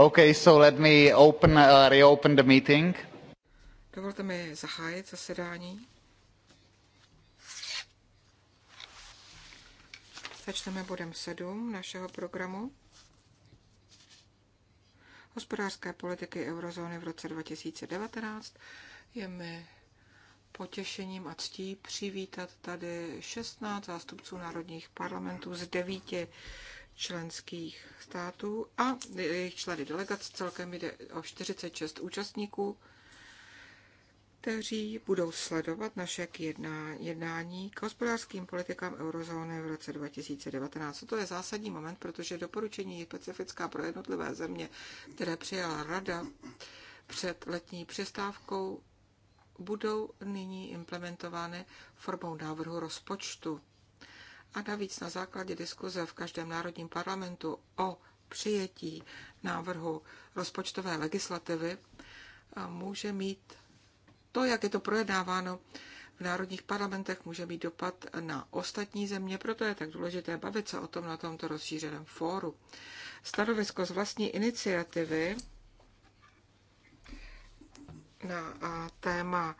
Okay, so let me open, uh, reopen the meeting. Dovolte mi zahájit zasedání. Začneme bodem 7 našeho programu. Hospodářské politiky eurozóny v roce 2019. Je mi potěšením a ctí přivítat tady 16 zástupců národních parlamentů z devíti členských států a jejich členy delegace. Celkem jde o 46 účastníků, kteří budou sledovat naše jednání k hospodářským politikám eurozóny v roce 2019. To je zásadní moment, protože doporučení specifická pro jednotlivé země, které přijala Rada před letní přestávkou, budou nyní implementovány formou návrhu rozpočtu a navíc na základě diskuze v každém národním parlamentu o přijetí návrhu rozpočtové legislativy může mít to, jak je to projednáváno v národních parlamentech, může mít dopad na ostatní země, proto je tak důležité bavit se o tom na tomto rozšířeném fóru. Stanovisko z vlastní iniciativy na téma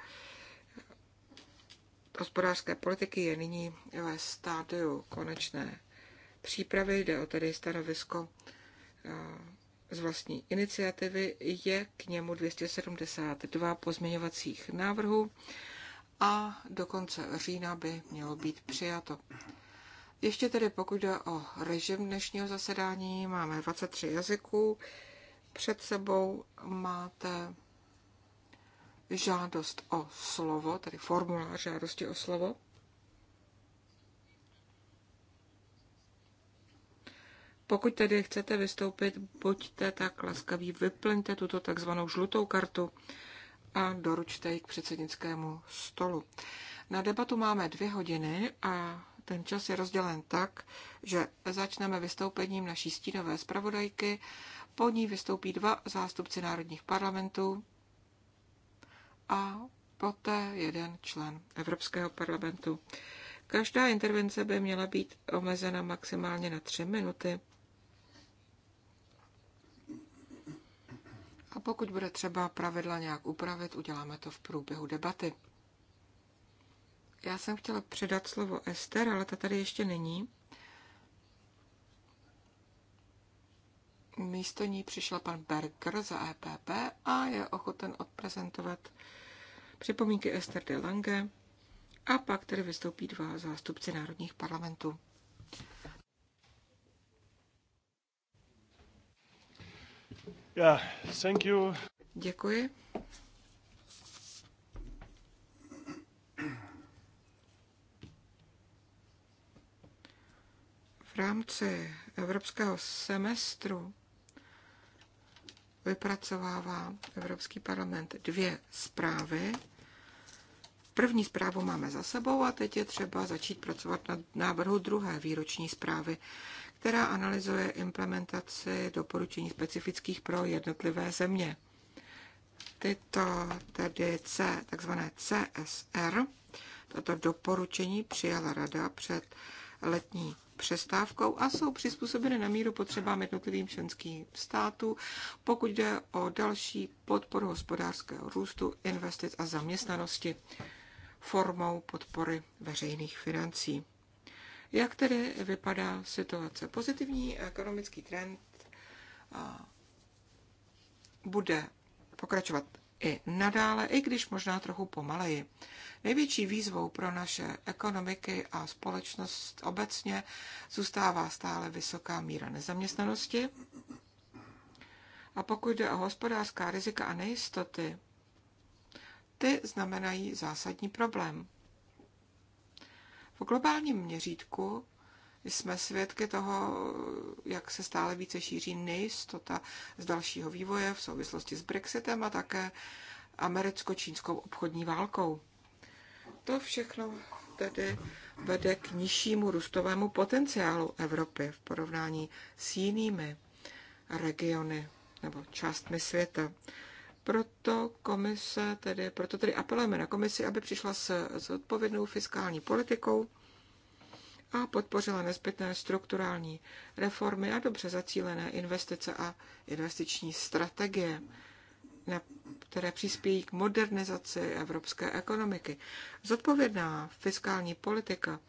hospodářské politiky je nyní ve stádiu konečné přípravy, jde o tedy stanovisko eh, z vlastní iniciativy, je k němu 272 pozměňovacích návrhů a do konce října by mělo být přijato. Ještě tedy pokud jde o režim dnešního zasedání, máme 23 jazyků, před sebou máte žádost o slovo, tedy formulář žádosti o slovo. Pokud tedy chcete vystoupit, buďte tak laskaví, vyplňte tuto takzvanou žlutou kartu a doručte ji k předsednickému stolu. Na debatu máme dvě hodiny a ten čas je rozdělen tak, že začneme vystoupením naší stínové zpravodajky, po ní vystoupí dva zástupci národních parlamentů, a poté jeden člen Evropského parlamentu. Každá intervence by měla být omezena maximálně na tři minuty. A pokud bude třeba pravidla nějak upravit, uděláme to v průběhu debaty. Já jsem chtěla předat slovo Ester, ale ta tady ještě není. Místo ní přišla pan Berger za EPP a je ochoten odprezentovat připomínky Esther de Lange a pak tedy vystoupí dva zástupci národních parlamentů. Yeah, thank you. Děkuji. V rámci evropského semestru vypracovává Evropský parlament dvě zprávy. První zprávu máme za sebou a teď je třeba začít pracovat na návrhu druhé výroční zprávy, která analyzuje implementaci doporučení specifických pro jednotlivé země. Tyto tedy C, takzvané CSR, tato doporučení přijala Rada před letní přestávkou a jsou přizpůsobeny na míru potřebám jednotlivým členským států, pokud jde o další podporu hospodářského růstu, investic a zaměstnanosti formou podpory veřejných financí. Jak tedy vypadá situace? Pozitivní ekonomický trend bude pokračovat i nadále, i když možná trochu pomaleji. Největší výzvou pro naše ekonomiky a společnost obecně zůstává stále vysoká míra nezaměstnanosti. A pokud jde o hospodářská rizika a nejistoty, ty znamenají zásadní problém. V globálním měřítku jsme svědky toho, jak se stále více šíří nejistota z dalšího vývoje v souvislosti s Brexitem a také americko-čínskou obchodní válkou. To všechno tedy vede k nižšímu růstovému potenciálu Evropy v porovnání s jinými regiony nebo částmi světa. Proto komise tedy, proto tedy apelujeme na komisi, aby přišla s, s odpovědnou fiskální politikou, a podpořila nezbytné strukturální reformy a dobře zacílené investice a investiční strategie, které přispějí k modernizaci evropské ekonomiky. Zodpovědná fiskální politika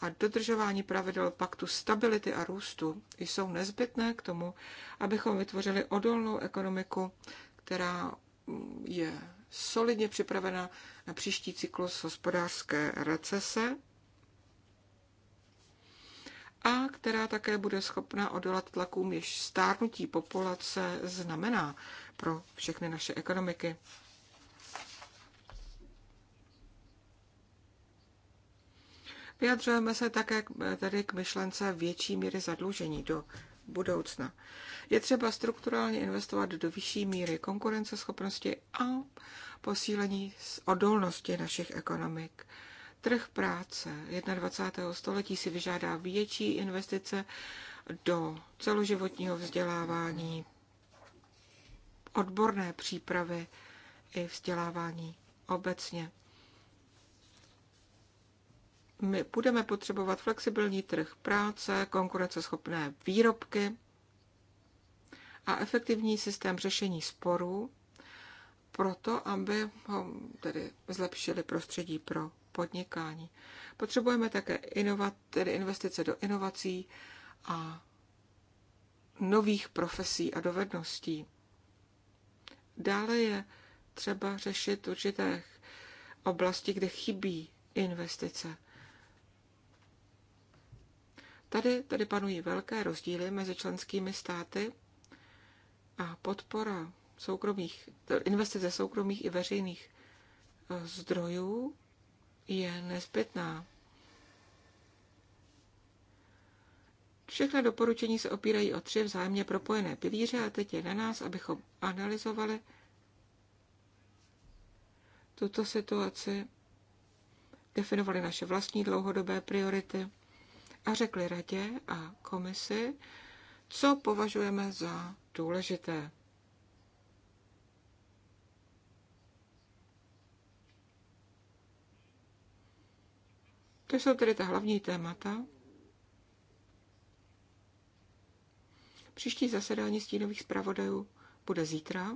a dodržování pravidel paktu stability a růstu jsou nezbytné k tomu, abychom vytvořili odolnou ekonomiku, která je solidně připravena na příští cyklus hospodářské recese a která také bude schopna odolat tlakům, jež stárnutí populace znamená pro všechny naše ekonomiky. Vyjadřujeme se také tedy k myšlence větší míry zadlužení do budoucna. Je třeba strukturálně investovat do vyšší míry konkurenceschopnosti a posílení odolnosti našich ekonomik. Trh práce 21. století si vyžádá větší investice do celoživotního vzdělávání, odborné přípravy i vzdělávání obecně. My budeme potřebovat flexibilní trh práce, konkurenceschopné výrobky a efektivní systém řešení sporů, proto aby ho tedy zlepšili prostředí pro podnikání. Potřebujeme také inovat, tedy investice do inovací a nových profesí a dovedností. Dále je třeba řešit určité oblasti, kde chybí investice. Tady, tady panují velké rozdíly mezi členskými státy a podpora soukromých, investice soukromých i veřejných eh, zdrojů je nezbytná. Všechna doporučení se opírají o tři vzájemně propojené pilíře a teď je na nás, abychom analyzovali tuto situaci, definovali naše vlastní dlouhodobé priority a řekli radě a komisi, co považujeme za důležité. To jsou tedy ta hlavní témata. Příští zasedání stínových zpravodajů bude zítra.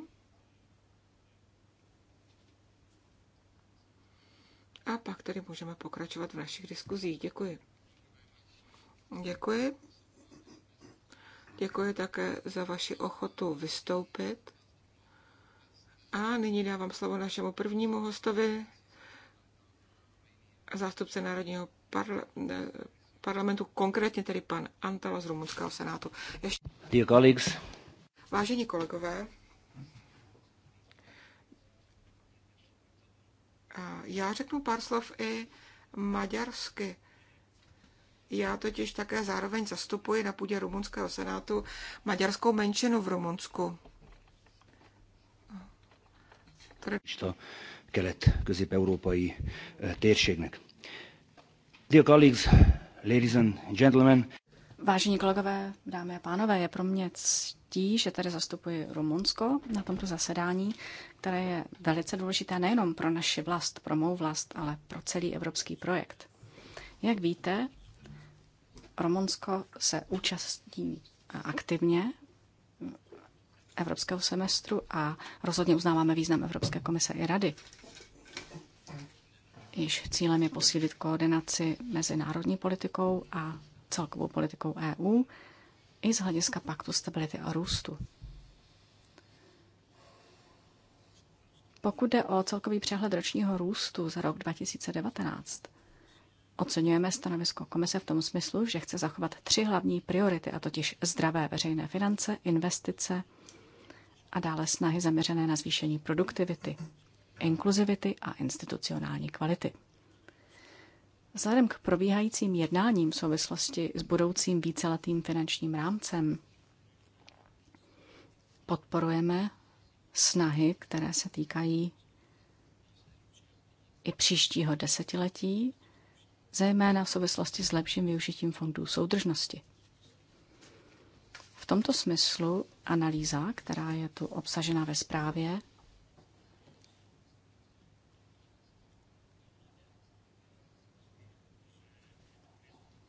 A pak tedy můžeme pokračovat v našich diskuzích. Děkuji. Děkuji. Děkuji také za vaši ochotu vystoupit. A nyní dávám slovo našemu prvnímu hostovi, zástupce Národního parla- parlamentu, konkrétně tedy pan Antala z rumunského senátu. Ještě... Dear colleagues. Vážení kolegové, já řeknu pár slov i maďarsky. Já totiž také zároveň zastupuji na půdě rumunského senátu maďarskou menšinu v Rumunsku. Tady kelet-közép-európai térségnek. Dear colleagues, ladies and gentlemen, Vážení kolegové, dámy a pánové, je pro mě ctí, že tady zastupuji Rumunsko na tomto zasedání, které je velice důležité nejenom pro naši vlast, pro mou vlast, ale pro celý evropský projekt. Jak víte, Rumunsko se účastní aktivně evropského semestru a rozhodně uznáváme význam Evropské komise i rady. Již cílem je posílit koordinaci mezi národní politikou a celkovou politikou EU i z hlediska paktu stability a růstu. Pokud jde o celkový přehled ročního růstu za rok 2019, oceňujeme stanovisko komise v tom smyslu, že chce zachovat tři hlavní priority, a totiž zdravé veřejné finance, investice a dále snahy zaměřené na zvýšení produktivity, inkluzivity a institucionální kvality. Vzhledem k probíhajícím jednáním v souvislosti s budoucím víceletým finančním rámcem podporujeme snahy, které se týkají i příštího desetiletí, zejména v souvislosti s lepším využitím fondů soudržnosti. V tomto smyslu analýza, která je tu obsažena ve zprávě,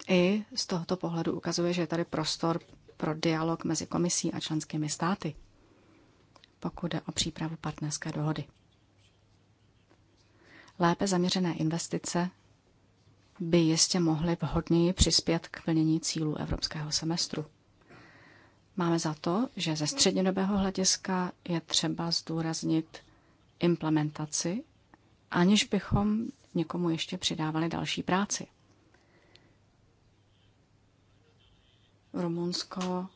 i z tohoto pohledu ukazuje, že je tady prostor pro dialog mezi komisí a členskými státy, pokud jde o přípravu partnerské dohody. Lépe zaměřené investice by jistě mohly vhodněji přispět k plnění cílů evropského semestru. Máme za to, že ze střednědobého hlediska je třeba zdůraznit implementaci, aniž bychom někomu ještě přidávali další práci. Rumunsko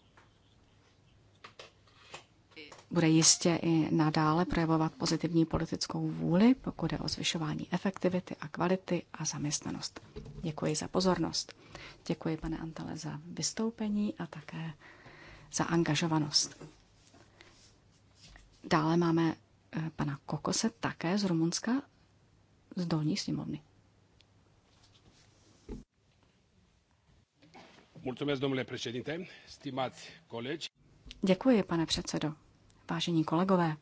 bude jistě i nadále projevovat pozitivní politickou vůli, pokud je o zvyšování efektivity a kvality a zaměstnanost. Děkuji za pozornost. Děkuji, pane Antale, za vystoupení a také za angažovanost. Dále máme eh, pana Kokose také z Rumunska, z dolní sněmovny. Mulțumesc, domnule președinte, stimați colegi. Děkuji, pane předsedo. Vážení kolegové.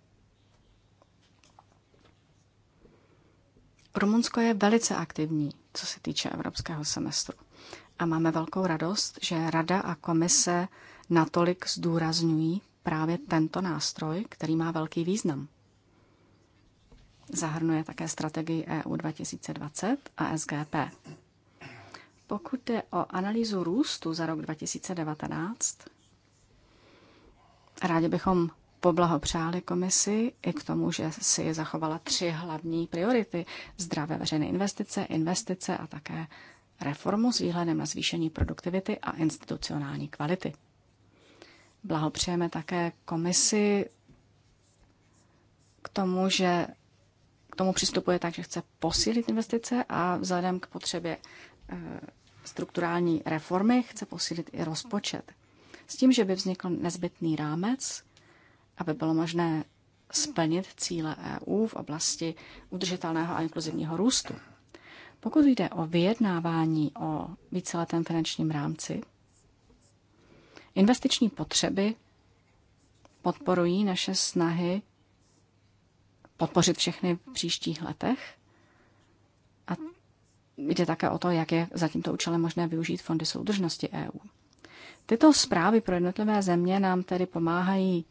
Rumunsko je velice aktivní, co se týče evropského semestru. A máme velkou radost, že Rada a Komise natolik zdůrazňují právě tento nástroj, který má velký význam. Zahrnuje také strategii EU 2020 a SGP. Pokud jde o analýzu růstu za rok 2019, rádi bychom poblahopřáli komisi i k tomu, že si zachovala tři hlavní priority. Zdravé veřejné investice, investice a také reformu s výhledem na zvýšení produktivity a institucionální kvality. Blahopřejeme také komisi k tomu, že k tomu přistupuje tak, že chce posílit investice a vzhledem k potřebě eh, strukturální reformy chce posílit i rozpočet. S tím, že by vznikl nezbytný rámec, aby bylo možné splnit cíle EU v oblasti udržitelného a inkluzivního růstu. Pokud jde o vyjednávání o víceletém finančním rámci, investiční potřeby podporují naše snahy podpořit všechny v příštích letech jde také o to, jak je za tímto účelem možné využít fondy soudržnosti EU. Tyto zprávy pro jednotlivé země nám tedy pomáhají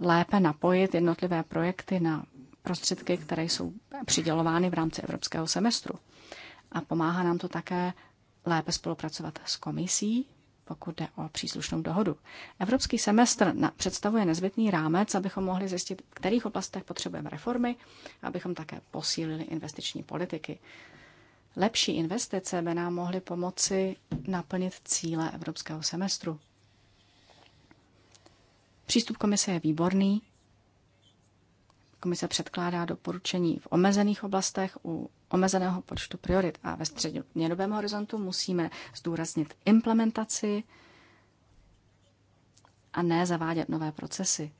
lépe napojit jednotlivé projekty na prostředky, které jsou přidělovány v rámci evropského semestru. A pomáhá nám to také lépe spolupracovat s komisí, pokud jde o příslušnou dohodu. Evropský semestr představuje nezbytný rámec, abychom mohli zjistit, v kterých oblastech potřebujeme reformy, abychom také posílili investiční politiky. Lepší investice by nám mohly pomoci naplnit cíle evropského semestru. Přístup komise je výborný. Komise předkládá doporučení v omezených oblastech u omezeného počtu priorit a ve střednědobém horizontu musíme zdůraznit implementaci a ne zavádět nové procesy.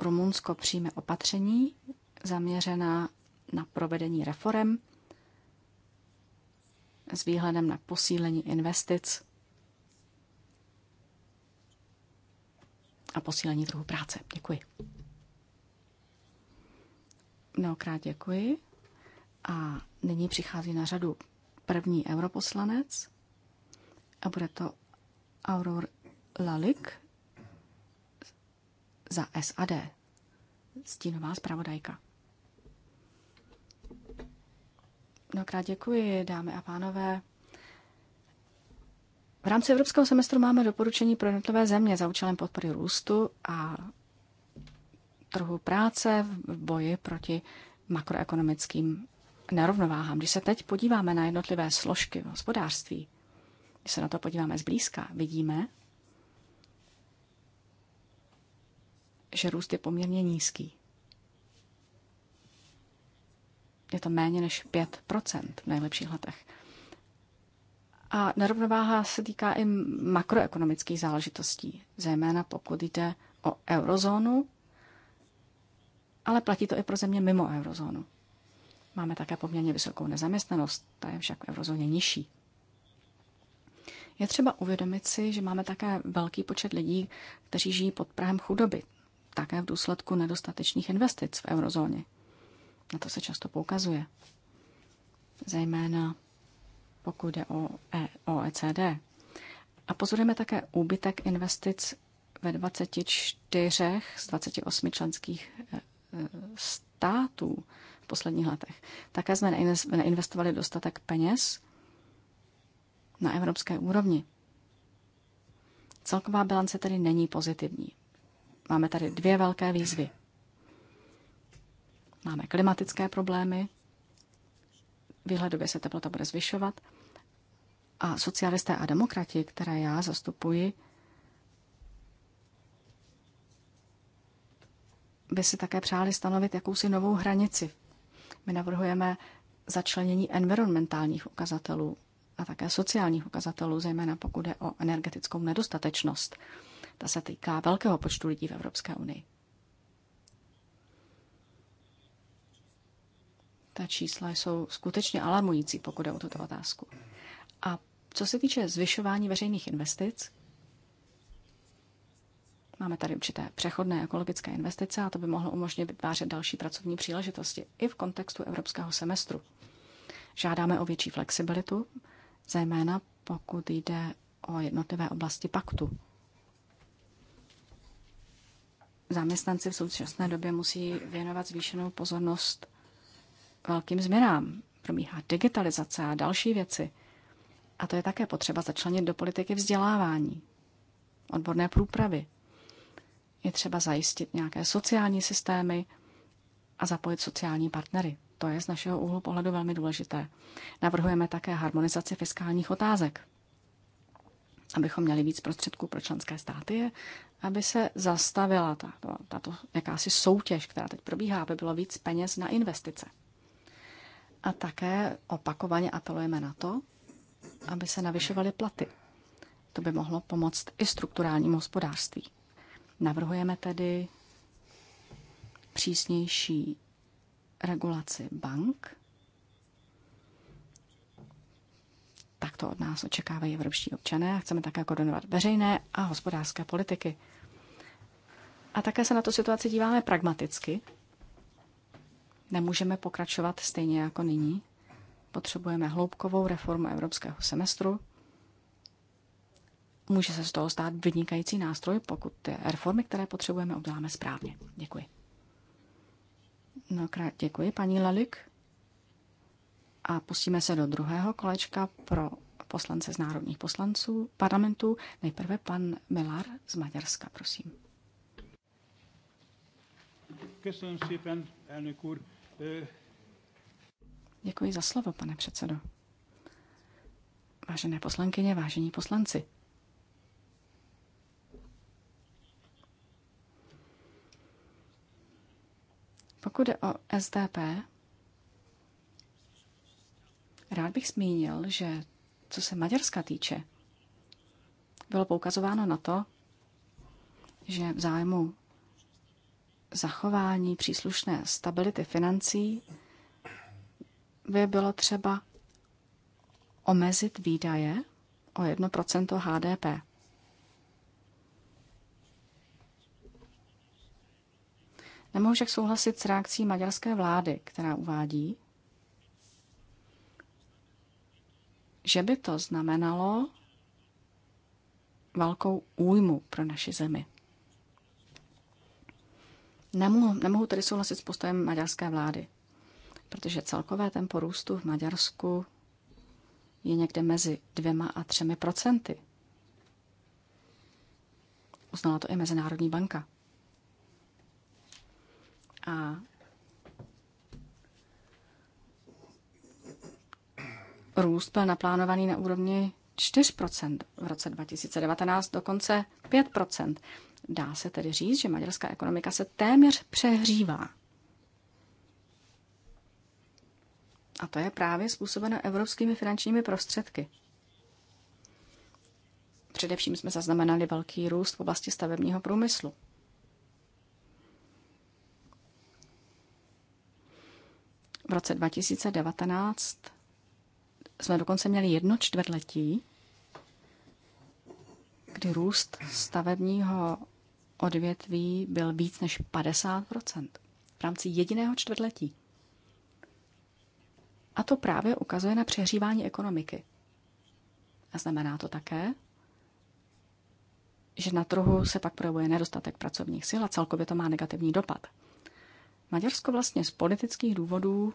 Rumunsko přijme opatření zaměřená na provedení reform s výhledem na posílení investic a posílení trhu práce. Děkuji. Mnohokrát děkuji. A nyní přichází na řadu první europoslanec a bude to Auror Lalik za SAD, stínová zpravodajka. Mnohokrát děkuji, dámy a pánové. V rámci evropského semestru máme doporučení pro jednotlivé země za účelem podpory růstu a trhu práce v boji proti makroekonomickým nerovnováhám. Když se teď podíváme na jednotlivé složky v hospodářství, když se na to podíváme zblízka, vidíme, že růst je poměrně nízký. je to méně než 5 v nejlepších letech. A nerovnováha se týká i makroekonomických záležitostí, zejména pokud jde o eurozónu, ale platí to i pro země mimo eurozónu. Máme také poměrně vysokou nezaměstnanost, ta je však v eurozóně nižší. Je třeba uvědomit si, že máme také velký počet lidí, kteří žijí pod prahem chudoby, také v důsledku nedostatečných investic v eurozóně. Na to se často poukazuje. Zejména pokud jde o e, OECD. A pozorujeme také úbytek investic ve 24 z 28 členských e, e, států v posledních letech. Také jsme neinvestovali dostatek peněz na evropské úrovni. Celková bilance tedy není pozitivní. Máme tady dvě velké výzvy. Máme klimatické problémy, výhledově se teplota bude zvyšovat a socialisté a demokrati, které já zastupuji, by si také přáli stanovit jakousi novou hranici. My navrhujeme začlenění environmentálních ukazatelů a také sociálních ukazatelů, zejména pokud je o energetickou nedostatečnost. Ta se týká velkého počtu lidí v Evropské unii. Ta čísla jsou skutečně alarmující, pokud je o tuto otázku. A co se týče zvyšování veřejných investic, máme tady určité přechodné ekologické investice a to by mohlo umožnit vytvářet další pracovní příležitosti i v kontextu evropského semestru. Žádáme o větší flexibilitu, zejména pokud jde o jednotlivé oblasti paktu. Zaměstnanci v současné době musí věnovat zvýšenou pozornost velkým změnám. Probíhá digitalizace a další věci. A to je také potřeba začlenit do politiky vzdělávání, odborné průpravy. Je třeba zajistit nějaké sociální systémy a zapojit sociální partnery. To je z našeho úhlu pohledu velmi důležité. Navrhujeme také harmonizaci fiskálních otázek, abychom měli víc prostředků pro členské státy, aby se zastavila tato, tato jakási soutěž, která teď probíhá, aby bylo víc peněz na investice. A také opakovaně apelujeme na to, aby se navyšovaly platy. To by mohlo pomoct i strukturálnímu hospodářství. Navrhujeme tedy přísnější regulaci bank. Tak to od nás očekávají evropští občané a chceme také koordinovat veřejné a hospodářské politiky. A také se na tu situaci díváme pragmaticky Nemůžeme pokračovat stejně jako nyní. Potřebujeme hloubkovou reformu evropského semestru. Může se z toho stát vynikající nástroj, pokud ty reformy, které potřebujeme, uděláme správně. Děkuji. No, krát děkuji, paní Lalik. A pustíme se do druhého kolečka pro poslance z národních poslanců parlamentu. Nejprve pan Milar z Maďarska, prosím. Köszönöm szépen, elnök úr. Děkuji za slovo, pane předsedo. Vážené poslankyně, vážení poslanci. Pokud je o SDP, rád bych zmínil, že co se Maďarska týče, bylo poukazováno na to, že v zájmu zachování příslušné stability financí by bylo třeba omezit výdaje o 1% HDP. Nemohu však souhlasit s reakcí maďarské vlády, která uvádí, že by to znamenalo velkou újmu pro naši zemi. Nemohu, nemohu tedy souhlasit s postojem maďarské vlády, protože celkové tempo růstu v Maďarsku je někde mezi dvěma a třemi procenty. Uznala to i Mezinárodní banka. A růst byl naplánovaný na úrovni 4 v roce 2019, dokonce 5 Dá se tedy říct, že maďarská ekonomika se téměř přehřívá. A to je právě způsobeno evropskými finančními prostředky. Především jsme zaznamenali velký růst v oblasti stavebního průmyslu. V roce 2019 jsme dokonce měli jedno čtvrtletí, kdy růst stavebního odvětví byl víc než 50 v rámci jediného čtvrtletí. A to právě ukazuje na přehřívání ekonomiky. A znamená to také, že na trhu se pak projevuje nedostatek pracovních sil a celkově to má negativní dopad. Maďarsko vlastně z politických důvodů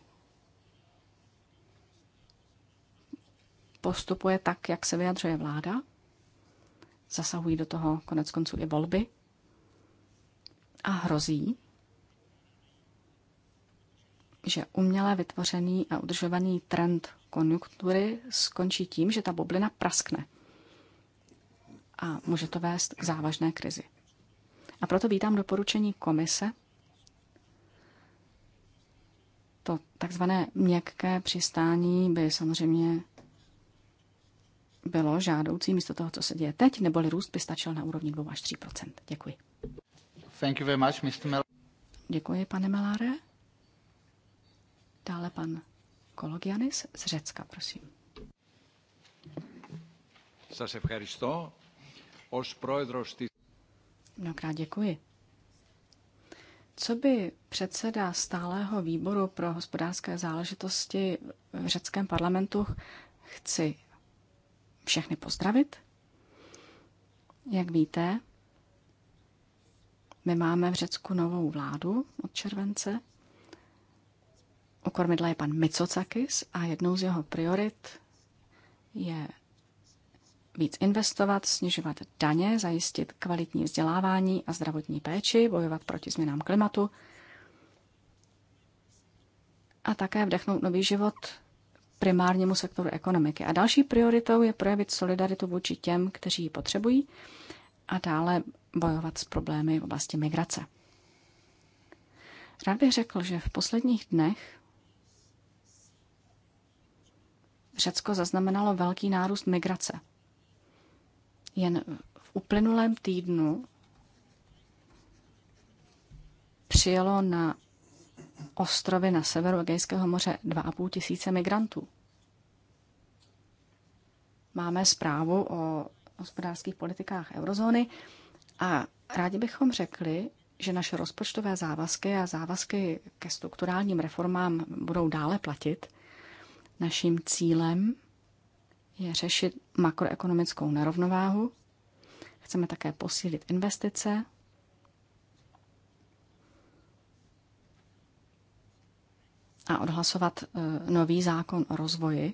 postupuje tak, jak se vyjadřuje vláda. Zasahují do toho konec konců i volby. A hrozí, že uměle vytvořený a udržovaný trend konjunktury skončí tím, že ta bublina praskne. A může to vést k závažné krizi. A proto vítám doporučení komise, to takzvané měkké přistání by samozřejmě bylo žádoucí místo toho, co se děje teď, neboli růst by stačil na úrovni 2 až 3 Děkuji. Thank you very much, Mr. Mel- Děkuji, pane Meláre. Dále pan Kologianis z Řecka, prosím. Mnohokrát děkuji. Co by předseda stálého výboru pro hospodářské záležitosti v řeckém parlamentu chci všechny pozdravit. Jak víte, my máme v Řecku novou vládu od července. U kormidla je pan Micocakis a jednou z jeho priorit je víc investovat, snižovat daně, zajistit kvalitní vzdělávání a zdravotní péči, bojovat proti změnám klimatu a také vdechnout nový život primárnímu sektoru ekonomiky. A další prioritou je projevit solidaritu vůči těm, kteří ji potřebují a dále bojovat s problémy v oblasti migrace. Rád bych řekl, že v posledních dnech Řecko zaznamenalo velký nárůst migrace. Jen v uplynulém týdnu přijelo na ostrovy na severu Egejského moře 2,5 tisíce migrantů máme zprávu o hospodářských politikách eurozóny a rádi bychom řekli, že naše rozpočtové závazky a závazky ke strukturálním reformám budou dále platit. Naším cílem je řešit makroekonomickou nerovnováhu. Chceme také posílit investice. A odhlasovat e, nový zákon o rozvoji,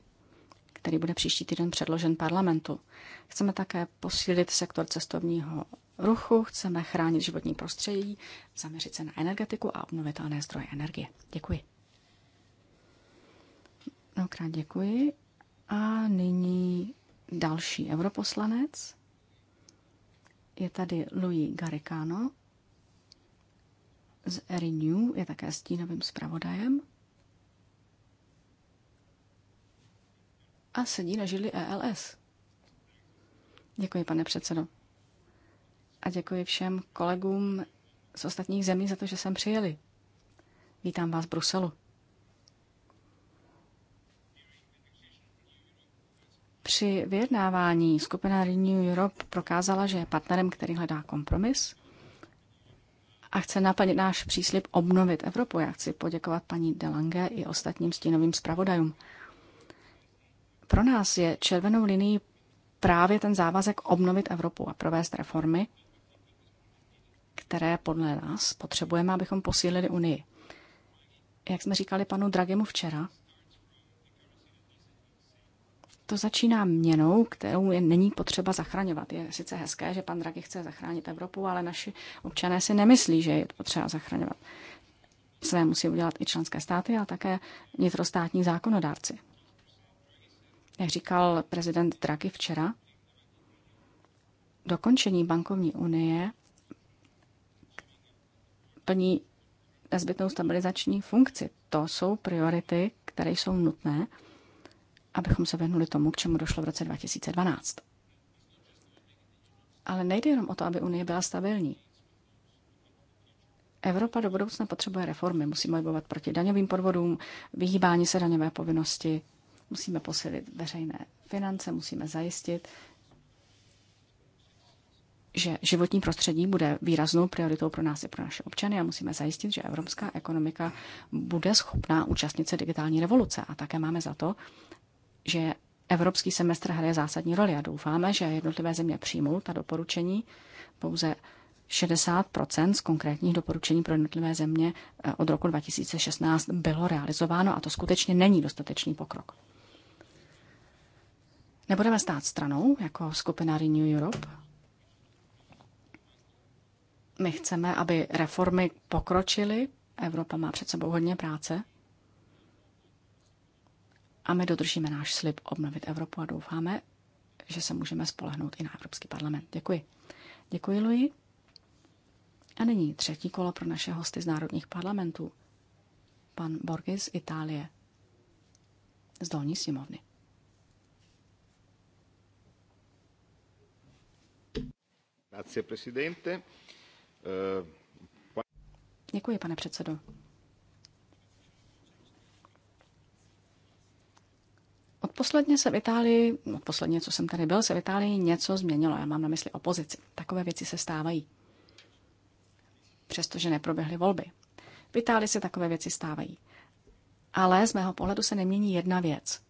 který bude příští týden předložen parlamentu. Chceme také posílit sektor cestovního ruchu, chceme chránit životní prostředí, zaměřit se na energetiku a obnovitelné zdroje energie. Děkuji. Mnohokrát děkuji. A nyní další europoslanec. Je tady Louis Garicano z Erinu. je také stínovým zpravodajem. a sedí na židli ELS. Děkuji, pane předsedo. A děkuji všem kolegům z ostatních zemí za to, že sem přijeli. Vítám vás v Bruselu. Při vyjednávání skupina Renew Europe prokázala, že je partnerem, který hledá kompromis a chce naplnit náš příslip obnovit Evropu. Já chci poděkovat paní Delange i ostatním stínovým zpravodajům. Pro nás je červenou linií právě ten závazek obnovit Evropu a provést reformy, které podle nás potřebujeme, abychom posílili Unii. Jak jsme říkali panu Dragemu včera, to začíná měnou, kterou je není potřeba zachraňovat. Je sice hezké, že pan Draghi chce zachránit Evropu, ale naši občané si nemyslí, že je potřeba zachraňovat. Své musí udělat i členské státy, ale také vnitrostátní zákonodárci. Jak říkal prezident Draghi včera, dokončení bankovní unie plní nezbytnou stabilizační funkci. To jsou priority, které jsou nutné, abychom se vyhnuli tomu, k čemu došlo v roce 2012. Ale nejde jenom o to, aby Unie byla stabilní. Evropa do budoucna potřebuje reformy. Musíme bojovat proti daňovým podvodům, vyhýbání se daňové povinnosti, Musíme posilit veřejné finance, musíme zajistit, že životní prostředí bude výraznou prioritou pro nás i pro naše občany a musíme zajistit, že evropská ekonomika bude schopná účastnit se digitální revoluce. A také máme za to, že evropský semestr hraje zásadní roli a doufáme, že jednotlivé země přijmou ta doporučení. Pouze 60 z konkrétních doporučení pro jednotlivé země eh, od roku 2016 bylo realizováno a to skutečně není dostatečný pokrok. Nebudeme stát stranou jako skupina Renew Europe? My chceme, aby reformy pokročily. Evropa má před sebou hodně práce. A my dodržíme náš slib obnovit Evropu a doufáme, že se můžeme spolehnout i na Evropský parlament. Děkuji. Děkuji, Louis. A nyní třetí kolo pro naše hosty z národních parlamentů. Pan Borges, Itálie. Z dolní sněmovny. Eh, Děkuji, pane předsedo. Odposledně se v Itálii, odposledně, co jsem tady byl, se v Itálii něco změnilo. Já mám na mysli opozici. Takové věci se stávají. Přestože neproběhly volby. V Itálii se takové věci stávají. Ale z mého pohledu se nemění jedna věc.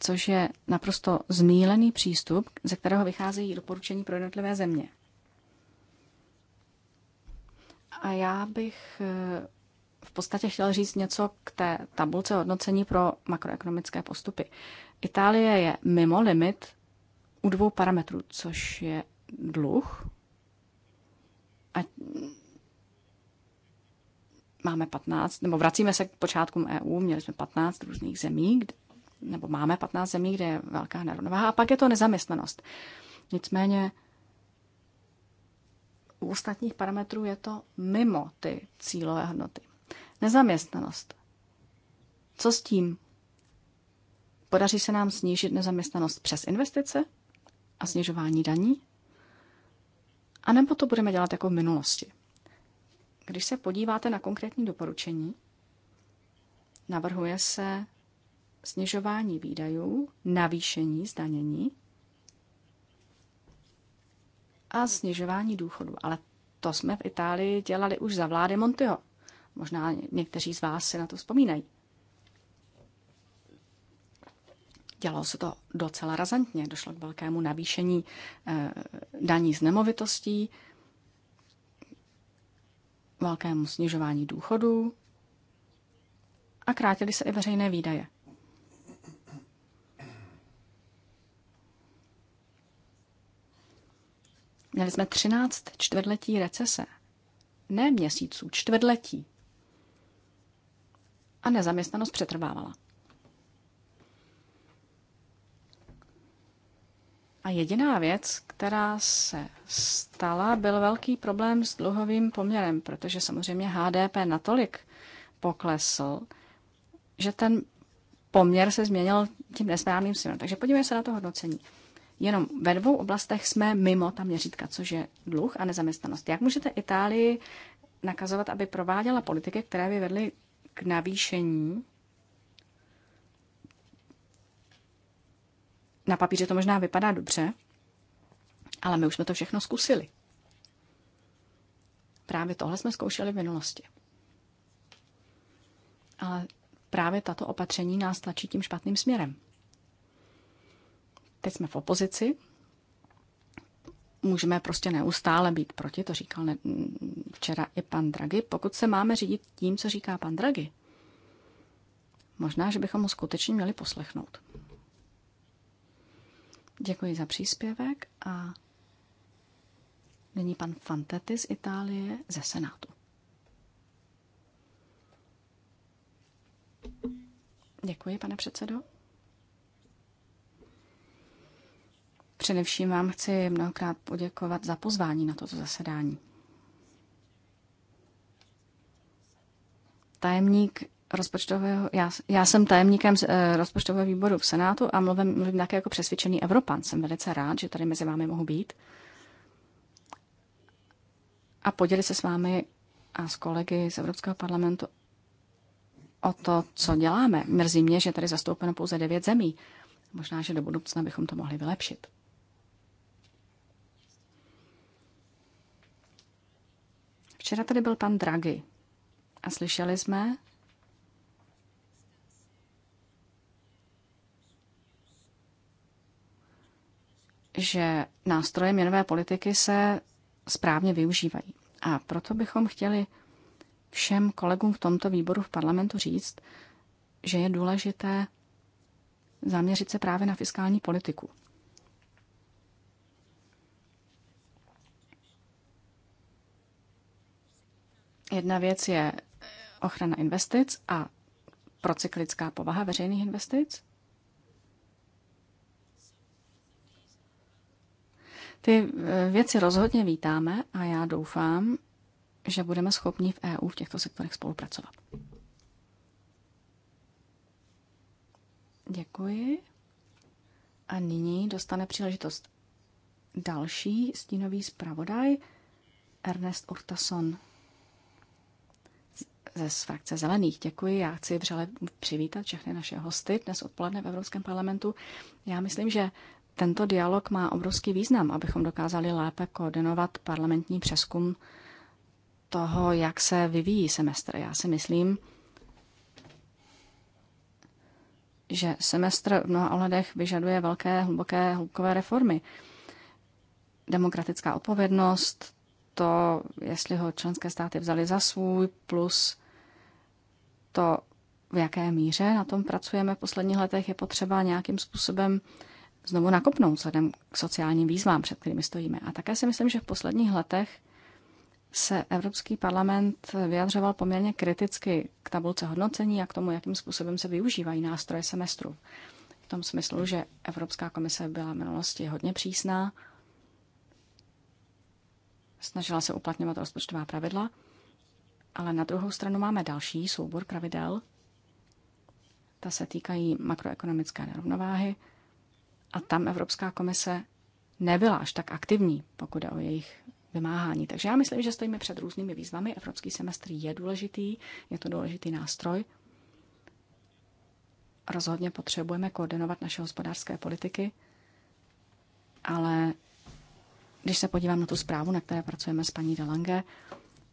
což je naprosto zmílený přístup, ze kterého vycházejí doporučení pro jednotlivé země. A já bych eh, v podstatě chtěl říct něco k té tabulce hodnocení pro makroekonomické postupy. Itálie je mimo limit u dvou parametrů, což je dluh a máme 15, nebo vracíme se k počátkům EU, měli jsme 15 různých zemí, nebo máme 15 zemí, kde je velká nerovnováha, a pak je to nezaměstnanost. Nicméně u ostatních parametrů je to mimo ty cílové hodnoty. Nezaměstnanost. Co s tím? Podaří se nám snížit nezaměstnanost přes investice a snižování daní? A nebo to budeme dělat jako v minulosti? Když se podíváte na konkrétní doporučení, navrhuje se snižování výdajů, navýšení zdanění a snižování důchodu. Ale to jsme v Itálii dělali už za vlády Montyho. Možná někteří z vás si na to vzpomínají. Dělalo se to docela razantně. Došlo k velkému navýšení eh, daní z nemovitostí, velkému snižování důchodů a krátily se i veřejné výdaje. Měli jsme 13 čtvrtletí recese. Ne měsíců, čtvrtletí. A nezaměstnanost přetrvávala. A jediná věc, která se stala, byl velký problém s dluhovým poměrem, protože samozřejmě HDP natolik poklesl, že ten poměr se změnil tím nesprávným směrem. Takže podívejme se na to hodnocení. Jenom ve dvou oblastech jsme mimo ta měřítka, což je dluh a nezaměstnanost. Jak můžete Itálii nakazovat, aby prováděla politiky, které by vedly k navýšení Na papíře to možná vypadá dobře, ale my už jsme to všechno zkusili. Právě tohle jsme zkoušeli v minulosti. Ale právě tato opatření nás tlačí tím špatným směrem. Teď jsme v opozici, můžeme prostě neustále být proti, to říkal ne, včera i pan Draghi, pokud se máme řídit tím, co říká pan Draghi. Možná, že bychom ho skutečně měli poslechnout. Děkuji za příspěvek a nyní pan Fantetti z Itálie ze Senátu. Děkuji, pane předsedo. Především vám chci mnohokrát poděkovat za pozvání na toto zasedání. Tajemník rozpočtového, já, já jsem tajemníkem z, eh, rozpočtového výboru v Senátu a mluvím, mluvím také jako přesvědčený Evropan. Jsem velice rád, že tady mezi vámi mohu být a podělit se s vámi a s kolegy z Evropského parlamentu o to, co děláme. Mrzí mě, že tady zastoupeno pouze devět zemí. Možná, že do budoucna bychom to mohli vylepšit. Včera tady byl pan Draghi a slyšeli jsme, že nástroje měnové politiky se správně využívají. A proto bychom chtěli všem kolegům v tomto výboru v parlamentu říct, že je důležité zaměřit se právě na fiskální politiku. Jedna věc je ochrana investic a procyklická povaha veřejných investic. Ty e, věci rozhodně vítáme a já doufám, že budeme schopni v EU v těchto sektorech spolupracovat. Děkuji. A nyní dostane příležitost další stínový zpravodaj Ernest Urtason ze frakce Zelených. Děkuji, já chci vřele přivítat všechny naše hosty dnes odpoledne v Evropském parlamentu. Já myslím, že tento dialog má obrovský význam, abychom dokázali lépe koordinovat parlamentní přeskum toho, jak se vyvíjí semestr. Já si myslím, že semestr v mnoha ohledech vyžaduje velké, hluboké, hloubkové reformy. Demokratická odpovědnost, to, jestli ho členské státy vzali za svůj, plus to, v jaké míře na tom pracujeme v posledních letech, je potřeba nějakým způsobem znovu nakopnout vzhledem k sociálním výzvám, před kterými stojíme. A také si myslím, že v posledních letech se Evropský parlament vyjadřoval poměrně kriticky k tabulce hodnocení a k tomu, jakým způsobem se využívají nástroje semestru. V tom smyslu, že Evropská komise byla v minulosti hodně přísná, snažila se uplatňovat rozpočtová pravidla ale na druhou stranu máme další soubor pravidel. Ta se týkají makroekonomické nerovnováhy a tam Evropská komise nebyla až tak aktivní, pokud je o jejich vymáhání. Takže já myslím, že stojíme před různými výzvami. Evropský semestr je důležitý, je to důležitý nástroj. Rozhodně potřebujeme koordinovat naše hospodářské politiky, ale když se podívám na tu zprávu, na které pracujeme s paní Delange,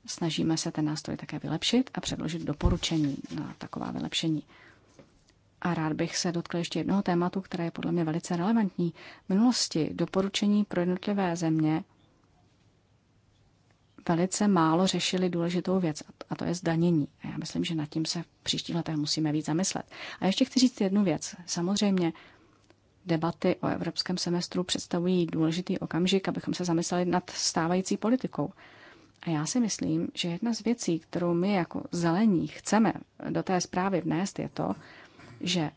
Snažíme se ten nástroj také vylepšit a předložit doporučení na taková vylepšení. A rád bych se dotkl ještě jednoho tématu, které je podle mě velice relevantní. V minulosti doporučení pro jednotlivé země velice málo řešili důležitou věc, a to je zdanění. A já myslím, že nad tím se v příštích letech musíme víc zamyslet. A ještě chci říct jednu věc. Samozřejmě debaty o evropském semestru představují důležitý okamžik, abychom se zamysleli nad stávající politikou. A já si myslím, že jedna z věcí, kterou my jako zelení chceme do té zprávy vnést, je to, že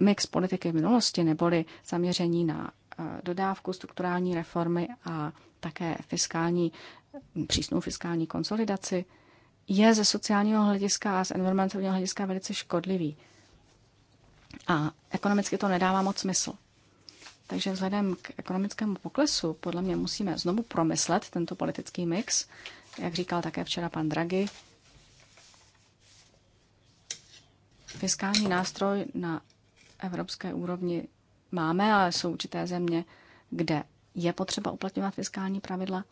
mix politiky v minulosti, neboli zaměření na eh, dodávku, strukturální reformy a také fiskální, přísnou fiskální konsolidaci, je ze sociálního hlediska a z environmentálního hlediska velice škodlivý. A ekonomicky to nedává moc smysl. Takže vzhledem k ekonomickému poklesu, podle mě musíme znovu promyslet tento politický mix, jak říkal také včera pan Draghi. Fiskální nástroj na evropské úrovni máme, ale jsou určité země, kde je potřeba uplatňovat fiskální pravidla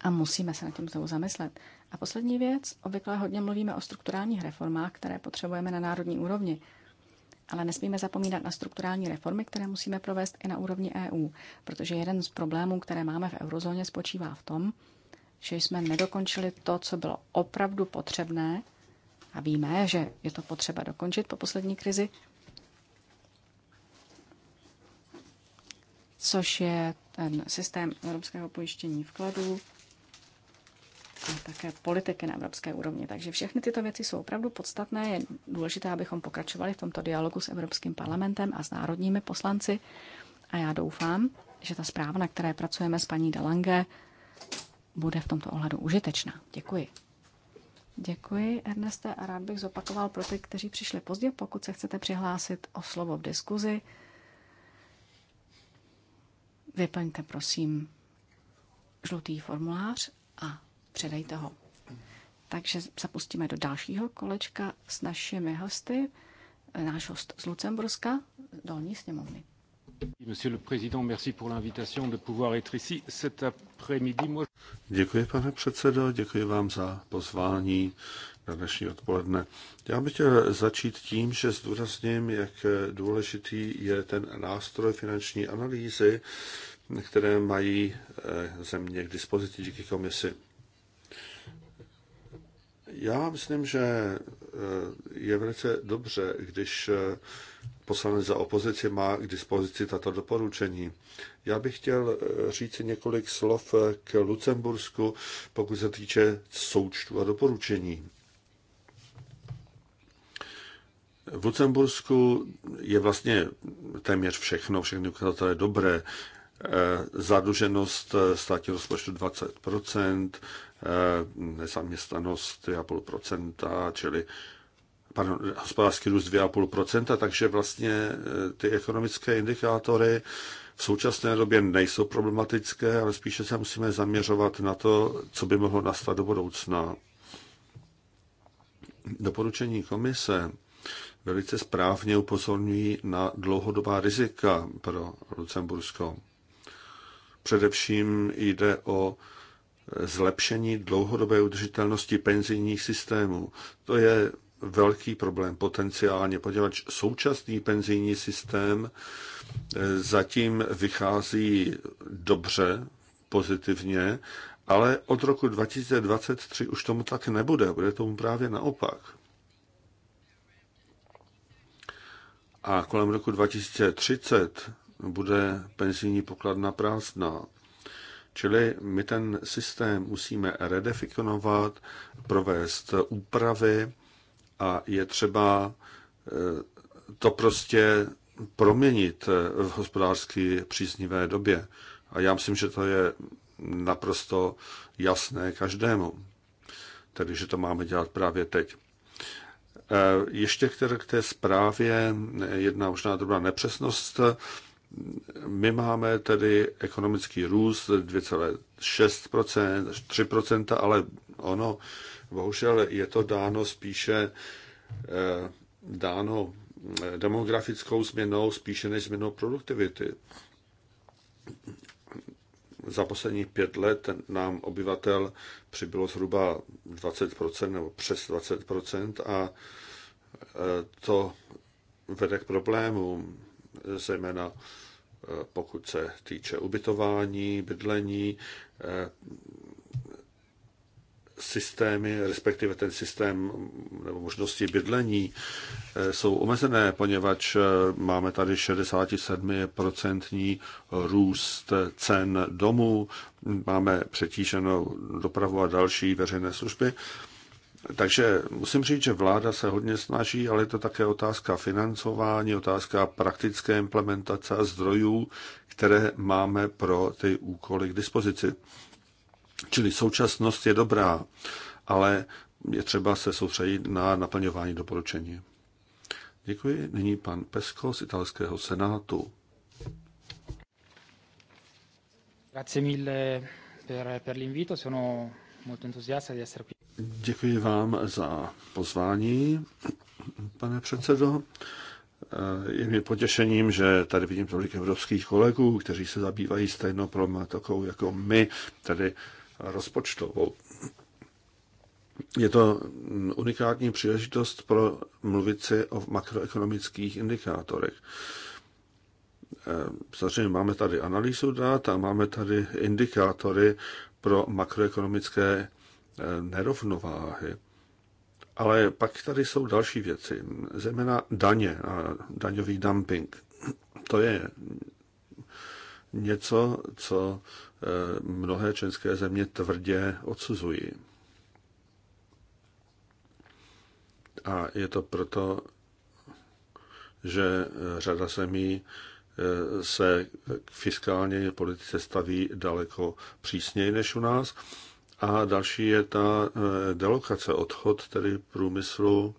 a musíme se nad tím znovu zamyslet. A poslední věc, obvykle hodně mluvíme o strukturálních reformách, které potřebujeme na národní úrovni. Ale nesmíme zapomínat na strukturální reformy, které musíme provést i na úrovni EU, protože jeden z problémů, které máme v eurozóně, spočívá v tom, že jsme nedokončili to, co bylo opravdu potřebné, a víme, že je to potřeba dokončit po poslední krizi, což je ten systém evropského pojištění vkladů, a také politiky na evropské úrovni. Takže všechny tyto věci jsou opravdu podstatné. Je důležité, abychom pokračovali v tomto dialogu s Evropským parlamentem a s národními poslanci. A já doufám, že ta zpráva, na které pracujeme s paní Dalange, bude v tomto ohledu užitečná. Děkuji. Děkuji, Erneste, a rád bych zopakoval pro ty, kteří přišli pozdě, pokud se chcete přihlásit o slovo v diskuzi, vyplňte prosím žlutý formulář předejte ho. Takže zapustíme do dalšího kolečka s našimi hosty. Náš host z Lucemburska, dolní sněmovny. Monsieur le Président, merci pour l'invitation de pouvoir être ici cet après-midi. Děkuji, pane předsedo, děkuji vám za pozvání na dnešní odpoledne. Já bych chtěl začít tím, že zdůrazním, jak důležitý je ten nástroj finanční analýzy, které mají eh, země k dispozici díky komisi. Já myslím, že eh, je velice dobře, když eh, poslanec za opozici má k dispozici tato doporučení. Já bych chtěl eh, říct několik slov k Lucembursku, pokud se týče součtu a doporučení. V Lucembursku je vlastně téměř všechno, všechny ukazatele dobré. Eh, zadluženost eh, státního rozpočtu 20 eh, nezaměstnanost 3,5%, čili pardon, hospodářský růst 2,5 takže vlastně ty ekonomické indikátory v současné době nejsou problematické, ale spíše se musíme zaměřovat na to, co by mohlo nastat do budoucna. Doporučení komise velice správně upozorňují na dlouhodobá rizika pro Lucembursko. Především jde o eh, zlepšení dlouhodobé udržitelnosti penzijních systémů. To je velký problém potenciálně, poněvadž současný penzijní systém eh, zatím vychází dobře, pozitivně, ale od roku 2023 už tomu tak nebude, bude tomu právě naopak. A kolem roku 2030 bude penzijní pokladna prázdná. Čili my ten systém musíme redefinovat, provést úpravy a je třeba eh, to prostě proměnit v hospodářsky příznivé době. A já myslím, že to je naprosto jasné každému. Tedy, že to máme dělat právě teď. Eh, ještě k té, zprávě jedna možná drobná nepřesnost. My máme tedy ekonomický růst 2,6%, 3%, ale ono, bohužel je to dáno spíše eh, dáno eh, demografickou změnou spíše než změnou produktivity. Za posledních pět let nám obyvatel přibylo zhruba 20% nebo přes 20% a eh, to vede k problémům zejména eh, pokud se týče ubytování, bydlení, eh, systémy, respektive ten systém mm, nebo možnosti bydlení eh, jsou omezené, poněvadž máme tady 67% růst cen domů, máme přetíženou dopravu a další veřejné služby takže musím říct, že vláda se hodně snaží, ale je to také otázka financování, otázka praktické implementace a zdrojů, které máme pro ty úkoly k dispozici. Čili současnost je dobrá, ale je třeba se soustředit na naplňování doporučení. Děkuji. Nyní pan Pesko z italského senátu. Grazie mille per, per l'invito, sono molto entusiasta di essere qui. Děkuji vám za pozvání, pane předsedo. Je mi potěšením, že tady vidím tolik evropských kolegů, kteří se zabývají stejnou problematikou jako my, tedy rozpočtovou. Je to unikátní příležitost pro mluvit si o makroekonomických indikátorech. Samozřejmě máme tady analýzu dat a máme tady indikátory pro makroekonomické Eh, nerovnováhy. Ale pak tady jsou další věci, zejména daně a daňový dumping. To je něco, co eh, mnohé české země tvrdě odsuzují. A je to proto, že řada zemí eh, se k fiskální politice staví daleko přísněji než u nás a další je ta eh, delokace, odchod tedy průmyslu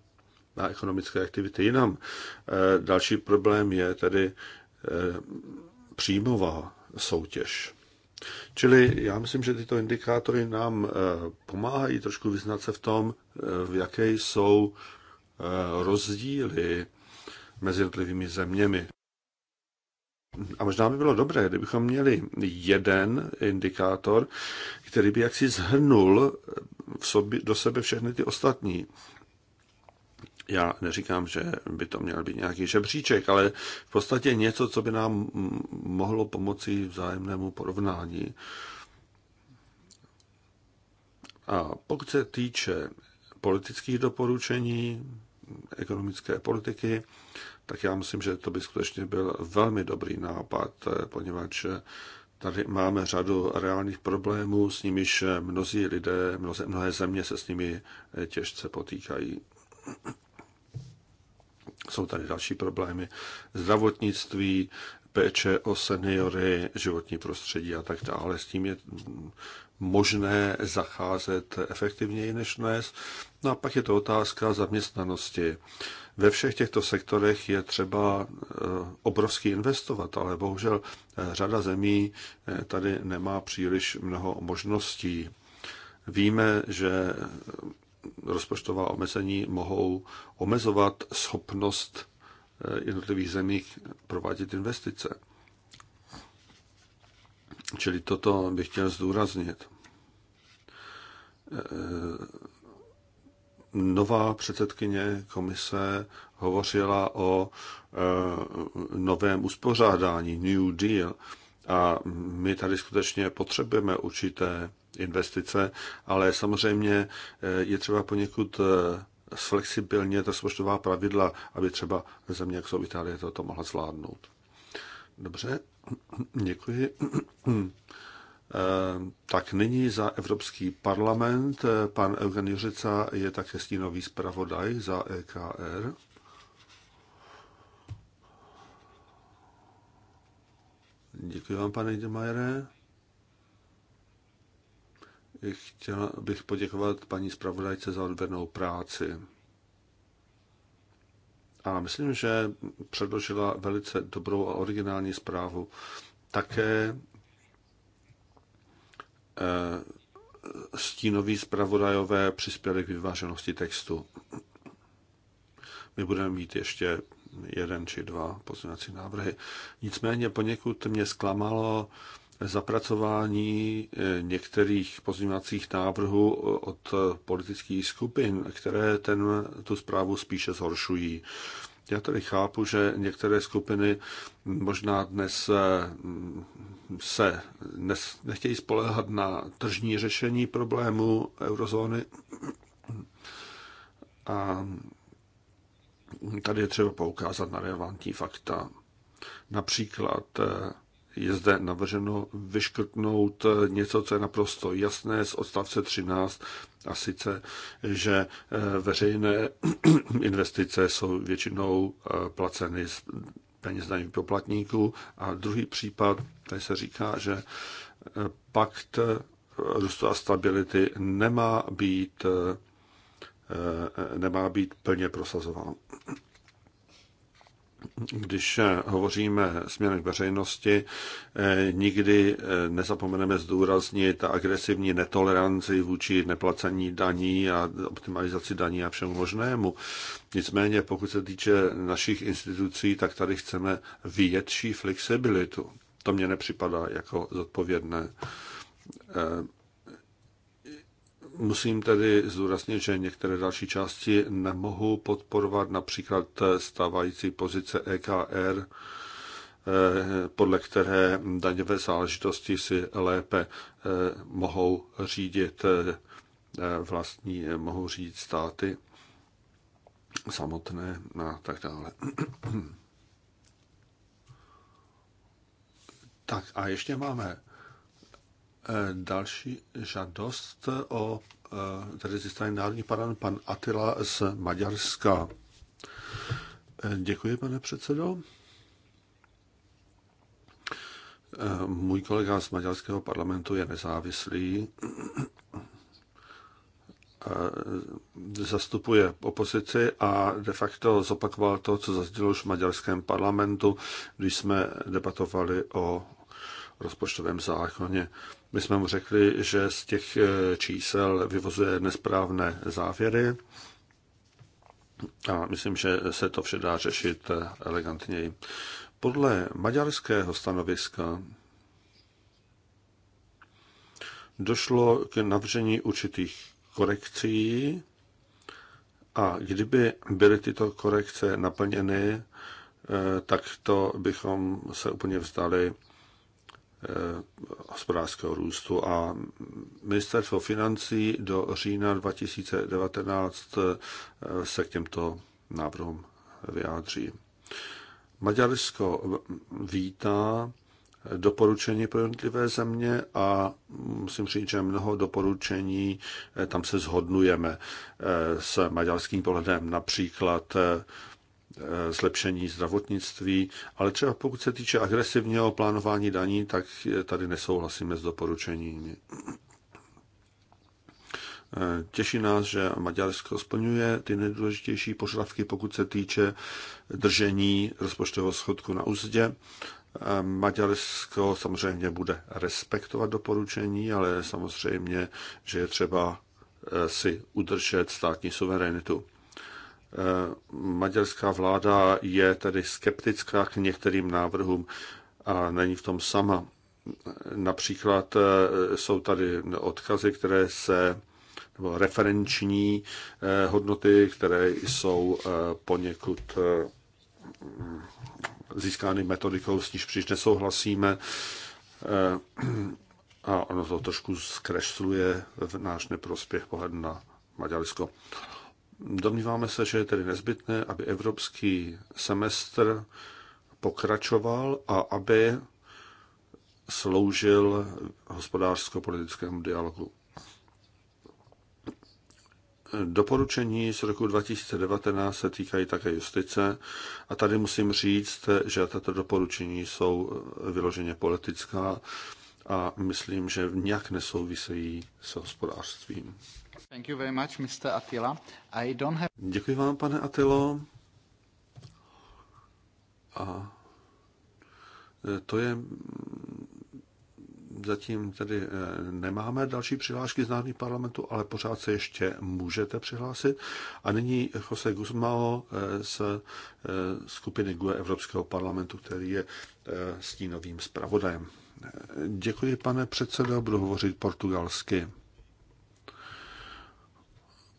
na ekonomické aktivity jinam. Eh, další problém je tedy eh, příjmová soutěž. Čili já myslím, že tyto indikátory nám pomáhají trošku vyznat se v tom, v jaké jsou rozdíly mezi jednotlivými zeměmi. A možná by bylo dobré, kdybychom měli jeden indikátor, který by jaksi zhrnul v sobě, do sebe všechny ty ostatní. Já neříkám, že by to měl být nějaký žebříček, ale v podstatě něco, co by nám mohlo pomoci vzájemnému porovnání. A pokud se týče politických doporučení, ekonomické politiky, tak já myslím, že to by skutečně byl velmi dobrý nápad, eh, poněvadž eh, tady máme řadu reálných problémů, s nimiž eh, mnozí lidé, mnoze, mnohé země se s nimi těžce potýkají. Jsou tady další problémy. Zdravotnictví, péče o seniory, životní prostředí a tak dále. S tím je mm, možné zacházet efektivněji než dnes. No a pak je to otázka zaměstnanosti. Ve všech těchto sektorech je třeba eh, obrovský investovat, ale bohužel eh, řada zemí eh, tady nemá příliš mnoho možností. Víme, že rozpočtová omezení mohou omezovat schopnost jednotlivých zemí provádět investice. Čili toto bych chtěl zdůraznit nová předsedkyně komise hovořila o eh, novém uspořádání New Deal a my tady skutečně potřebujeme určité investice, ale samozřejmě eh, je třeba poněkud eh, ta rozpočtová pravidla, aby třeba země, jak jsou Itálie, to, to mohla zvládnout. Dobře, děkuji. Eh, tak nyní za Evropský parlament eh, pan Eugen Jiřica je také stínový zpravodaj za EKR. Děkuji vám, pane Jdemajere. Chtěl bych poděkovat paní zpravodajce za odvednou práci. A myslím, že předložila velice dobrou a originální zprávu. Také Eh, stínoví zpravodajové přispěli k vyváženosti textu. My budeme mít ještě jeden či dva pozměňovací návrhy. Nicméně poněkud mě zklamalo zapracování eh, některých pozměňovacích návrhů od politických skupin, které ten, tu zprávu spíše zhoršují. Já tady chápu, že některé skupiny možná dnes mm, se nechtějí spolehat na tržní řešení problému eurozóny. A tady je třeba poukázat na relevantní fakta. Například eh, je zde navrženo vyškrtnout něco, co je naprosto jasné z odstavce 13, a sice, že eh, veřejné investice jsou většinou eh, placeny z peněz daní poplatníků. A druhý případ, tady se říká, že eh, pakt růstu a stability nemá být, nemá být plně prosazován když eh, hovoříme směrem k veřejnosti, eh, nikdy eh, nezapomeneme zdůraznit agresivní netoleranci vůči neplacení daní a optimalizaci daní a všemu možnému. Nicméně, pokud se týče našich institucí, tak tady chceme větší flexibilitu. To mně nepřipadá jako zodpovědné. Musím tedy zdůraznit, že některé další části nemohu podporovat, například stávající pozice EKR, eh, podle které daňové záležitosti si lépe eh, mohou řídit eh, vlastní, mohou řídit státy samotné a tak dále. Tak a ještě máme Eh, další žádost o eh, tedy ze strany Národní pan Atila z Maďarska. Eh, děkuji, pane předsedo. Můj kolega z maďarského parlamentu je nezávislý. Zastupuje opozici a de facto zopakoval to, co zazdělo už v maďarském parlamentu, když jsme debatovali o rozpočtovém zákoně. My jsme mu řekli, že z těch eh, čísel vyvozuje nesprávné závěry a myslím, že se to vše dá řešit eh, elegantněji. Podle maďarského stanoviska došlo k navření určitých korekcí a kdyby byly tyto korekce naplněny, eh, tak to bychom se úplně vzdali Eh, hospodářského růstu a ministerstvo financí do října 2019 eh, se k těmto návrhům vyjádří. Maďarsko vítá doporučení pro jednotlivé země a musím říct, že mnoho doporučení, eh, tam se zhodnujeme s maďarským pohledem, například Eh, zlepšení zdravotnictví, ale třeba pokud se týče agresivního plánování daní, tak tady nesouhlasíme s doporučeními. Eh, těší nás, že Maďarsko splňuje ty nejdůležitější požadavky, pokud se týče držení rozpočtového schodku na úzdě. Eh, Maďarsko samozřejmě bude respektovat doporučení, ale samozřejmě, že je třeba si udržet státní suverenitu. Eh, maďarská vláda je tedy skeptická k některým návrhům a není v tom sama. Například eh, jsou tady odkazy, které se nebo referenční eh, hodnoty, které jsou poněkud získány metodikou, s níž příliš nesouhlasíme. A ono to trošku zkresluje v náš neprospěch pohled na Maďarsko. Domníváme se, že je tedy nezbytné, aby evropský semestr pokračoval a aby sloužil hospodářsko-politickému dialogu. Doporučení z roku 2019 se týkají také justice a tady musím říct, že tato doporučení jsou vyloženě politická a myslím, že nějak nesouvisejí s hospodářstvím. Thank you very much, Mr. Attila. I don't have... Děkuji vám, pane Atilo. A to je zatím tedy eh, nemáme další přihlášky z národní parlamentu, ale pořád se ještě můžete přihlásit. A nyní Jose Guzmao eh, z eh, skupiny GUE Evropského parlamentu, který je stínovým zpravodajem. Děkuji, pane předsedo, budu hovořit portugalsky.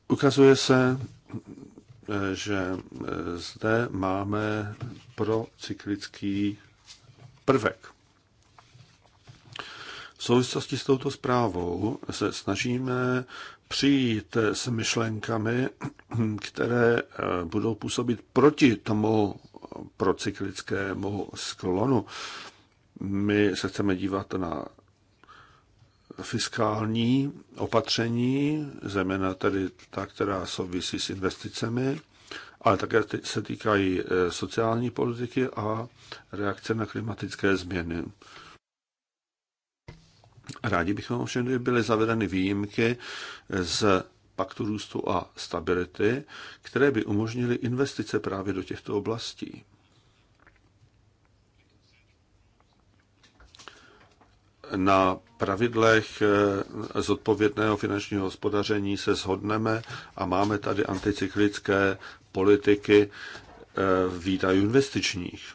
Ukazuje se, eh, že eh, zde máme procyklický prvek. V souvislosti s touto zprávou se snažíme přijít s myšlenkami, které eh, budou působit proti tomu procyklickému sklonu. My se chceme dívat na fiskální opatření, zejména tedy ta, která souvisí s investicemi, ale také se týkají eh, sociální politiky a reakce na klimatické změny. Rádi bychom ovšem, kdyby byly zavedeny výjimky z paktu růstu a stability, které by umožnily investice právě do těchto oblastí. na pravidlech eh, zodpovědného finančního hospodaření se shodneme a máme tady anticyklické politiky eh, výdajů investičních.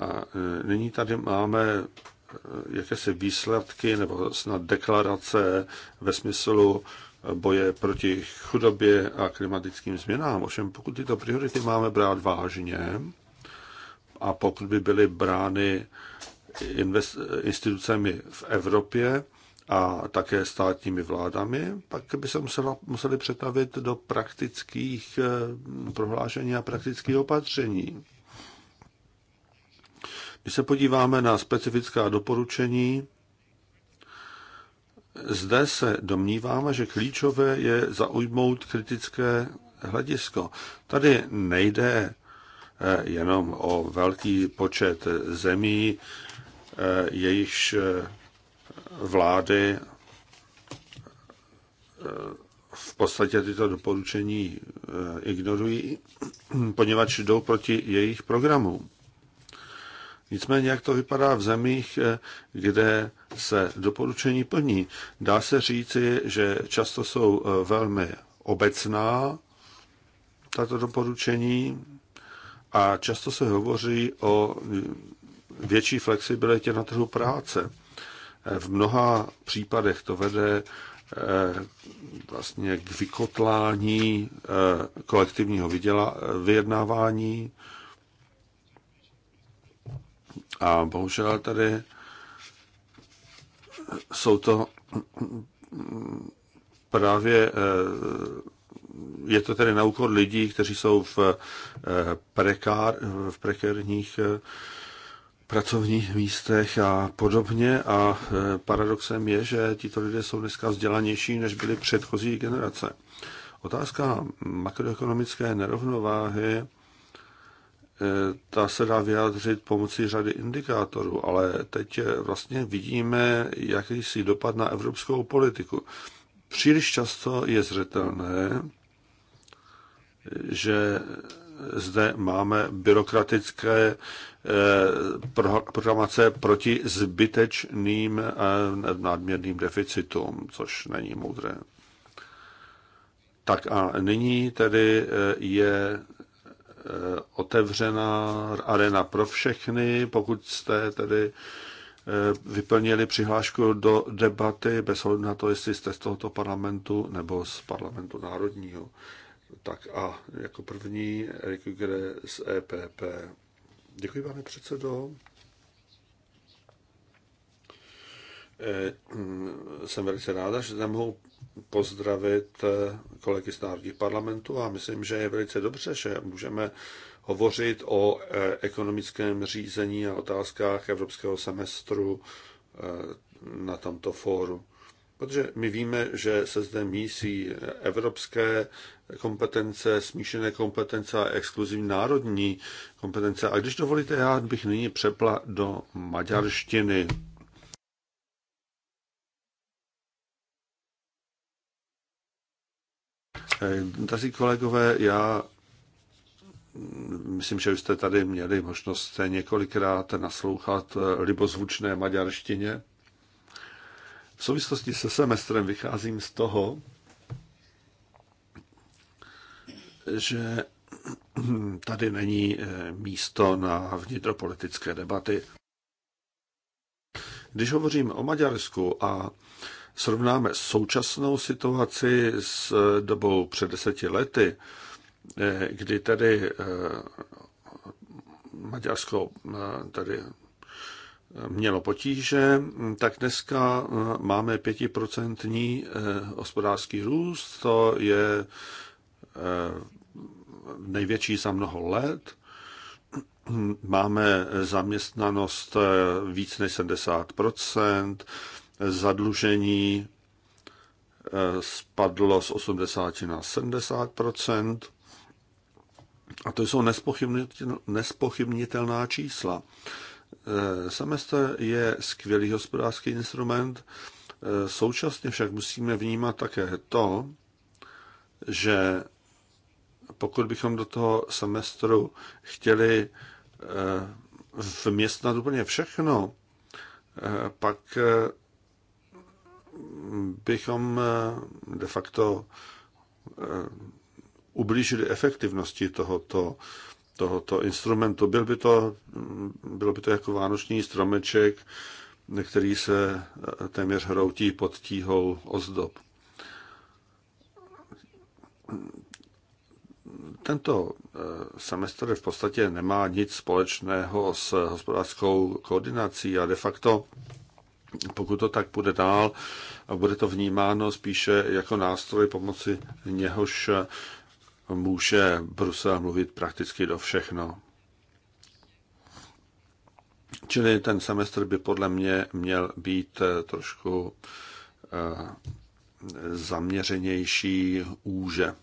A eh, nyní tady máme jakési výsledky nebo snad deklarace ve smyslu boje proti chudobě a klimatickým změnám. Ovšem, pokud tyto priority máme brát vážně a pokud by byly brány institucemi v Evropě a také státními vládami, pak by se musela, museli přetavit do praktických eh, prohlášení a praktických opatření. Když se podíváme na specifická doporučení, zde se domníváme, že klíčové je zaujmout kritické hledisko. Tady nejde eh, jenom o velký počet zemí, Eh, jejichž eh, vlády eh, v podstatě tyto doporučení ignorují, poněvadž jdou proti jejich programům. Nicméně, jak to vypadá v zemích, kde se doporučení plní, dá se říci, že často jsou velmi obecná tato doporučení a často se hovoří o větší flexibilitě na trhu práce. Eh, v mnoha případech to vede eh, vlastně k vykotlání eh, kolektivního vyděla, vyjednávání. A bohužel tady jsou to právě je to tedy na úkor lidí, kteří jsou v, prekár, v prekérních pracovních místech a podobně. A e, paradoxem je, že tito lidé jsou dneska vzdělanější, než byly předchozí generace. Otázka makroekonomické nerovnováhy, e, ta se dá vyjádřit pomocí řady indikátorů, ale teď vlastně vidíme jakýsi dopad na evropskou politiku. Příliš často je zřetelné, že zde máme byrokratické eh, programace proti zbytečným eh, nadměrným deficitům, což není moudré. Tak a nyní tedy eh, je otevřená arena pro všechny. Pokud jste tedy vyplnili přihlášku do debaty bez ohledu na to, jestli jste z tohoto parlamentu nebo z parlamentu národního. Tak a jako první Erik Gere z EPP. Děkuji, pane předsedo. E, mm, jsem velice ráda, že se mohu pozdravit e, kolegy z Národních parlamentů a myslím, že je velice dobře, že můžeme hovořit o e, ekonomickém řízení a otázkách evropského semestru na tomto fóru. Protože my víme, že se zde mísí evropské kompetence, smíšené kompetence a exkluzivní národní kompetence. A když dovolíte, já bych nyní přepla do maďarštiny. Eh, drazí kolegové, já myslím, že jste tady měli možnost několikrát naslouchat eh, libozvučné maďarštině. V souvislosti se semestrem vycházím z toho, že tady není eh, místo na vnitropolitické debaty. Když hovořím o Maďarsku a srovnáme současnou situaci s eh, dobou před deseti lety, eh, kdy tedy Maďarsko tady mělo potíže, tak dneska eh, máme pětiprocentní eh, hospodářský růst, to je eh, největší za mnoho let. Máme zaměstnanost víc než 70%, zadlužení spadlo z 80 na 70%. A to jsou nespochybnitelná čísla. Eh, semestr je skvělý hospodářský instrument, eh, současně však musíme vnímat také to, že pokud bychom do toho semestru chtěli eh, vměstnat úplně všechno, pak bychom de facto ublížili efektivnosti tohoto tohoto instrumentu. Byl by to, bylo by to jako vánoční stromeček, který se téměř hroutí pod tíhou ozdob. Tento eh, semestr v podstatě nemá nic společného s hospodářskou koordinací a de facto, pokud to tak bude dál, bude to vnímáno spíše jako nástroj pomoci něhož může Brusel mluvit prakticky do všechno. Čili ten semestr by podle mě měl být eh, trošku eh, zaměřenější úže.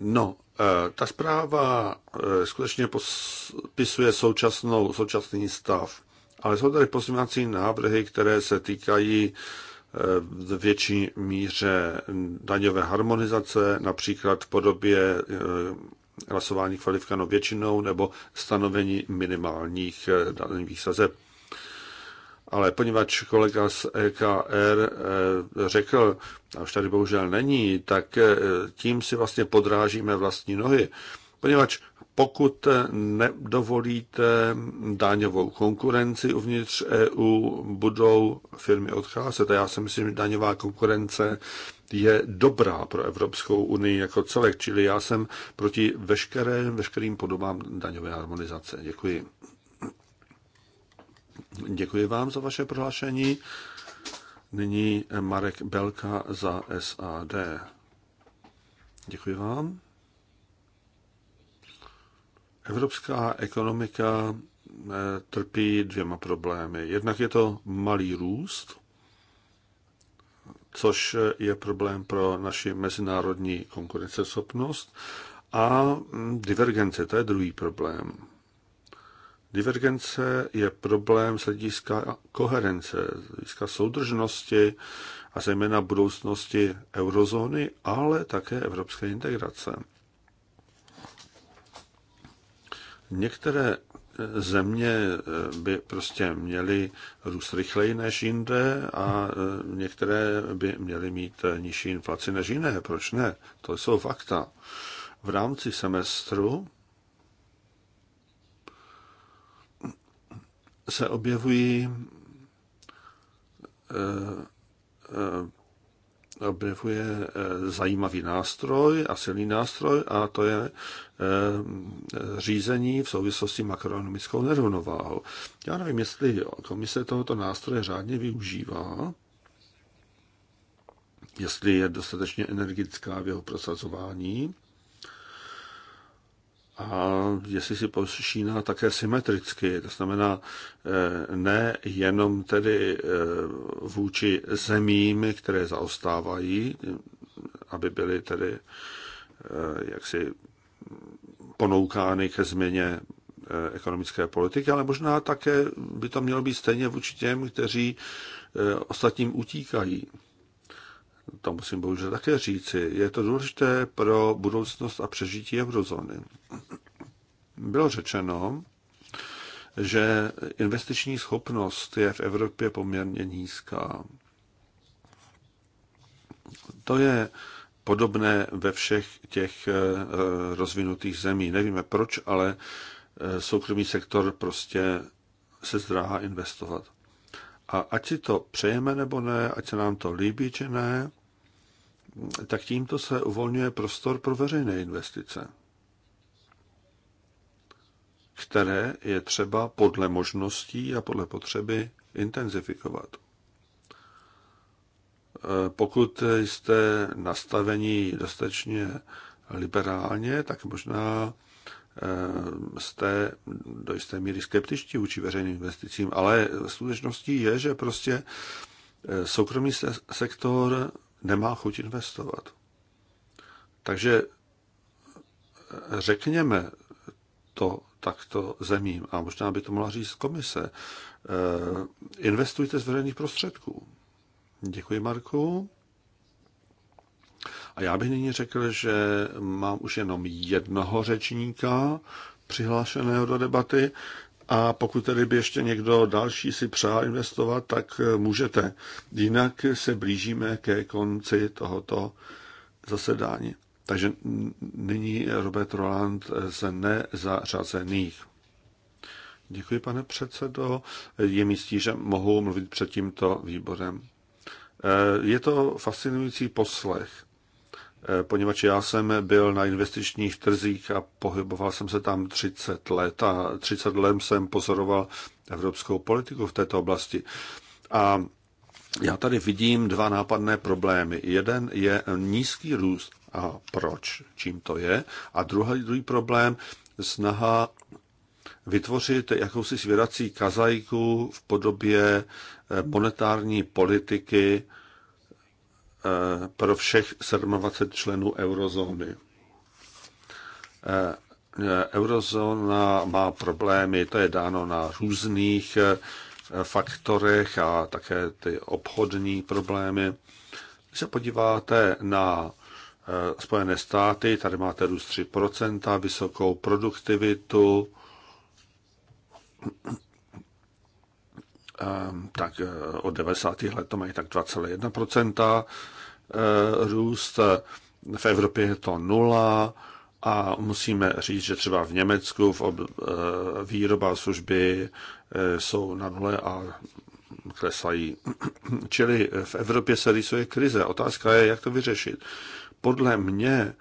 No, eh, ta zpráva skutečně popisuje současnou, současný stav, ale jsou tady pozměňovací návrhy, které se týkají v větší míře daňové harmonizace, například v podobě e, hlasování kvalifikovanou většinou nebo stanovení minimálních e, daňových sazeb. Ale poněvadž kolega z EKR e, řekl, a už tady bohužel není, tak tím si vlastně podrážíme vlastní nohy poněvadž pokud nedovolíte daňovou konkurenci uvnitř EU, budou firmy odcházet. A já si myslím, že daňová konkurence je dobrá pro Evropskou unii jako celek, čili já jsem proti veškeré, veškerým podobám daňové harmonizace. Děkuji. Děkuji vám za vaše prohlášení. Nyní Marek Belka za SAD. Děkuji vám. Evropská ekonomika eh, trpí dvěma problémy. Jednak je to malý růst, což je problém pro naši mezinárodní konkurenceschopnost, a mm, divergence, to je druhý problém. Divergence je problém z hlediska koherence, z hlediska soudržnosti a zejména budoucnosti eurozóny, ale také evropské integrace. Některé eh, země eh, by prostě měly růst rychleji než jinde a eh, některé by měly mít nižší inflaci než jiné. Proč ne? To jsou fakta. V rámci semestru se objevují objevuje zajímavý nástroj a silný nástroj a to je Eh, řízení v souvislosti makroekonomickou nerovnováhou. Já nevím, jestli komise tohoto nástroje řádně využívá, jestli je dostatečně energická v jeho prosazování a jestli si pošíná také symetricky, to znamená eh, ne jenom tedy eh, vůči zemím, které zaostávají, aby byly tedy jaksi ponoukány ke změně eh, ekonomické politiky, ale možná také by to mělo být stejně vůči těm, kteří eh, ostatním utíkají. To musím bohužel také říci. Je to důležité pro budoucnost a přežití eurozóny. Bylo řečeno, že investiční schopnost je v Evropě poměrně nízká. To je podobné ve všech těch eh, rozvinutých zemí. Nevíme proč, ale eh, soukromý sektor prostě se zdráhá investovat. A ať si to přejeme nebo ne, ať se nám to líbí či ne, tak tímto se uvolňuje prostor pro veřejné investice, které je třeba podle možností a podle potřeby intenzifikovat. Eh, pokud jste nastavení dostatečně liberálně, tak možná eh, jste do jisté míry skeptičtí vůči veřejným investicím, ale skutečností je, že prostě eh, soukromý sektor nemá chuť investovat. Takže řekněme to takto zemím, a možná by to mohla říct komise, investujte z veřejných prostředků. Děkuji, Marku. A já bych nyní řekl, že mám už jenom jednoho řečníka přihlášeného do debaty a pokud tedy by ještě někdo další si přál investovat, tak můžete. Jinak se blížíme ke konci tohoto zasedání. Takže nyní Robert Roland z nezařazených. Děkuji, pane předsedo. Je mi že mohu mluvit před tímto výborem. Eh, je to fascinující poslech, eh, poněvadž já jsem byl na investičních trzích a pohyboval jsem se tam 30 let a 30 let jsem pozoroval evropskou politiku v této oblasti. A já tady vidím dva nápadné problémy. Jeden je nízký růst a proč, čím to je. A druhý, druhý problém, snaha vytvořit jakousi svěrací kazajku v podobě eh, monetární politiky eh, pro všech 27 členů eurozóny. Eh, eurozóna má problémy, to je dáno na různých faktorech a také ty obchodní problémy. Když se podíváte na Spojené státy, tady máte růst 3%, vysokou produktivitu, Ehm, tak eh, od 90. let to mají tak 2,1% eh, růst, eh, v Evropě je to nula a musíme říct, že třeba v Německu v ob, výroba služby jsou na nule a klesají. Čili v Evropě se rýsuje krize. Otázka je, jak to vyřešit. Podle mě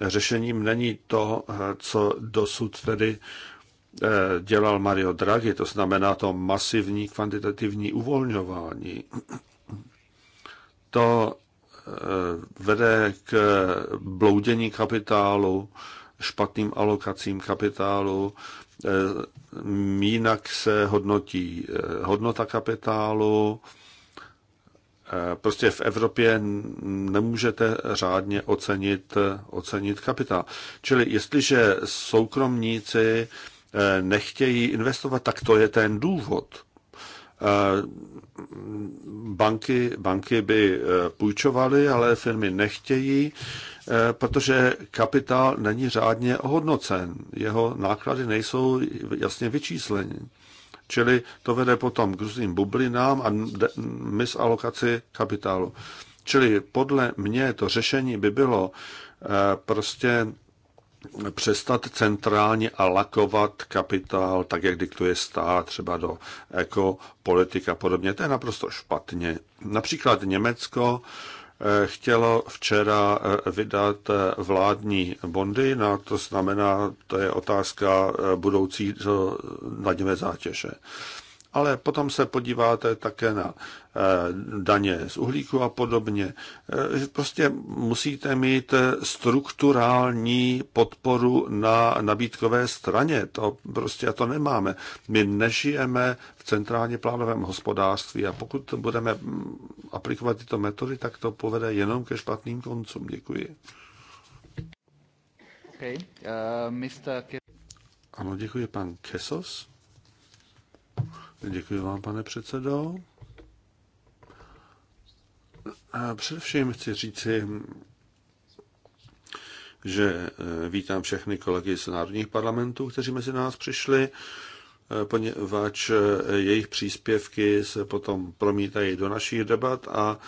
řešením není to, co dosud tedy Eh, dělal Mario Draghi, to znamená to masivní kvantitativní uvolňování, to eh, vede k bloudění kapitálu, špatným alokacím kapitálu, eh, jinak se hodnotí hodnota kapitálu. Prostě v Evropě nemůžete řádně ocenit, ocenit kapitál. Čili jestliže soukromníci Eh, nechtějí investovat, tak to je ten důvod. Eh, banky, banky by eh, půjčovaly, ale firmy nechtějí, protože kapitál není řádně ohodnocen. Jeho náklady nejsou jasně vyčísleny. Čili to vede potom k různým bublinám a misalokaci kapitálu. Čili podle mě to řešení by bylo prostě přestat centrálně alakovat kapitál tak, jak diktuje stát, třeba do ekopolitik a podobně. To je naprosto špatně. Například Německo eh, chtělo včera eh, vydat eh, vládní bondy, no to znamená, to je otázka budoucí na zátěže ale potom se podíváte také na eh, daně z uhlíku a podobně. Eh, prostě musíte mít eh, strukturální podporu na nabídkové straně. To prostě to nemáme. My nežijeme v centrálně plánovém hospodářství a pokud budeme mm, aplikovat tyto metody, tak to povede jenom ke špatným koncům. Děkuji. Okay. Uh, Mr. Ano, děkuji, pan Kesos. Děkuji vám, pane předsedo. A především chci říci, že eh, vítám všechny kolegy z národních parlamentů, kteří mezi nás přišli, eh, poněvadž eh, jejich příspěvky se potom promítají do našich debat a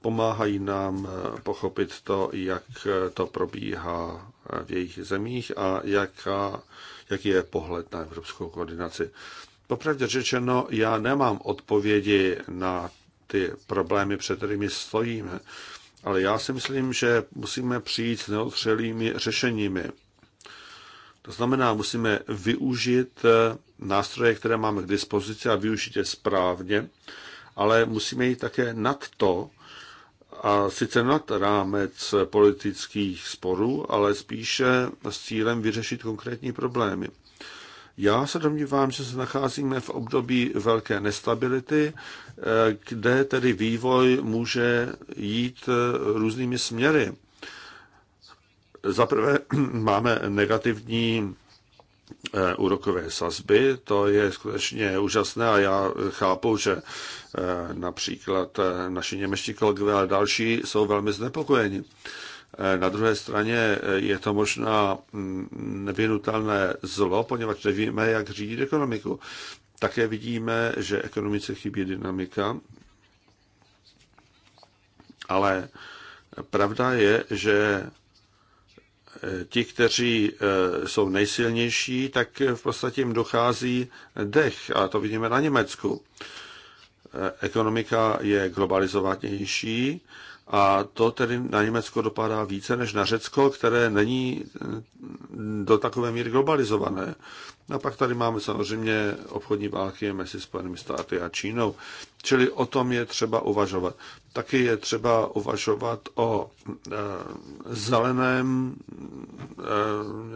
pomáhají nám pochopit to, jak to probíhá v jejich zemích a jak, jaký je pohled na evropskou koordinaci. Popravdě řečeno, já nemám odpovědi na ty problémy, před kterými stojíme, ale já si myslím, že musíme přijít s neotřelými řešeními. To znamená, musíme využít eh, nástroje, které máme k dispozici a využít je správně, ale musíme jít také nad to, a sice nad rámec politických sporů, ale spíše s cílem vyřešit konkrétní problémy. Já se domnívám, že se nacházíme v období velké nestability, eh, kde tedy vývoj může jít eh, různými směry. Zaprvé máme negativní eh, úrokové sazby, to je skutečně úžasné a já chápu, že například naši němečtí kolegové a další jsou velmi znepokojeni. Na druhé straně eh, je to možná mm, nevynutelné zlo, poněvadž nevíme, jak řídit ekonomiku. Také vidíme, že ekonomice chybí dynamika, ale pravda je, že eh, ti, kteří eh, jsou nejsilnější, tak v podstatě jim dochází dech. A to vidíme na Německu. Ekonomika je globalizovanější, a to tedy na Německo dopadá více než na Řecko, které není eh, do takové míry globalizované. A pak tady máme samozřejmě obchodní války mezi Spojenými státy a Čínou. Čili o tom je třeba uvažovat. Taky je třeba uvažovat o e, zeleném,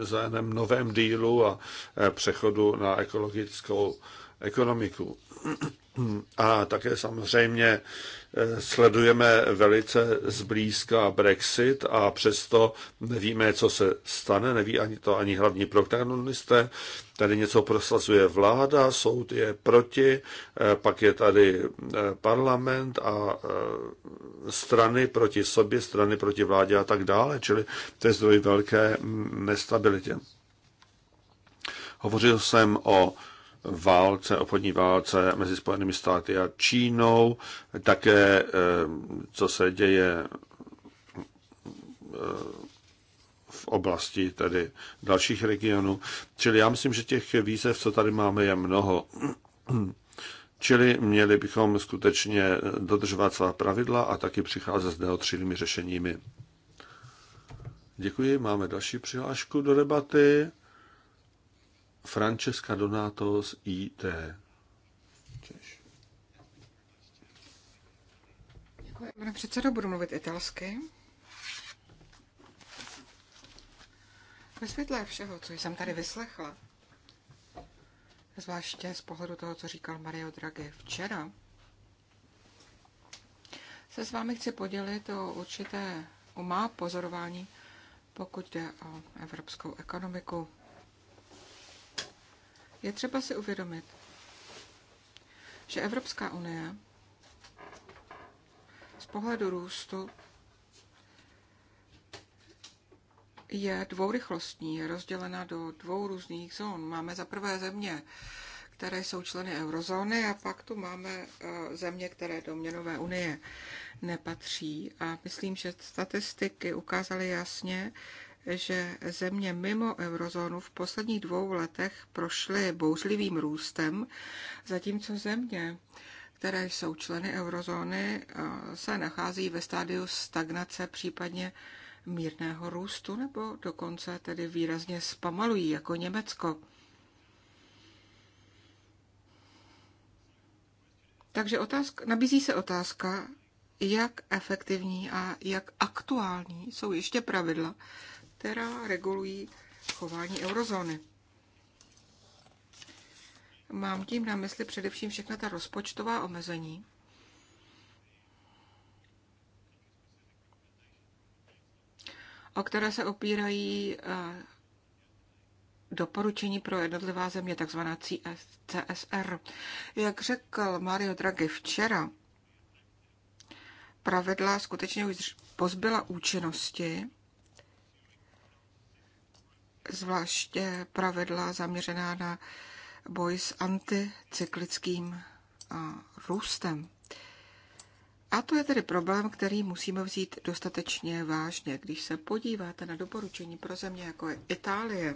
e, zeleném novém dílu a e, přechodu na ekologickou ekonomiku. A také samozřejmě eh, sledujeme velice zblízka Brexit a přesto nevíme, co se stane, neví ani to ani hlavní protagonisté. Tady něco prosazuje vláda, soud je proti, eh, pak je tady eh, parlament a strany proti sobě, strany proti vládě a tak dále, čili to je zdroj velké mm, nestabilitě. Hovořil jsem o válce, obchodní válce mezi Spojenými státy a Čínou, také eh, co se děje eh, v oblasti tedy dalších regionů. Čili já myslím, že těch výzev, co tady máme, je mnoho. Čili měli bychom skutečně dodržovat svá pravidla a taky přicházet s neotřílými řešeními. Děkuji, máme další přihlášku do debaty. Francesca Donato z IT. Děkuji, pane předsedo, budu mluvit italsky. Ve světle všeho, co jsem tady vyslechla, zvláště z pohledu toho, co říkal Mario Draghi včera, se s vámi chci podělit o určité, o má pozorování, pokud jde o evropskou ekonomiku. Je třeba si uvědomit, že Evropská unie z pohledu růstu je dvourychlostní, je rozdělena do dvou různých zón. Máme za prvé země, které jsou členy eurozóny a pak tu máme eh, země, které do měnové unie nepatří. A myslím, že statistiky ukázaly jasně, že země mimo eurozónu v posledních dvou letech prošly bouřlivým růstem, zatímco země, které jsou členy eurozóny, eh, se nachází ve stádiu stagnace, případně mírného růstu, nebo dokonce tedy výrazně zpomalují, jako Německo. Takže otázka, nabízí se otázka, jak efektivní a jak aktuální jsou ještě pravidla, která regulují chování eurozóny. Mám tím na mysli především všechna ta rozpočtová omezení, o které se opírají eh, doporučení pro jednotlivá země, takzvaná CSR. Jak řekl Mario Draghi včera, pravidla skutečně už pozbyla účinnosti zvláště pravidla zaměřená na boj s anticyklickým růstem. A to je tedy problém, který musíme vzít dostatečně vážně. Když se podíváte na doporučení pro země, jako je Itálie,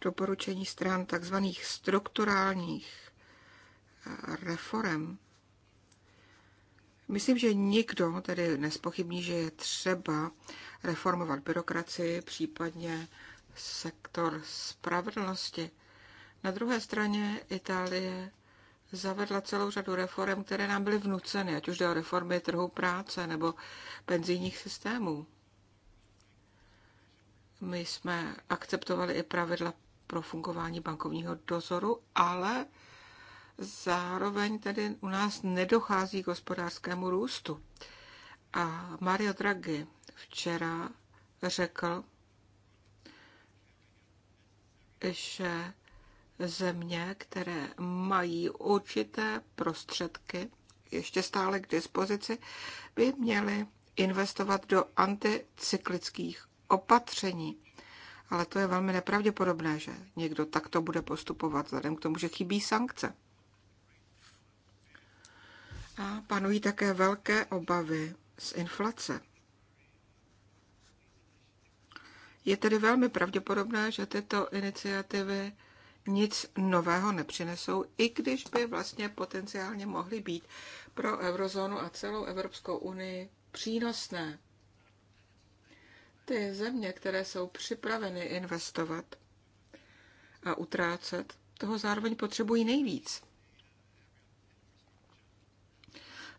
doporučení stran takzvaných strukturálních reform, Myslím, že nikdo tedy nespochybní, že je třeba reformovat byrokracii, případně sektor spravedlnosti. Na druhé straně Itálie zavedla celou řadu reform, které nám byly vnuceny, ať už jde o reformy trhu práce nebo penzijních systémů. My jsme akceptovali i pravidla pro fungování bankovního dozoru, ale Zároveň tedy u nás nedochází k hospodářskému růstu. A Mario Draghi včera řekl, že země, které mají určité prostředky ještě stále k dispozici, by měly investovat do anticyklických opatření. Ale to je velmi nepravděpodobné, že někdo takto bude postupovat, vzhledem k tomu, že chybí sankce. A panují také velké obavy z inflace. Je tedy velmi pravděpodobné, že tyto iniciativy nic nového nepřinesou, i když by vlastně potenciálně mohly být pro eurozónu a celou Evropskou unii přínosné. Ty země, které jsou připraveny investovat a utrácet, toho zároveň potřebují nejvíc.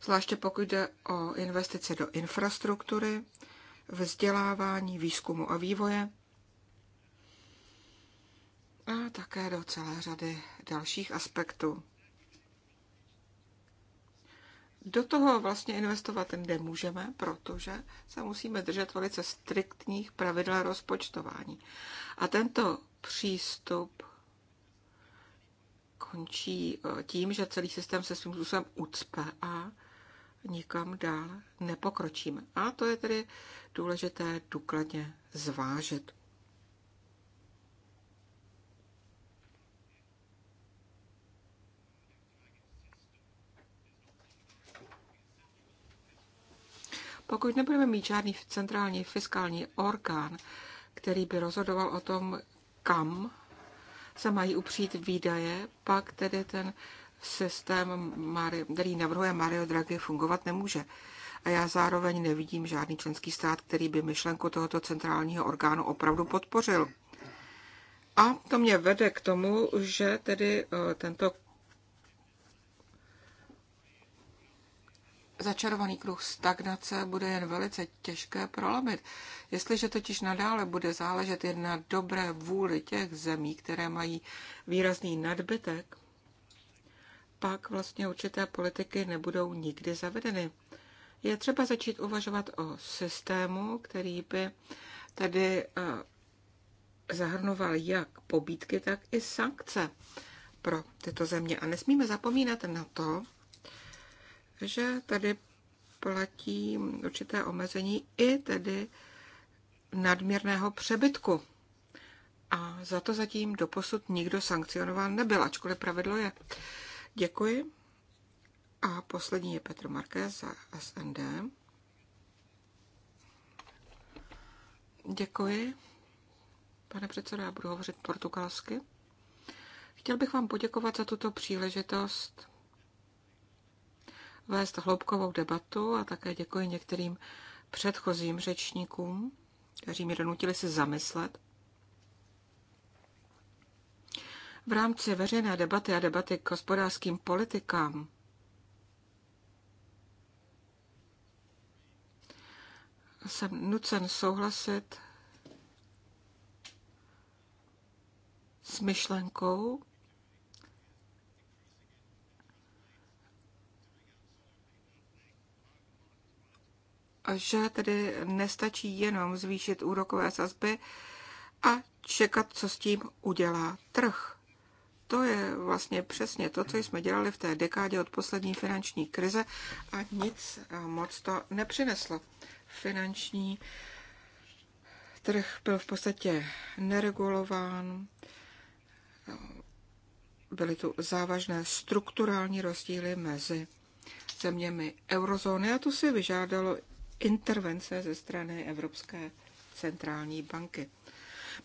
zvláště pokud jde o investice do infrastruktury, vzdělávání, výzkumu a vývoje a také do celé řady dalších aspektů. Do toho vlastně investovat nemůžeme, protože se musíme držet velice striktních pravidel rozpočtování. A tento přístup končí eh, tím, že celý systém se svým způsobem ucpe a nikam dál nepokročíme. A to je tedy důležité důkladně zvážit. Pokud nebudeme mít žádný centrální fiskální orgán, který by rozhodoval o tom, kam se mají upřít výdaje, pak tedy ten systém, který navrhuje Mario Draghi, fungovat nemůže. A já zároveň nevidím žádný členský stát, který by myšlenku tohoto centrálního orgánu opravdu podpořil. A to mě vede k tomu, že tedy eh, tento začarovaný kruh stagnace bude jen velice těžké prolomit. Jestliže totiž nadále bude záležet jen na dobré vůli těch zemí, které mají výrazný nadbytek, pak vlastně určité politiky nebudou nikdy zavedeny. Je třeba začít uvažovat o systému, který by tedy eh, zahrnoval jak pobídky, tak i sankce pro tyto země. A nesmíme zapomínat na to, že tady platí určité omezení i tedy nadměrného přebytku. A za to zatím doposud nikdo sankcionován nebyl, ačkoliv pravidlo je. Děkuji. A poslední je Petr Marquez za SND. Děkuji. Pane předsedo, já budu hovořit portugalsky. Chtěl bych vám poděkovat za tuto příležitost vést hloubkovou debatu a také děkuji některým předchozím řečníkům, kteří mě donutili se zamyslet v rámci veřejné debaty a debaty k hospodářským politikám jsem nucen souhlasit s myšlenkou, že tedy nestačí jenom zvýšit úrokové sazby a čekat, co s tím udělá trh to je vlastně přesně to, co jsme dělali v té dekádě od poslední finanční krize a nic eh, moc to nepřineslo. Finanční trh byl v podstatě neregulován, byly tu závažné strukturální rozdíly mezi zeměmi eurozóny a to si vyžádalo intervence ze strany Evropské centrální banky.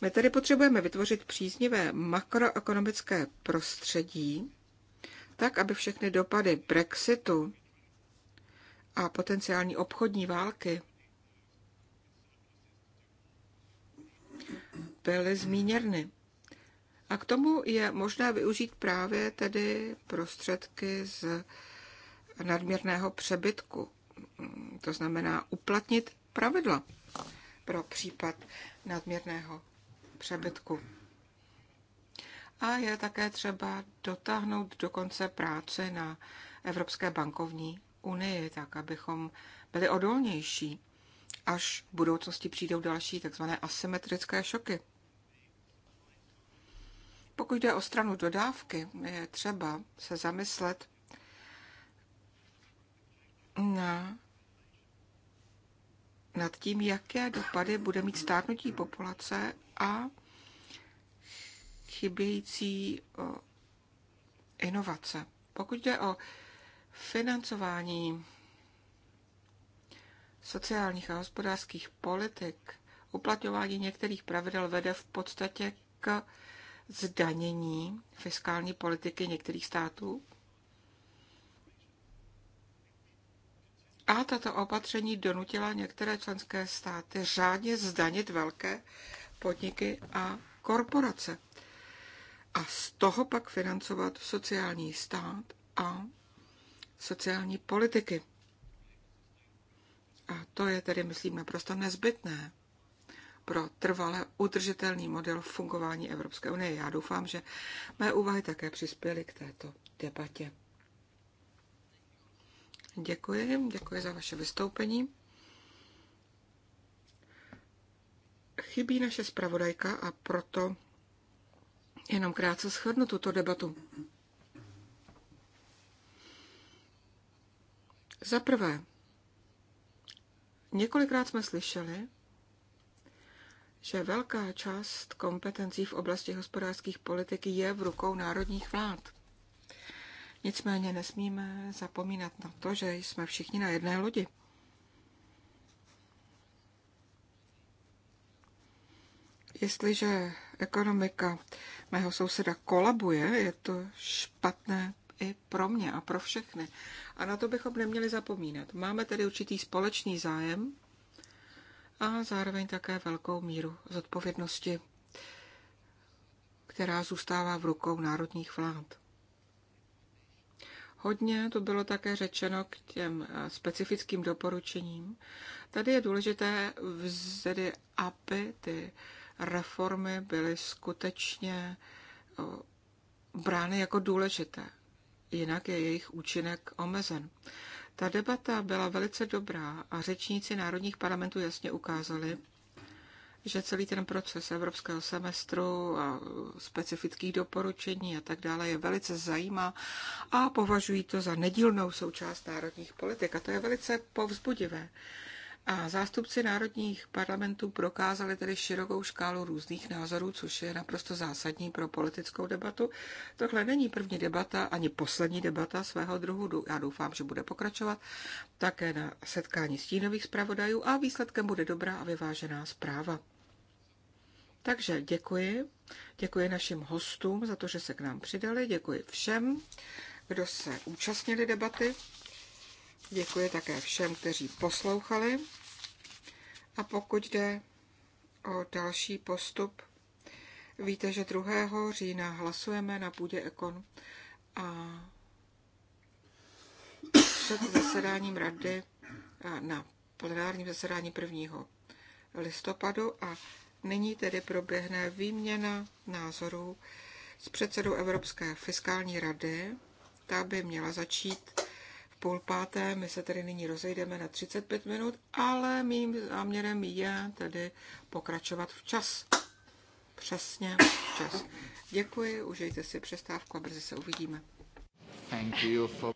My tedy potřebujeme vytvořit příznivé makroekonomické prostředí, tak aby všechny dopady Brexitu a potenciální obchodní války byly zmíněrny. A k tomu je možné využít právě tedy prostředky z nadměrného přebytku. To znamená uplatnit pravidla pro případ nadměrného přebytku. A je také třeba dotáhnout do konce práce na Evropské bankovní unii, tak abychom byli odolnější, až v budoucnosti přijdou další tzv. asymetrické šoky. Pokud jde o stranu dodávky, je třeba se zamyslet na, nad tím, jaké dopady bude mít stárnutí populace a chybějící inovace. Pokud jde o financování sociálních a hospodářských politik, uplatňování některých pravidel vede v podstatě k zdanění fiskální politiky některých států. A tato opatření donutila některé členské státy řádně zdanit velké podniky a korporace. A z toho pak financovat sociální stát a sociální politiky. A to je tedy, myslím, naprosto nezbytné pro trvale udržitelný model fungování Evropské unie. Já doufám, že mé úvahy také přispěly k této debatě. Děkuji, děkuji za vaše vystoupení. Chybí naše zpravodajka a proto jenom krátce shrnu tuto debatu. Za prvé, několikrát jsme slyšeli, že velká část kompetencí v oblasti hospodářských politik je v rukou národních vlád. Nicméně nesmíme zapomínat na to, že jsme všichni na jedné lodi. Jestliže ekonomika mého souseda kolabuje, je to špatné i pro mě a pro všechny. A na to bychom neměli zapomínat. Máme tedy určitý společný zájem a zároveň také velkou míru zodpovědnosti, která zůstává v rukou národních vlád. Hodně to bylo také řečeno k těm eh, specifickým doporučením. Tady je důležité vzedy, aby ty reformy byly skutečně brány jako důležité. Jinak je jejich účinek omezen. Ta debata byla velice dobrá a řečníci národních parlamentů jasně ukázali, že celý ten proces evropského semestru a specifických doporučení a tak dále je velice zajímá a považují to za nedílnou součást národních politik. A to je velice povzbudivé. A zástupci národních parlamentů prokázali tedy širokou škálu různých názorů, což je naprosto zásadní pro politickou debatu. Tohle není první debata ani poslední debata svého druhu. Já doufám, že bude pokračovat také na setkání stínových zpravodajů a výsledkem bude dobrá a vyvážená zpráva. Takže děkuji. Děkuji našim hostům za to, že se k nám přidali. Děkuji všem, kdo se účastnili debaty. Děkuji také všem, kteří poslouchali. A pokud jde o další postup, víte, že 2. října hlasujeme na půdě Ekon a před zasedáním rady na plenárním zasedání 1. listopadu a nyní tedy proběhne výměna názorů s předsedou Evropské fiskální rady. Ta by měla začít půl páté, my se tedy nyní rozejdeme na 35 minut, ale mým záměrem je tedy pokračovat včas. Přesně včas. Děkuji, užijte si přestávku a brzy se uvidíme. Thank you for...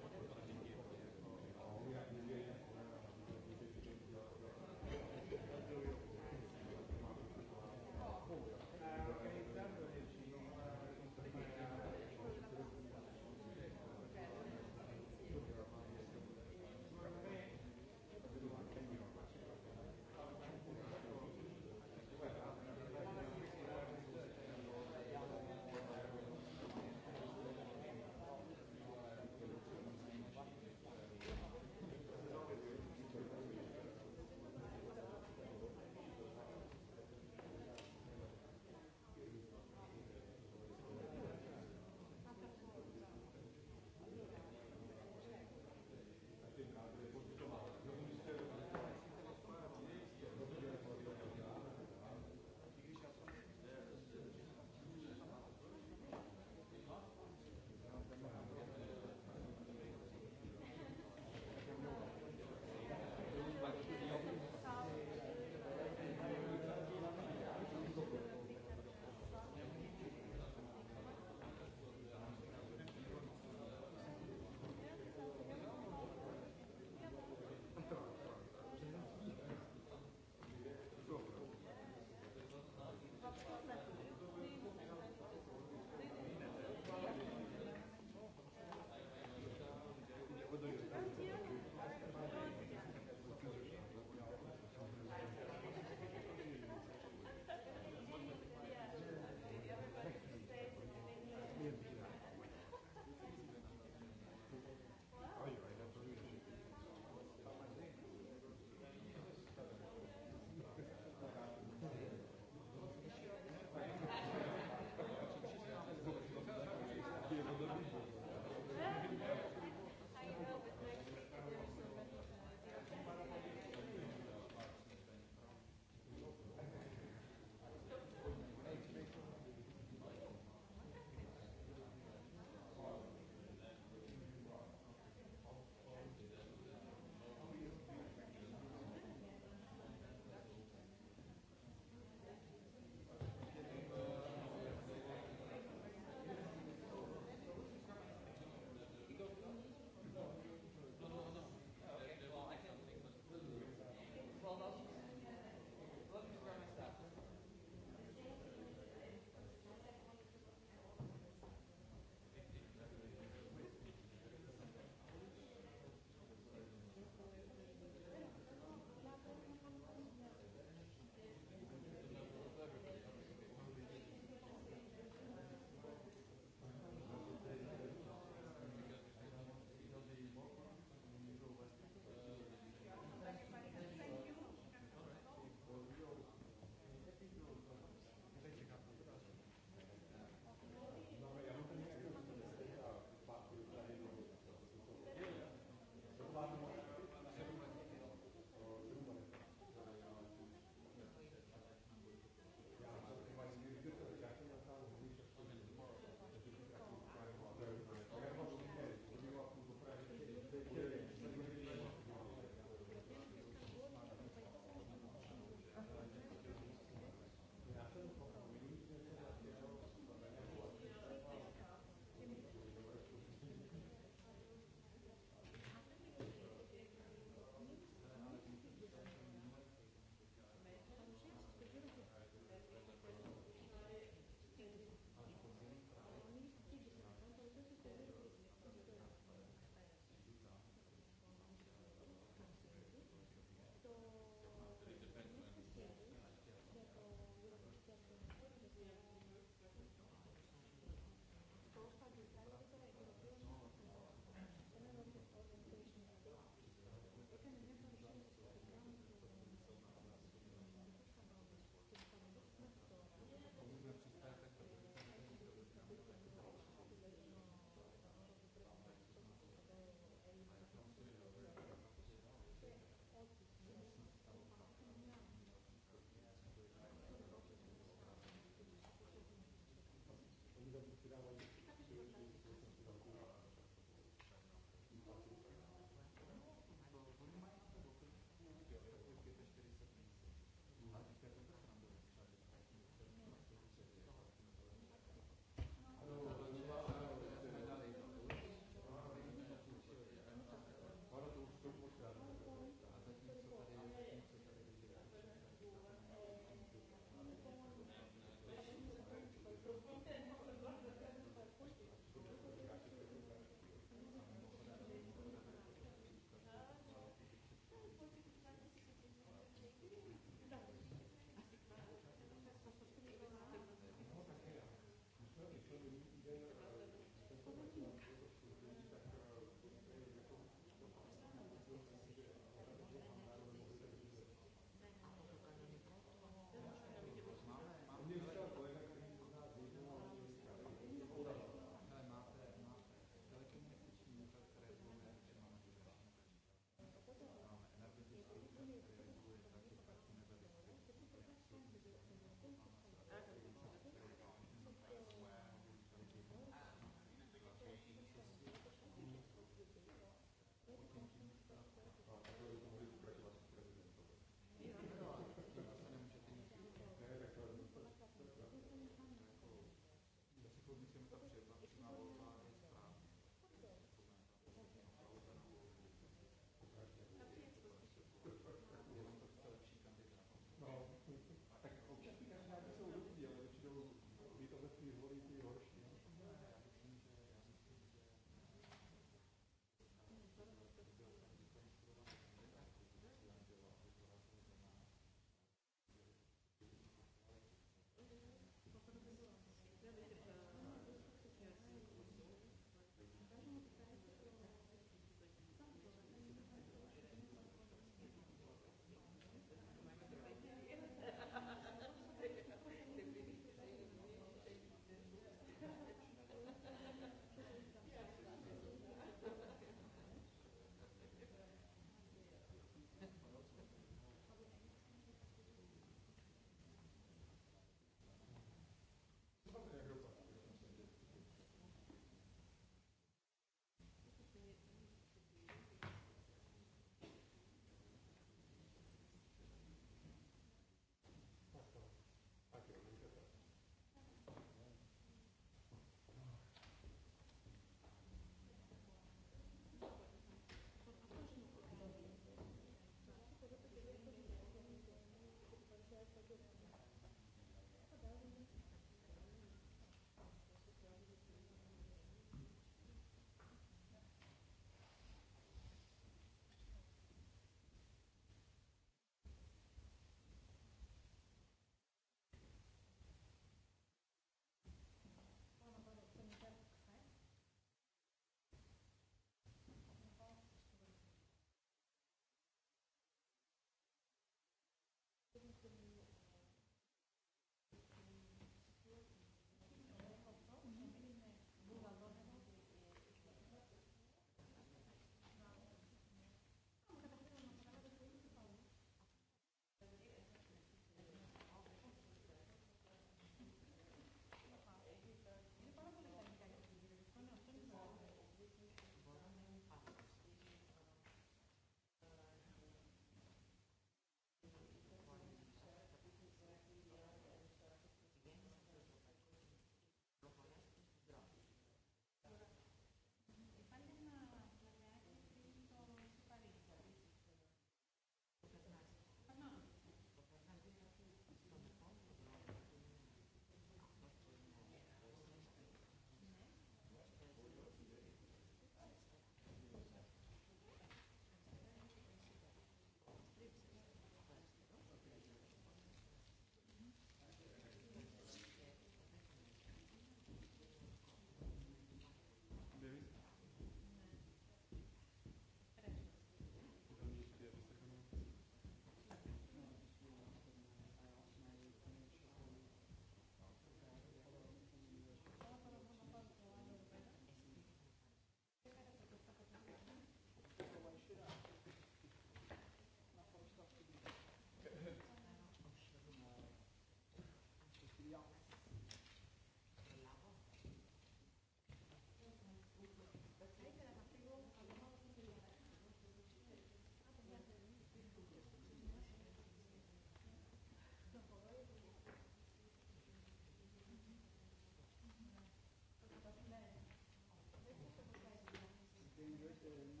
ചെയ്യുന്നു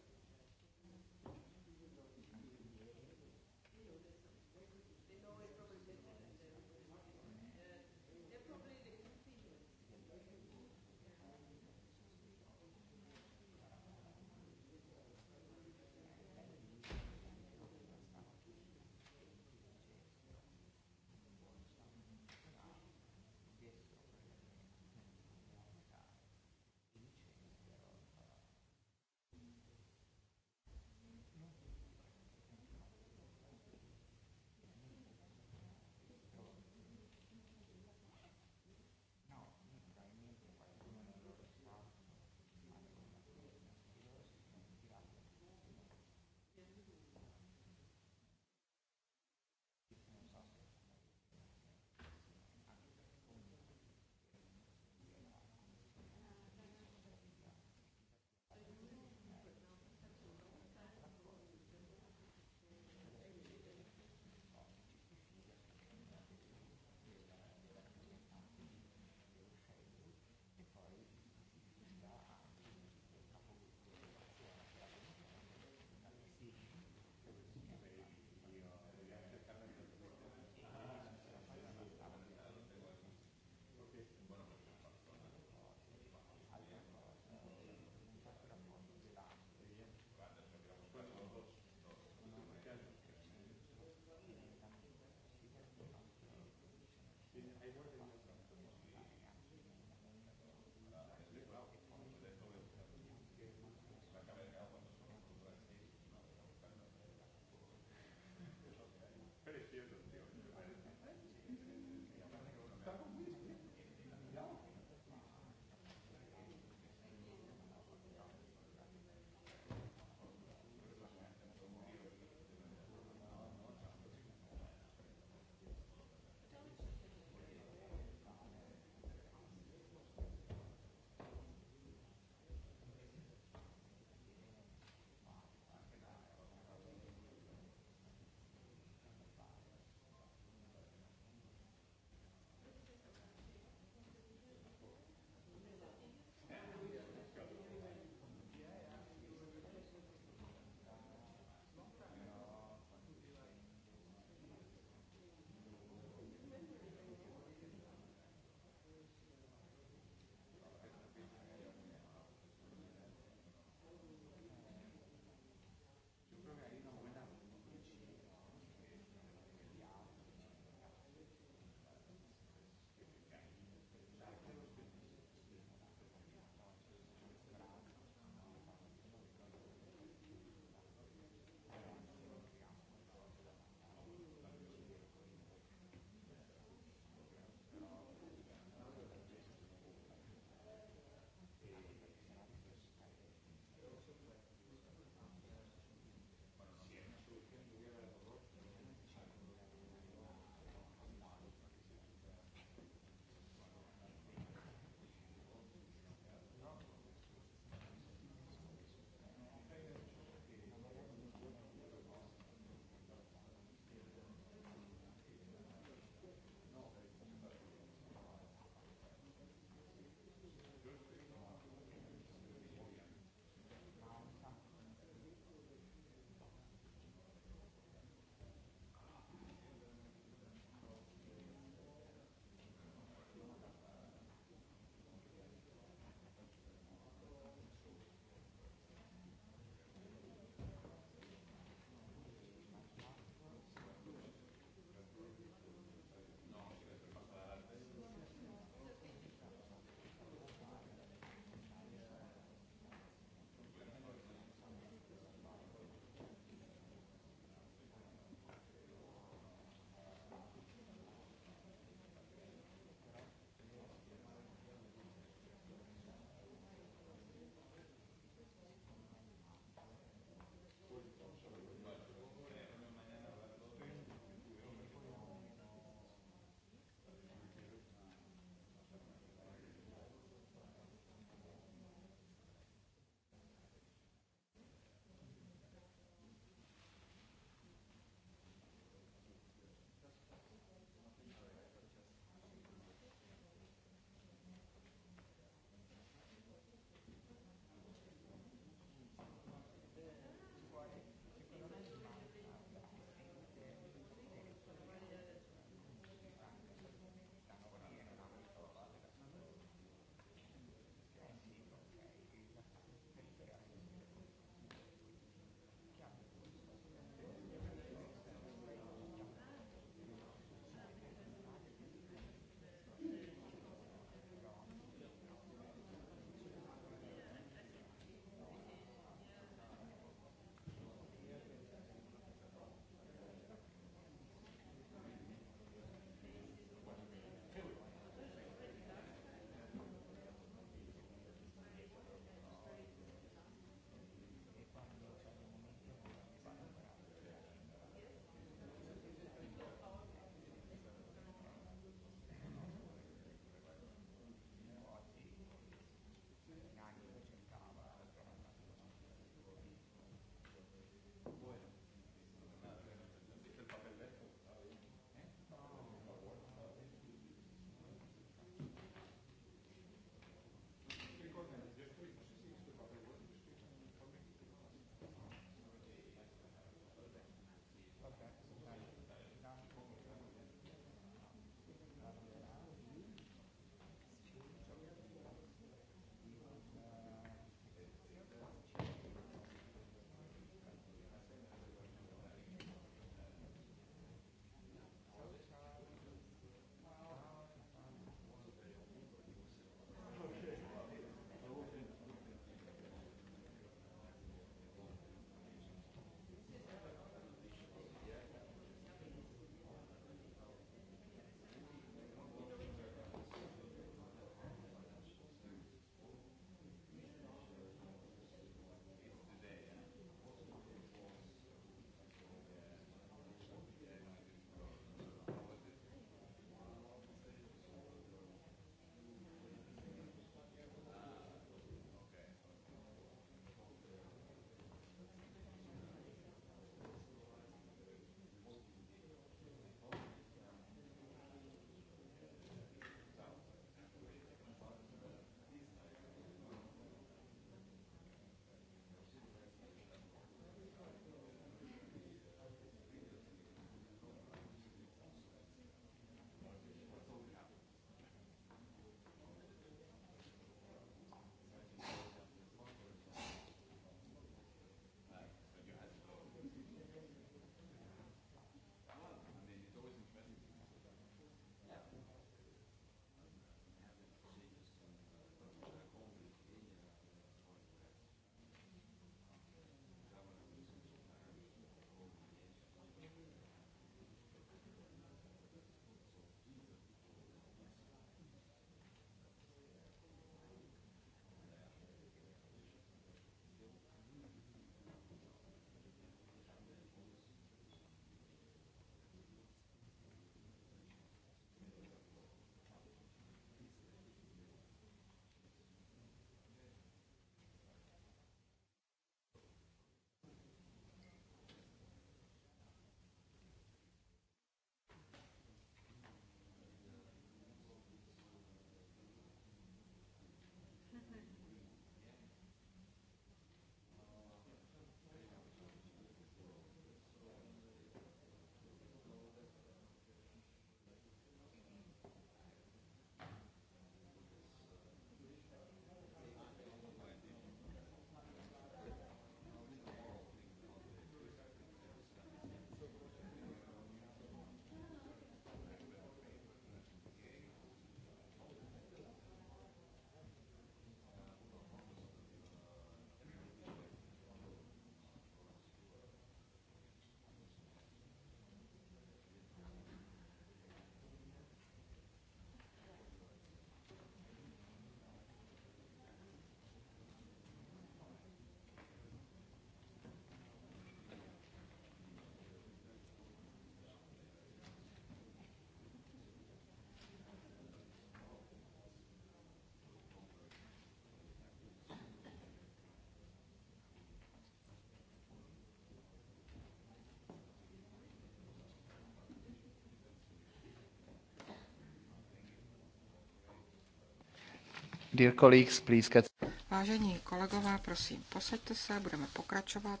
Dear colleagues, please get... Vážení kolegové, prosím, posaďte se, budeme pokračovat.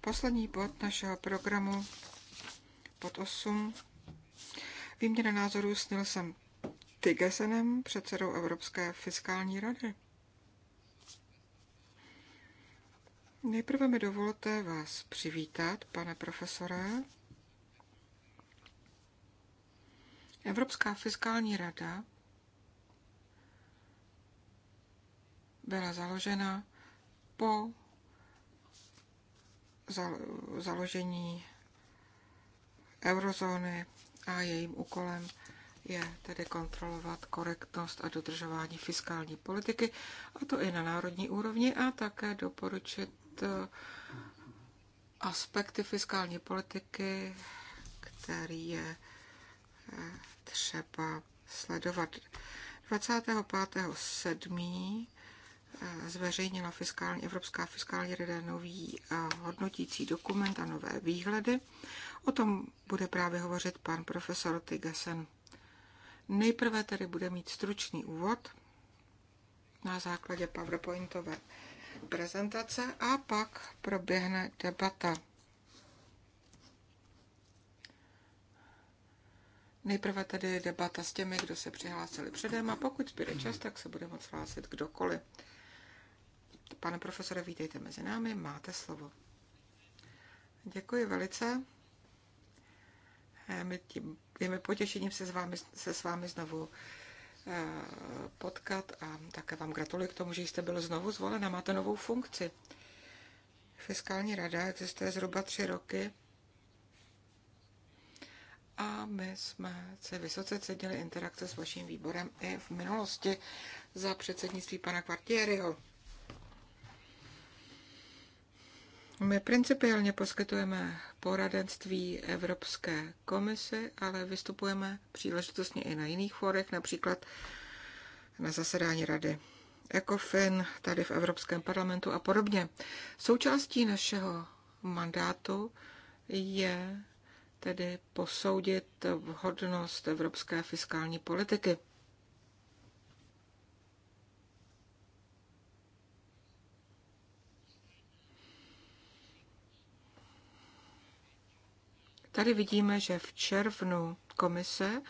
Poslední bod našeho programu, pod 8, výměna názorů s Nilsem Tygesenem, předsedou Evropské fiskální rady. Nejprve mi dovolte vás přivítat, pane profesore. Evropská fiskální rada byla založena po založení eurozóny a jejím úkolem je tedy kontrolovat korektnost a dodržování fiskální politiky, a to i na národní úrovni, a také doporučit eh, aspekty fiskální politiky, který je eh, třeba sledovat. 25.7. Eh, zveřejnila fiskální, Evropská fiskální rada nový eh, hodnotící dokument a nové výhledy. O tom bude právě hovořit pan profesor Tygesen. Nejprve tedy bude mít stručný úvod na základě PowerPointové prezentace a pak proběhne debata. Nejprve tedy debata s těmi, kdo se přihlásili předem a pokud zbyde čas, tak se bude moct hlásit kdokoliv. Pane profesore, vítejte mezi námi, máte slovo. Děkuji velice. Eh, je mi potěšením se s vámi, se s vámi znovu eh, potkat a také vám gratuluji k tomu, že jste byl znovu zvolen a máte novou funkci. Fiskální rada existuje zhruba tři roky a my jsme se vysoce cedili interakce s vaším výborem i v minulosti za předsednictví pana Kvartieriho. My principiálně poskytujeme poradenství Evropské komisi, ale vystupujeme příležitostně i na jiných forech, například na zasedání Rady ECOFIN tady v Evropském parlamentu a podobně. Součástí našeho mandátu je tedy posoudit vhodnost evropské fiskální politiky. Tady vidíme, že v červnu komise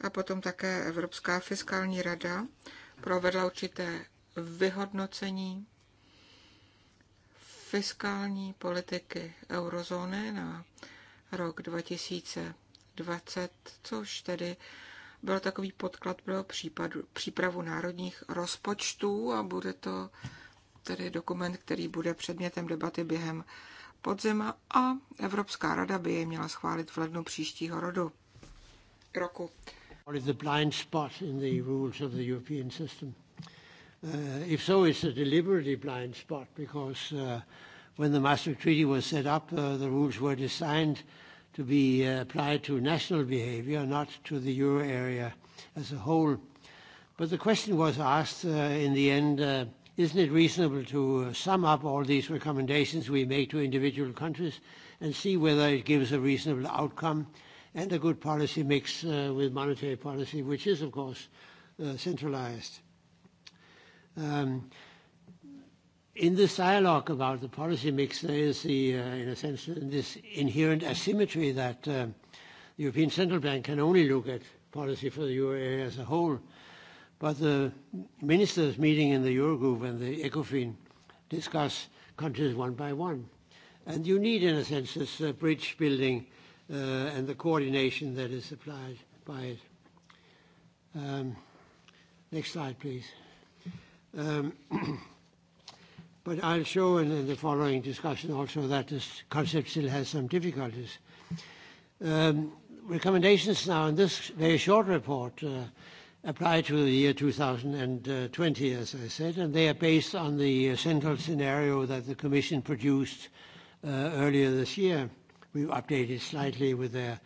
a potom také Evropská fiskální rada provedla určité vyhodnocení fiskální politiky eurozóny na rok 2020, což tedy byl takový podklad pro případu, přípravu národních rozpočtů a bude to tedy dokument, který bude předmětem debaty během podzima a Evropská rada by jej měla schválit v lednu příštího rodu. roku. What is the blind spot in the rules of the European system? Uh, if so, it's a deliberately blind spot because uh, when the Maastricht Treaty was set up, uh, the rules were designed to be uh, applied to national behavior, not to the euro area as a whole. But the question was asked uh, in the end. Uh, Isn't it reasonable to uh, sum up all these recommendations we make to individual countries and see whether it gives a reasonable outcome and a good policy mix uh, with monetary policy, which is, of course, uh, centralized? Um, in this dialogue about the policy mix, there is the, uh, in a sense, this inherent asymmetry that uh, the European Central Bank can only look at policy for the euro area as a whole, Uh, But the ministers meeting in the Eurogroup and the ECOFIN discuss countries one by one. And you need, in a sense, this uh, bridge building uh, and the coordination that is supplied by it. Um, next slide, please. Um, but I'll show in, in the following discussion also that this concept still has some difficulties. Um, recommendations now in this very short report. Uh, apply to the year 2020, as I said, and they are based on the uh, central scenario that the Commission produced uh, earlier this year. We updated slightly with their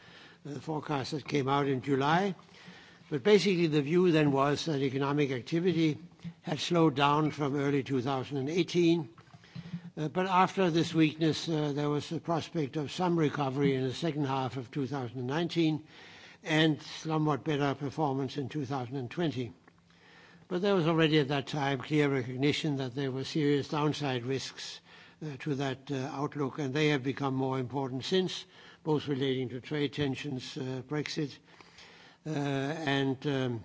uh, forecast that came out in July. But basically, the view then was that economic activity had slowed down from early 2018. Uh, but after this weakness, uh, there was a prospect of some recovery in the second half of 2019, and somewhat better performance in 2020. But there was already at that time clear recognition that there were serious downside risks uh, to that uh, outlook, and they have become more important since, both relating to trade tensions, uh, Brexit, uh, and um,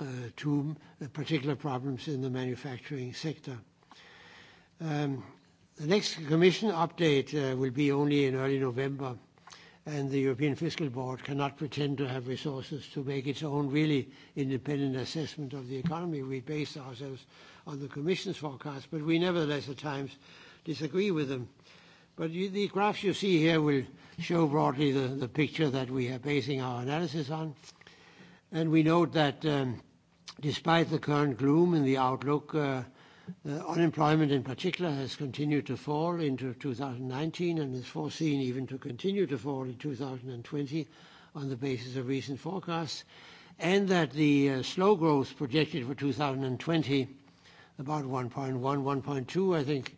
uh, to uh, particular problems in the manufacturing sector. Um, the next commission update will be only in early November and the European Fiscal Board cannot pretend to have resources to make its own really independent assessment of the economy. We base ourselves on the Commission's forecast, but we nevertheless at times disagree with them. But you, the graphs you see here will show broadly the, the picture that we are basing our analysis on. And we note that um, despite the current gloom in the outlook, uh, Uh, unemployment in particular has continued to fall into 2019 and is foreseen even to continue to fall in 2020 on the basis of recent forecasts, and that the uh, slow growth projected for 2020, about 1.1, 1.2, I think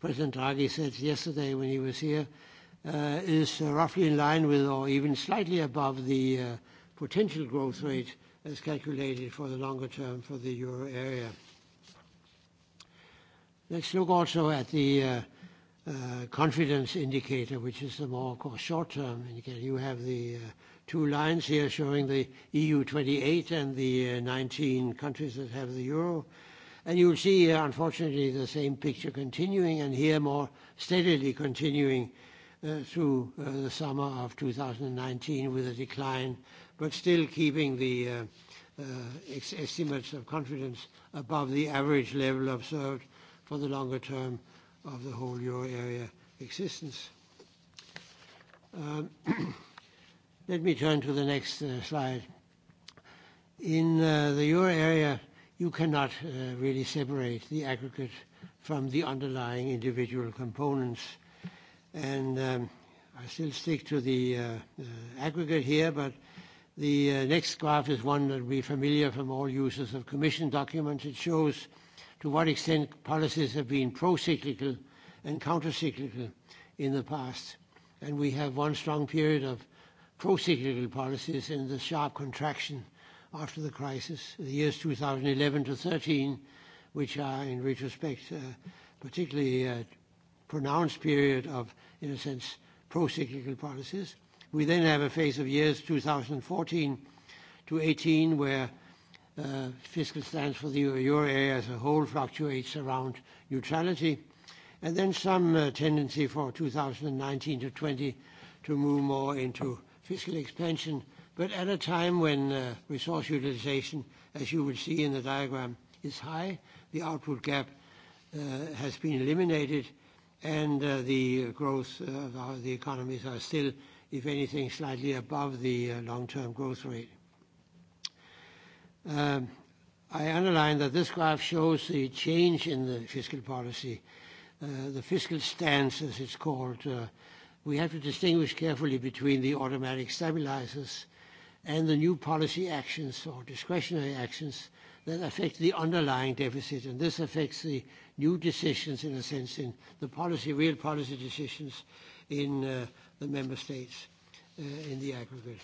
President Draghi said yesterday when he was here, uh, is roughly in line with or even slightly above the potential growth rate as calculated for the longer term for the euro area. Let's look also at the uh, uh, confidence indicator, which is the more, of course, short-term indicator. You have the uh, two lines here showing the EU 28 and the 19 countries that have the euro. And You'll see here, unfortunately, the same picture continuing, and here more steadily continuing through the summer of 2019 with a decline, but still keeping the estimates of confidence above the average level observed for the longer term of the whole euro area existence. Um, let me turn to the next uh, slide. In uh, the euro area, you cannot uh, really separate the aggregate from the underlying individual components. And um, I still stick to the uh, uh, aggregate here, but the uh, next graph is one that we're familiar from all users of commission documents. It shows uh, to what extent policies have been pro-cyclical and counter-cyclical in the past. we have one strong period of pro-cyclical policies in the sharp contraction after the crisis, the years 2011 to 2013, which are, in retrospect, uh, particularly a pronounced period of, in a sense, pro-cyclical policies. We then have a phase of years 2014 to 2018, where Uh, fiscal stance for the euro area as a whole fluctuates around neutrality, and then some uh, tendency for 2019 to 20 to move more into fiscal expansion, but at a time when uh, resource utilization, as you will see in the diagram, is high, the output gap uh, has been eliminated, and uh, the growth of the economies are still, if anything, slightly above the uh, long-term growth rate. Um, I underline that this graph shows the change in the fiscal policy, uh, the fiscal stance, as it's called. Uh, we have to distinguish carefully between the automatic stabilizers and the new policy actions or discretionary actions that affect the underlying deficit, and this affects the new decisions, in a sense, in the policy, real policy decisions in uh, the member states in the aggregate.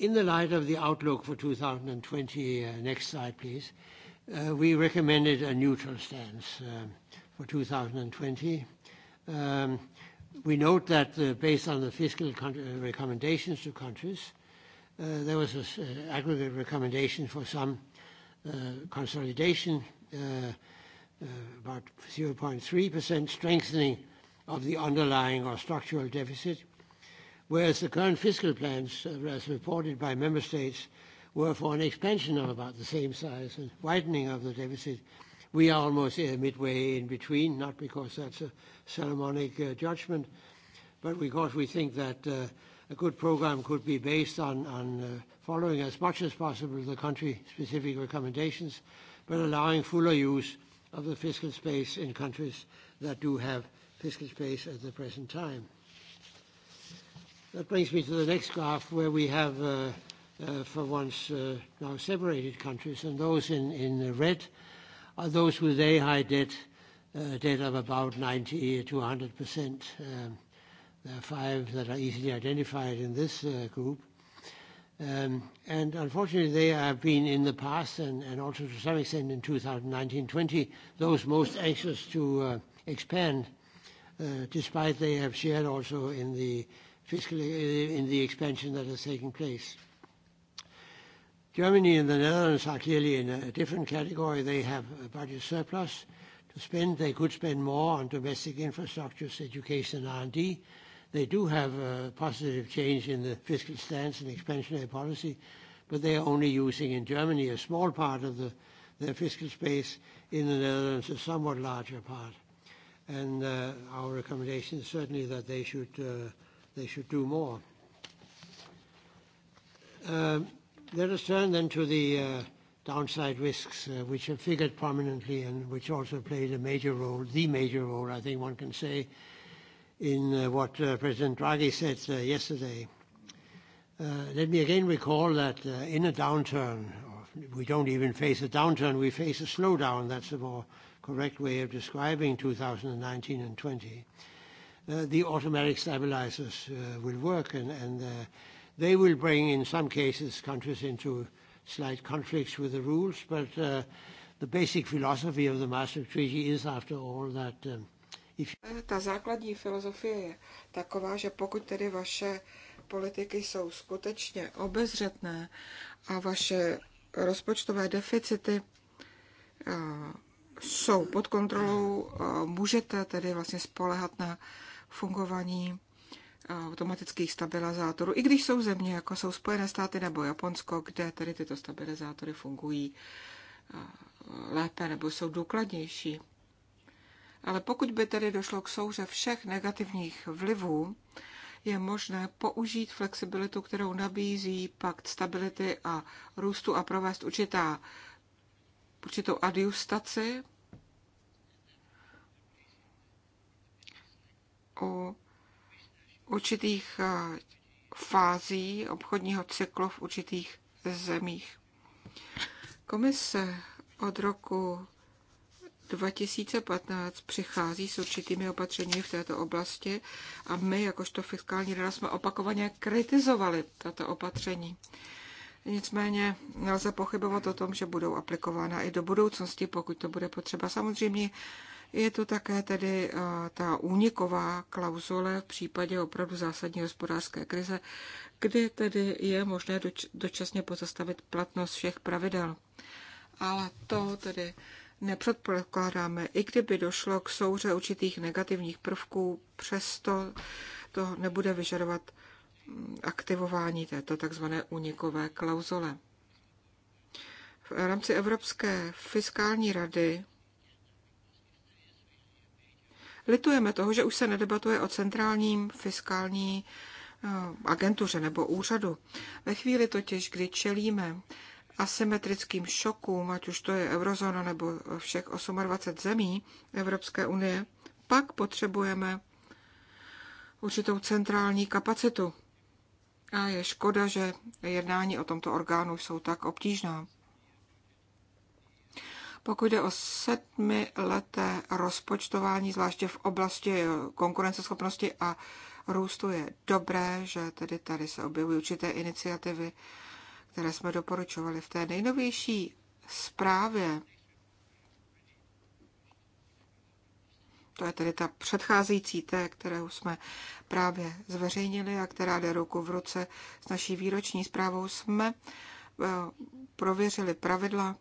In the light of the outlook for 2020, uh, next slide, please, uh, we recommended a neutral stance uh, for 2020. Um, we note that based on the fiscal recommendations to countries, there was an aggregate recommendation for some consolidation, about 0.3%, strengthening of the underlying or structural deficit, whereas the current fiscal plans, uh, as reported by member states, were for an expansion of about the same size and widening of the deficit. We are almost uh, midway in between, not because that's a Solomonic uh, judgment, but because we think that uh, a good program could be based on, on uh, following as much as possible the country-specific recommendations, but allowing fuller use of the fiscal space in countries that do have fiscal space at the present time. That brings me to the next graph where we have, uh, uh, for once, uh, now separated countries, and those in, in red are those with a high debt, uh, debt of about 90%-100%. to Um, there are five that are easily identified in this uh, group. Um, and Unfortunately, they have been in the past and, and also to some extent in 2019, 20 those most anxious to uh, expand, despite they have shared also in the fiscal uh, in the expansion that has taken place. Germany and the Netherlands are clearly in a different category. They have a budget surplus to spend. They could spend more on domestic infrastructures, education, R&D. They do have a positive change in the fiscal stance and expansionary policy, but they are only using in Germany a small part of the, their fiscal space, in the Netherlands a somewhat larger part. And uh, our recommendation is certainly that they should uh, They should do more. Uh, let us turn then to the uh, downside risks, uh, which have figured prominently and which also played a major role, the major role, I think one can say, in uh, what uh, President Draghi said uh, yesterday. Let me again recall that in a downturn, we don't even face a downturn, we face a slowdown. That's a more correct way of describing 2019 and 20. Uh, the automatic stabilizers uh, will work, and, uh, they will bring, in some cases, countries into slight conflicts with the rules. But the basic philosophy of the Maastricht Treaty is, after all, that um, if eh, ta základní filozofie je taková, že pokud tedy vaše politiky jsou skutečně obezřetné a vaše rozpočtové deficity eh, jsou pod kontrolou, eh, můžete tedy vlastně spolehat na fungování eh, automatických stabilizátorů, i když jsou země, jako jsou Spojené státy nebo Japonsko, kde tedy tyto stabilizátory fungují eh, lépe nebo jsou důkladnější. Ale pokud by tedy došlo k souře všech negativních vlivů, je možné použít flexibilitu, kterou nabízí pakt stability a růstu a provést určitá, určitou adjustaci u určitých eh, fází obchodního cyklu v určitých zemích. Komise od roku 2015 přichází s určitými opatřeními v této oblasti a my, jakožto fiskální rada, jsme opakovaně kritizovali tato opatření. Nicméně nelze pochybovat o tom, že budou aplikována i do budoucnosti, pokud to bude potřeba. Samozřejmě je tu také tedy eh, ta úniková klauzule v případě opravdu zásadní hospodářské krize, kdy tedy je možné dočasně pozastavit platnost všech pravidel. Ale to tedy nepředpokládáme. I kdyby došlo k souře určitých negativních prvků, přesto to nebude vyžadovat mm, aktivování této tzv. unikové klauzule. V rámci Evropské fiskální rady Litujeme toho, že už se nedebatuje o centrálním fiskální eh, agentuře nebo úřadu. Ve chvíli totiž, kdy čelíme asymetrickým šokům, ať už to je eurozóna nebo všech 28 zemí Evropské unie, pak potřebujeme určitou centrální kapacitu. A je škoda, že jednání o tomto orgánu jsou tak obtížná. Pokud jde o leté rozpočtování, zvláště v oblasti konkurenceschopnosti a růstu, je dobré, že tedy tady se objevují určité iniciativy, které jsme doporučovali v té nejnovější zprávě. To je tedy ta předcházející té, kterou jsme právě zveřejnili a která jde ruku v ruce s naší výroční zprávou. Jsme eh, prověřili pravidla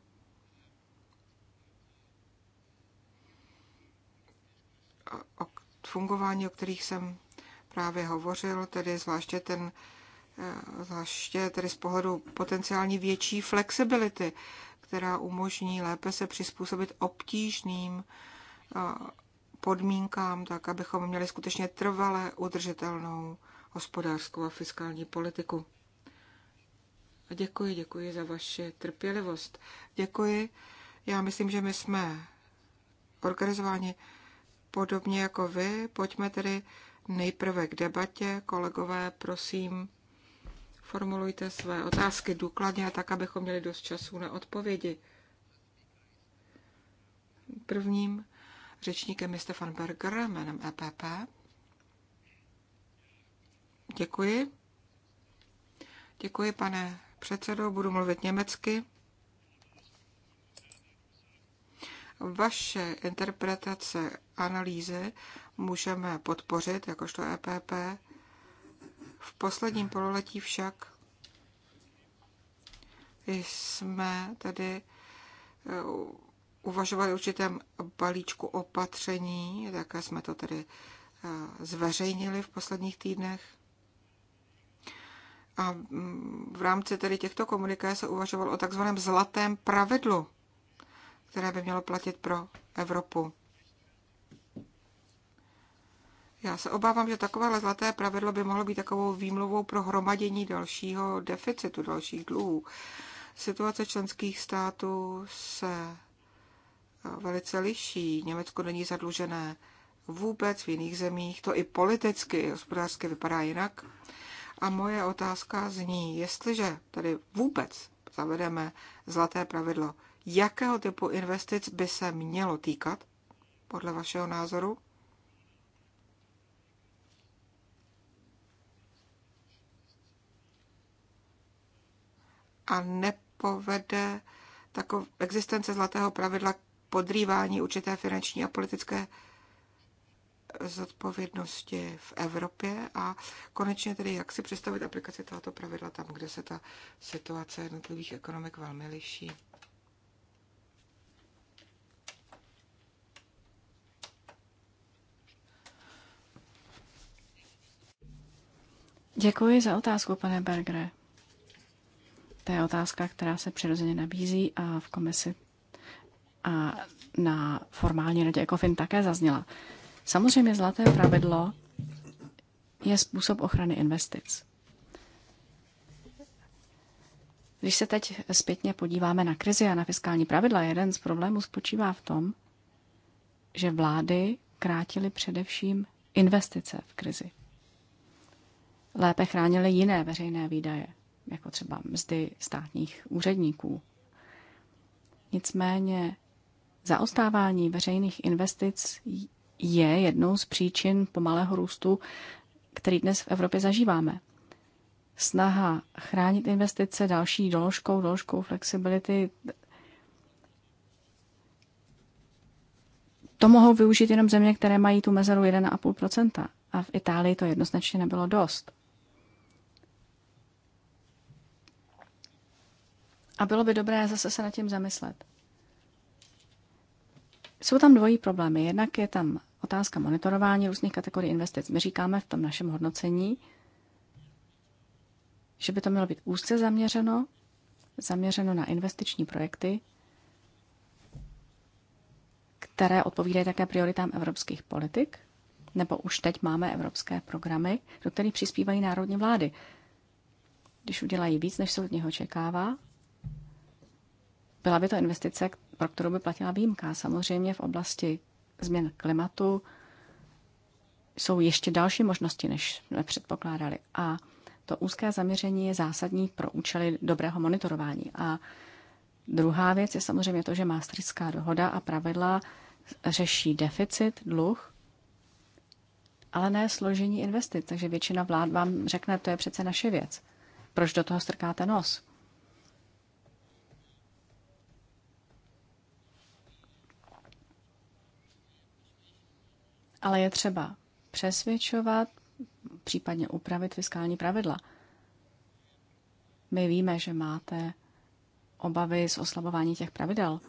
o fungování, o kterých jsem právě hovořil, tedy zvláště ten e, zvláště tedy z pohledu potenciální větší flexibility, která umožní lépe se přizpůsobit obtížným e, podmínkám, tak abychom měli skutečně trvale udržitelnou hospodářskou a fiskální politiku. A děkuji, děkuji za vaši trpělivost. Děkuji. Já myslím, že my jsme organizováni podobně jako vy. Pojďme tedy nejprve k debatě. Kolegové, prosím, formulujte své otázky důkladně a tak, abychom měli dost času na odpovědi. Prvním řečníkem je Stefan Berger jménem EPP. Děkuji. Děkuji, pane předsedo, budu mluvit německy. Vaše interpretace analýzy můžeme podpořit, jakožto EPP. V posledním pololetí však jsme tedy eh, uvažovali určitém balíčku opatření, také jsme to tedy eh, zveřejnili v posledních týdnech. A mm, v rámci tedy těchto komuniké se uvažoval o takzvaném zlatém pravidlu které by mělo platit pro Evropu. Já se obávám, že takovéhle zlaté pravidlo by mohlo být takovou výmluvou pro hromadění dalšího deficitu, dalších dluhů. Situace členských států se eh, velice liší. Německo není zadlužené vůbec v jiných zemích. To i politicky, hospodářsky vypadá jinak. A moje otázka zní, jestliže tady vůbec zavedeme zlaté pravidlo, jakého typu investic by se mělo týkat, podle vašeho názoru? A nepovede takov, existence zlatého pravidla k podrývání určité finanční a politické zodpovědnosti v Evropě a konečně tedy jak si představit aplikaci tohoto pravidla tam, kde se ta situace jednotlivých ekonomik velmi liší. Děkuji za otázku, pane Bergere. To je otázka, která se přirozeně nabízí a v komisi a na formální radě ECOFIN také zazněla. Samozřejmě zlaté pravidlo je způsob ochrany investic. Když se teď zpětně podíváme na krizi a na fiskální pravidla, jeden z problémů spočívá v tom, že vlády krátily především investice v krizi lépe chránili jiné veřejné výdaje, jako třeba mzdy státních úředníků. Nicméně zaostávání veřejných investic je jednou z příčin pomalého růstu, který dnes v Evropě zažíváme. Snaha chránit investice další doložkou, doložkou flexibility, to mohou využít jenom země, které mají tu mezeru 1,5%. A v Itálii to jednoznačně nebylo dost. A bylo by dobré zase se nad tím zamyslet. Jsou tam dvojí problémy. Jednak je tam otázka monitorování různých kategorií investic. My říkáme v tom našem hodnocení, že by to mělo být úzce zaměřeno, zaměřeno na investiční projekty, které odpovídají také prioritám evropských politik, nebo už teď máme evropské programy, do kterých přispívají národní vlády. Když udělají víc, než se od něho očekává, byla by to investice, pro kterou by platila výjimka. Samozřejmě v oblasti změn klimatu jsou ještě další možnosti, než jsme předpokládali. A to úzké zaměření je zásadní pro účely dobrého monitorování. A druhá věc je samozřejmě to, že Maastrichtská dohoda a pravidla řeší deficit, dluh, ale ne složení investic. Takže většina vlád vám řekne, to je přece naše věc. Proč do toho strkáte nos? ale je třeba přesvědčovat, případně upravit fiskální pravidla. My víme, že máte obavy z oslabování těch pravidel,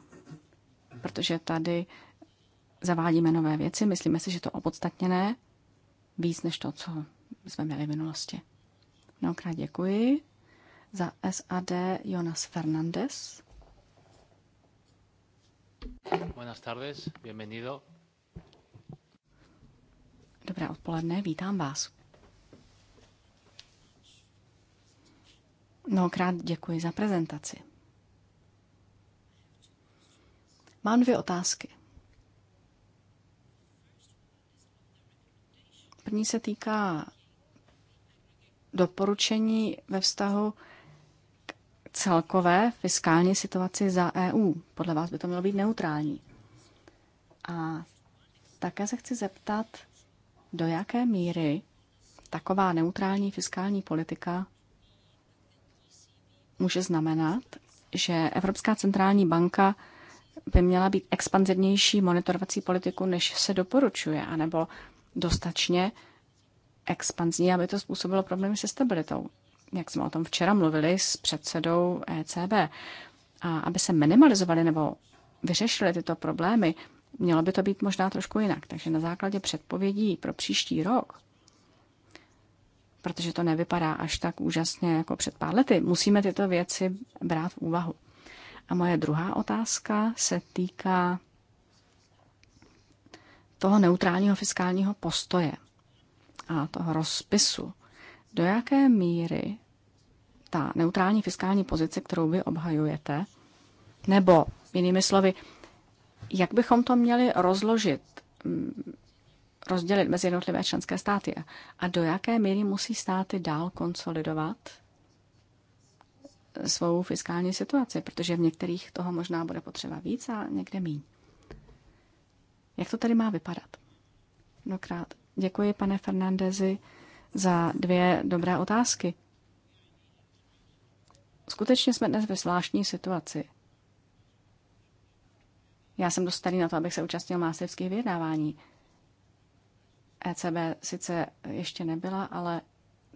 protože tady zavádíme nové věci, myslíme si, že to opodstatněné víc než to, co jsme měli v minulosti. Mnohokrát děkuji. Za SAD Jonas Fernandez. Buenas tardes, bienvenido. Dobré odpoledne, vítám vás. Mnohokrát děkuji za prezentaci. Mám dvě otázky. První se týká doporučení ve vztahu k celkové fiskální situaci za EU. Podle vás by to mělo být neutrální. A také se chci zeptat, do jaké míry taková neutrální fiskální politika může znamenat, že Evropská centrální banka by měla být expanzivnější monitorovací politiku, než se doporučuje, anebo dostačně expanzní, aby to způsobilo problémy se stabilitou. Jak jsme o tom včera mluvili s předsedou ECB. A aby se minimalizovaly nebo vyřešily tyto problémy, Mělo by to být možná trošku jinak. Takže na základě předpovědí pro příští rok, protože to nevypadá až tak úžasně jako před pár lety, musíme tyto věci brát v úvahu. A moje druhá otázka se týká toho neutrálního fiskálního postoje a toho rozpisu. Do jaké míry ta neutrální fiskální pozice, kterou vy obhajujete, nebo jinými slovy, jak bychom to měli rozložit, mm, rozdělit mezi jednotlivé členské státy a do jaké míry musí státy dál konsolidovat svou fiskální situaci, protože v některých toho možná bude potřeba víc a někde míň. Jak to tady má vypadat? Mnohokrát děkuji, pane Fernandezi, za dvě dobré otázky. Skutečně jsme dnes ve zvláštní situaci – já jsem dost starý na to, abych se účastnil mástevských vyjednávání. ECB sice ještě nebyla, ale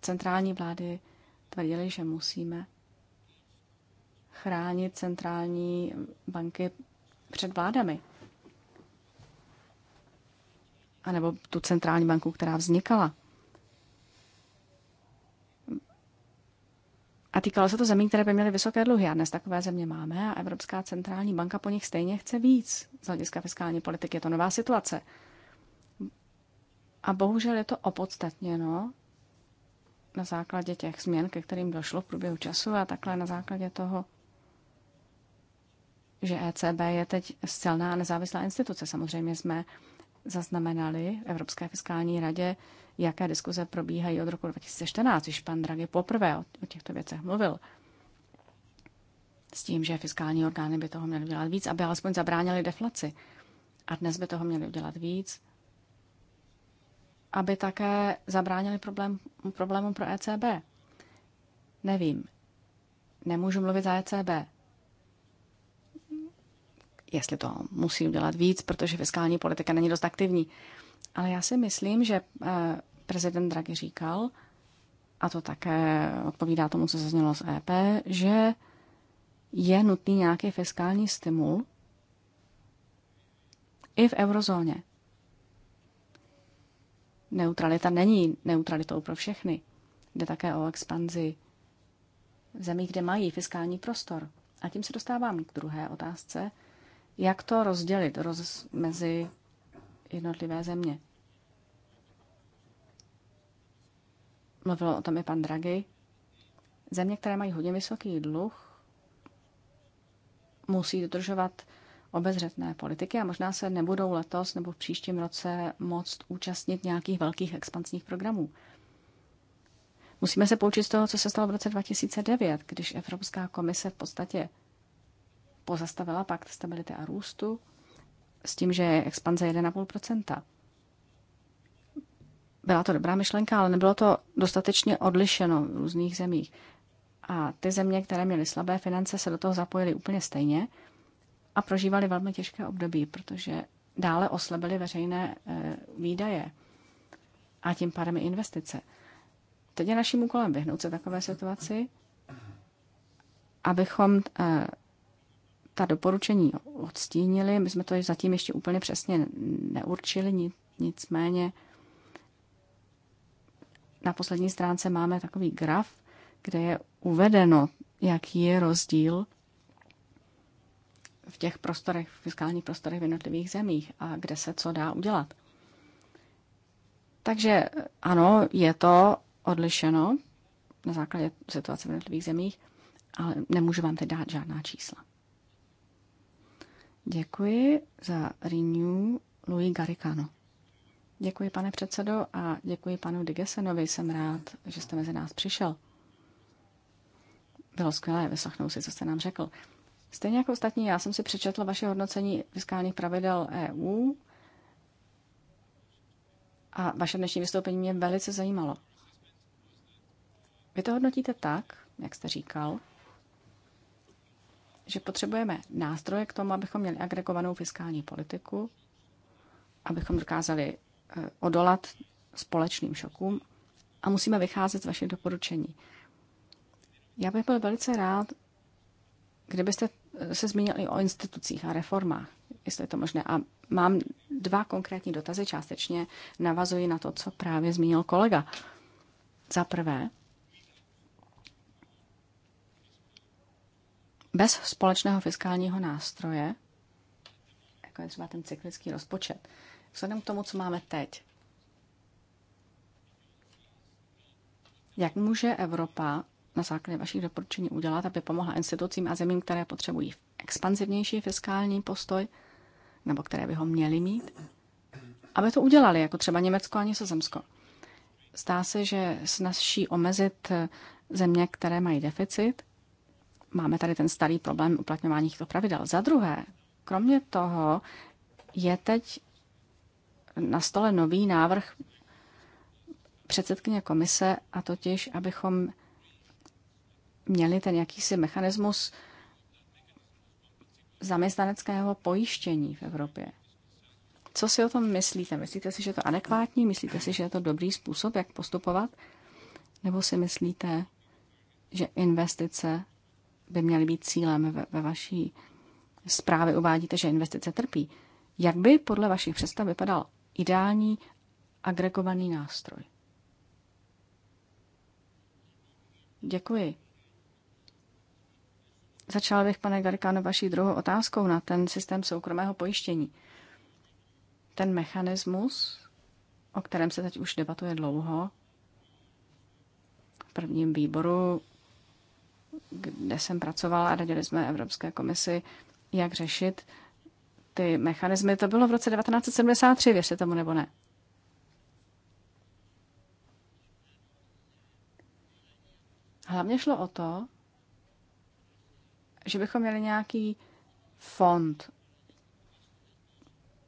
centrální vlády tvrdili, že musíme chránit centrální banky před vládami. A nebo tu centrální banku, která vznikala. A týkalo se to zemí, které by měly vysoké dluhy. A dnes takové země máme a Evropská centrální banka po nich stejně chce víc. Z hlediska fiskální politiky je to nová situace. A bohužel je to opodstatněno na základě těch změn, ke kterým došlo v průběhu času a takhle na základě toho, že ECB je teď silná a nezávislá instituce. Samozřejmě jsme zaznamenali v Evropské fiskální radě, jaké diskuze probíhají od roku 2014, když pan Draghi poprvé o těchto věcech mluvil. S tím, že fiskální orgány by toho měly udělat víc, aby alespoň zabránili deflaci. A dnes by toho měli udělat víc, aby také zabránili problém, problémům pro ECB. Nevím, nemůžu mluvit za ECB, jestli to musí udělat víc, protože fiskální politika není dost aktivní. Ale já si myslím, že eh, prezident Draghi říkal, a to také odpovídá tomu, co se zaznělo z EP, že je nutný nějaký fiskální stimul i v eurozóně. Neutralita není neutralitou pro všechny. Jde také o expanzi zemí, kde mají fiskální prostor. A tím se dostávám k druhé otázce, jak to rozdělit roz, mezi jednotlivé země? Mluvil o tom i pan Draghi. Země, které mají hodně vysoký dluh, musí dodržovat obezřetné politiky a možná se nebudou letos nebo v příštím roce moct účastnit nějakých velkých expansních programů. Musíme se poučit z toho, co se stalo v roce 2009, když Evropská komise v podstatě pozastavila pakt stability a růstu s tím, že je expanze 1,5%. Byla to dobrá myšlenka, ale nebylo to dostatečně odlišeno v různých zemích. A ty země, které měly slabé finance, se do toho zapojily úplně stejně a prožívaly velmi těžké období, protože dále oslabily veřejné eh, výdaje a tím pádem i investice. Teď je naším úkolem vyhnout se takové situaci, abychom eh, ta doporučení odstínili. My jsme to zatím ještě úplně přesně neurčili, nicméně na poslední stránce máme takový graf, kde je uvedeno, jaký je rozdíl v těch prostorech, v fiskálních prostorech v jednotlivých zemích a kde se co dá udělat. Takže ano, je to odlišeno na základě situace v jednotlivých zemích, ale nemůžu vám teď dát žádná čísla. Děkuji za Renew Louis Garicano. Děkuji, pane předsedo, a děkuji panu Digesenovi. Jsem rád, že jste mezi nás přišel. Bylo skvělé vyslechnout si, co jste nám řekl. Stejně jako ostatní, já jsem si přečetl vaše hodnocení fiskálních pravidel EU a vaše dnešní vystoupení mě velice zajímalo. Vy to hodnotíte tak, jak jste říkal, že potřebujeme nástroje k tomu, abychom měli agregovanou fiskální politiku, abychom dokázali eh, odolat společným šokům a musíme vycházet z vašich doporučení. Já bych byl velice rád, kdybyste eh, se zmínili o institucích a reformách, jestli je to možné. A mám dva konkrétní dotazy, částečně navazují na to, co právě zmínil kolega. Za prvé, bez společného fiskálního nástroje, jako je třeba ten cyklický rozpočet, vzhledem k tomu, co máme teď, jak může Evropa na základě vašich doporučení udělat, aby pomohla institucím a zemím, které potřebují expanzivnější fiskální postoj, nebo které by ho měly mít, aby to udělali, jako třeba Německo a Sozemsko. Zdá se, že snaží omezit země, které mají deficit, máme tady ten starý problém uplatňování těchto pravidel. Za druhé, kromě toho je teď na stole nový návrh předsedkyně komise a totiž, abychom měli ten jakýsi mechanismus zaměstnaneckého pojištění v Evropě. Co si o tom myslíte? Myslíte si, že je to adekvátní? Myslíte si, že je to dobrý způsob, jak postupovat? Nebo si myslíte, že investice by měly být cílem ve, ve vaší zprávě. Uvádíte, že investice trpí. Jak by podle vašich představ vypadal ideální agregovaný nástroj? Děkuji. Začal bych, pane Garikáno, vaší druhou otázkou na ten systém soukromého pojištění. Ten mechanismus, o kterém se teď už debatuje dlouho, v prvním výboru kde jsem pracovala a radili jsme Evropské komisi, jak řešit ty mechanismy. To bylo v roce 1973, věřte tomu nebo ne. Hlavně šlo o to, že bychom měli nějaký fond.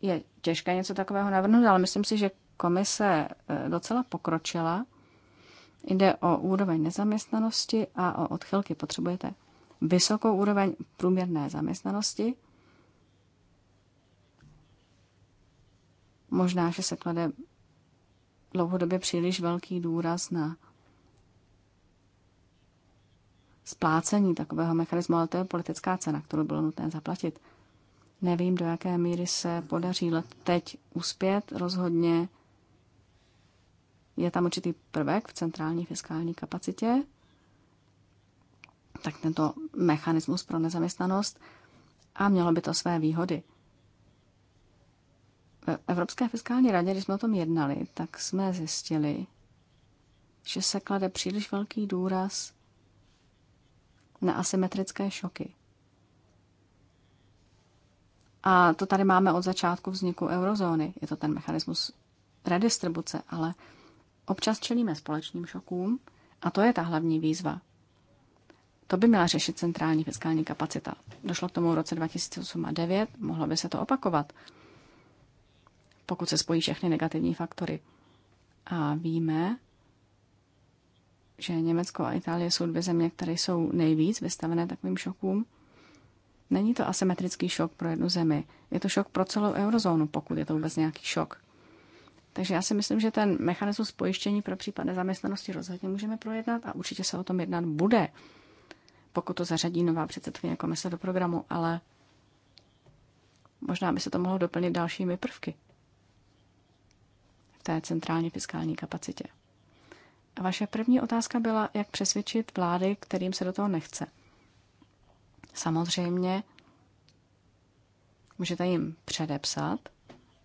Je těžké něco takového navrhnout, ale myslím si, že komise eh, docela pokročila Jde o úroveň nezaměstnanosti a o odchylky. Potřebujete vysokou úroveň průměrné zaměstnanosti. Možná, že se klade dlouhodobě příliš velký důraz na splácení takového mechanismu, ale to je politická cena, kterou bylo nutné zaplatit. Nevím, do jaké míry se podaří let teď uspět. Rozhodně je tam určitý prvek v centrální fiskální kapacitě, tak tento mechanismus pro nezaměstnanost a mělo by to své výhody. V Evropské fiskální radě, když jsme o tom jednali, tak jsme zjistili, že se klade příliš velký důraz na asymetrické šoky. A to tady máme od začátku vzniku eurozóny. Je to ten mechanismus redistribuce, ale Občas čelíme společným šokům a to je ta hlavní výzva. To by měla řešit centrální fiskální kapacita. Došlo k tomu v roce 2008 a 2009, mohlo by se to opakovat, pokud se spojí všechny negativní faktory. A víme, že Německo a Itálie jsou dvě země, které jsou nejvíc vystavené takovým šokům. Není to asymetrický šok pro jednu zemi, je to šok pro celou eurozónu, pokud je to vůbec nějaký šok. Takže já si myslím, že ten mechanismus pojištění pro případ nezaměstnanosti rozhodně můžeme projednat a určitě se o tom jednat bude, pokud to zařadí nová předsedkyně komise do programu, ale možná by se to mohlo doplnit dalšími prvky v té centrální fiskální kapacitě. A vaše první otázka byla, jak přesvědčit vlády, kterým se do toho nechce. Samozřejmě můžete jim předepsat,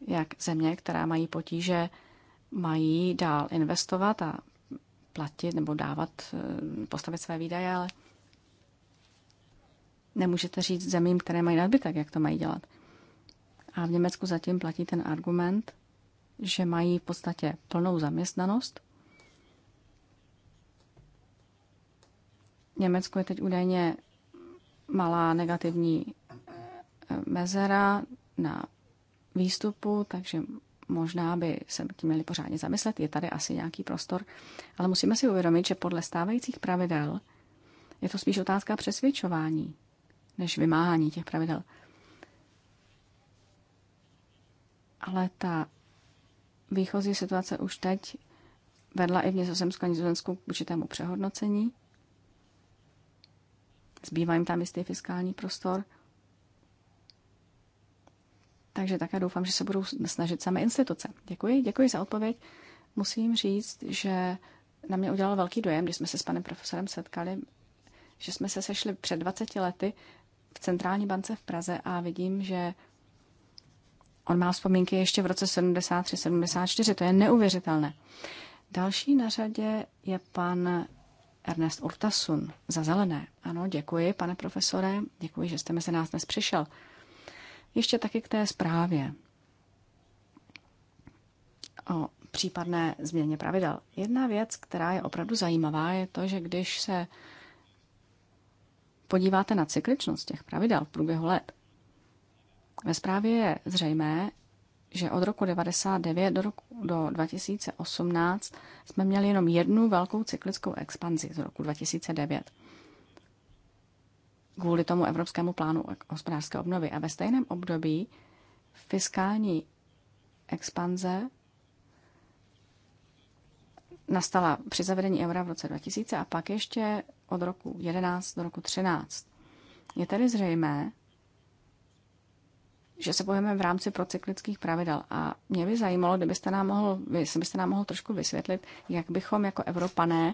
jak země, která mají potíže, mají dál investovat a platit nebo dávat, eh, postavit své výdaje, ale nemůžete říct zemím, které mají nadbytek, jak to mají dělat. A v Německu zatím platí ten argument, že mají v podstatě plnou zaměstnanost. Německo je teď údajně malá negativní eh, mezera na výstupu, takže možná by se tím měli pořádně zamyslet, je tady asi nějaký prostor, ale musíme si uvědomit, že podle stávajících pravidel je to spíš otázka přesvědčování, než vymáhání těch pravidel. Ale ta výchozí situace už teď vedla i v Nizozemsku a Nizozemsku k určitému přehodnocení. Zbývá jim tam jistý fiskální prostor – takže také doufám, že se budou snažit samé instituce. Děkuji, děkuji za odpověď. Musím říct, že na mě udělal velký dojem, když jsme se s panem profesorem setkali, že jsme se sešli před 20 lety v Centrální bance v Praze a vidím, že on má vzpomínky ještě v roce 73-74, to je neuvěřitelné. Další na řadě je pan Ernest Urtasun za zelené. Ano, děkuji, pane profesore, děkuji, že jste mezi nás dnes přišel. Ještě taky k té zprávě o případné změně pravidel. Jedna věc, která je opravdu zajímavá, je to, že když se podíváte na cykličnost těch pravidel v průběhu let, ve zprávě je zřejmé, že od roku 1999 do roku do 2018 jsme měli jenom jednu velkou cyklickou expanzi z roku 2009 kvůli tomu Evropskému plánu hospodářské obnovy. A ve stejném období fiskální expanze nastala při zavedení eura v roce 2000 a pak ještě od roku 11 do roku 13. Je tedy zřejmé, že se pohybujeme v rámci procyklických pravidel. A mě by zajímalo, kdybyste nám mohl, vy, byste nám mohl trošku vysvětlit, jak bychom jako Evropané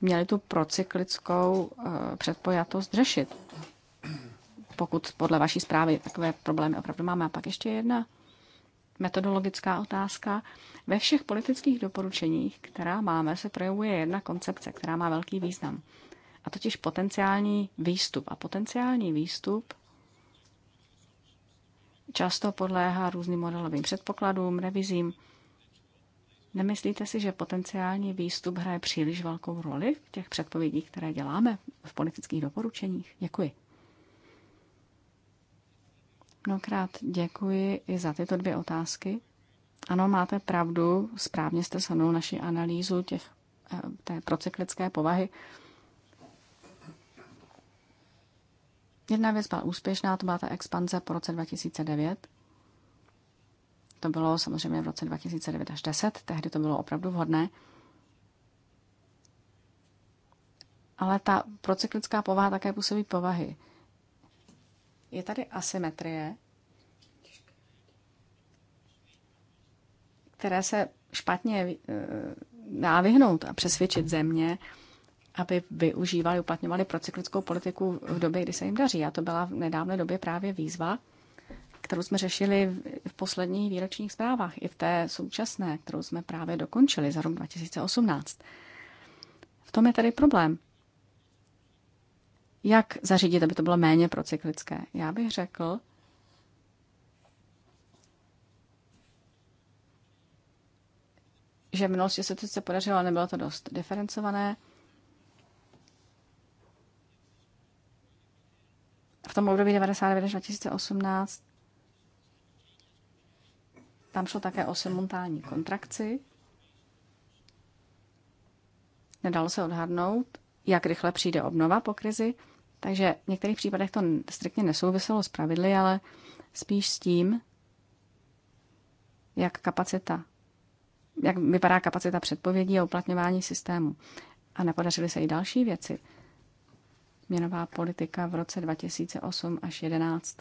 měli tu procyklickou eh, předpojatost řešit. Pokud podle vaší zprávy takové problémy opravdu máme. A pak ještě jedna metodologická otázka. Ve všech politických doporučeních, která máme, se projevuje jedna koncepce, která má velký význam. A totiž potenciální výstup. A potenciální výstup často podléhá různým modelovým předpokladům, revizím. Nemyslíte si, že potenciální výstup hraje příliš velkou roli v těch předpovědích, které děláme v politických doporučeních? Děkuji. Mnohokrát děkuji i za tyto dvě otázky. Ano, máte pravdu, správně jste shrnul naši analýzu těch, eh, té procyklické povahy. Jedna věc byla úspěšná, to byla ta expanze po roce 2009. To bylo samozřejmě v roce 2009 až 10, tehdy to bylo opravdu vhodné. Ale ta procyklická povaha také působí povahy. Je tady asymetrie, které se špatně eh, dá vyhnout a přesvědčit země, aby využívali, uplatňovali procyklickou politiku v době, kdy se jim daří. A to byla v nedávné době právě výzva, kterou jsme řešili v posledních výročních zprávách, i v té současné, kterou jsme právě dokončili za rok 2018. V tom je tady problém. Jak zařídit, aby to bylo méně procyklické? Já bych řekl, že v minulosti se to se podařilo, ale nebylo to dost diferencované. V tom období 99 až 2018 tam šlo také o simultánní kontrakci. Nedalo se odhadnout, jak rychle přijde obnova po krizi, takže v některých případech to striktně nesouviselo s pravidly, ale spíš s tím, jak kapacita, jak vypadá kapacita předpovědí a uplatňování systému. A nepodařily se i další věci. Měnová politika v roce 2008 až 2011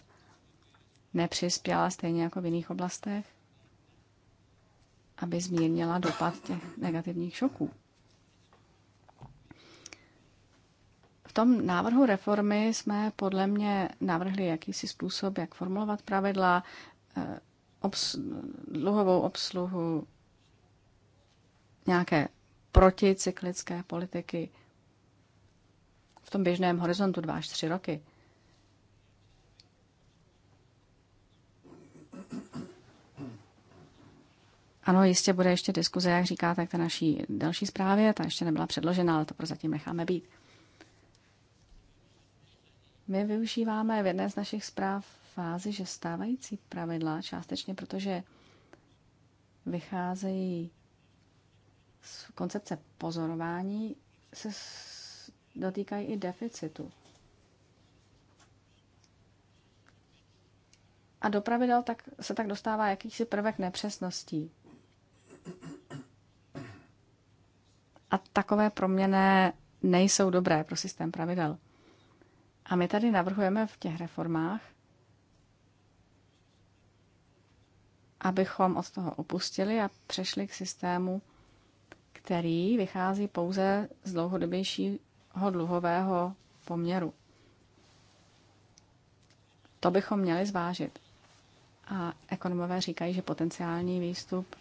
nepřispěla stejně jako v jiných oblastech aby zmírnila dopad těch negativních šoků. V tom návrhu reformy jsme podle mě navrhli jakýsi způsob, jak formulovat pravidla, eh, obs- dluhovou obsluhu, nějaké proticyklické politiky v tom běžném horizontu 2 až 3 roky. Ano, jistě bude ještě diskuze, jak říkáte, k té naší další zprávě. Ta ještě nebyla předložena, ale to prozatím necháme být. My využíváme v jedné z našich zpráv fázi, že stávající pravidla částečně, protože vycházejí z koncepce pozorování, se dotýkají i deficitu. A do pravidel tak, se tak dostává jakýsi prvek nepřesností. A takové proměny nejsou dobré pro systém pravidel. A my tady navrhujeme v těch reformách, abychom od toho opustili a přešli k systému, který vychází pouze z dlouhodobějšího dluhového poměru. To bychom měli zvážit. A ekonomové říkají, že potenciální výstup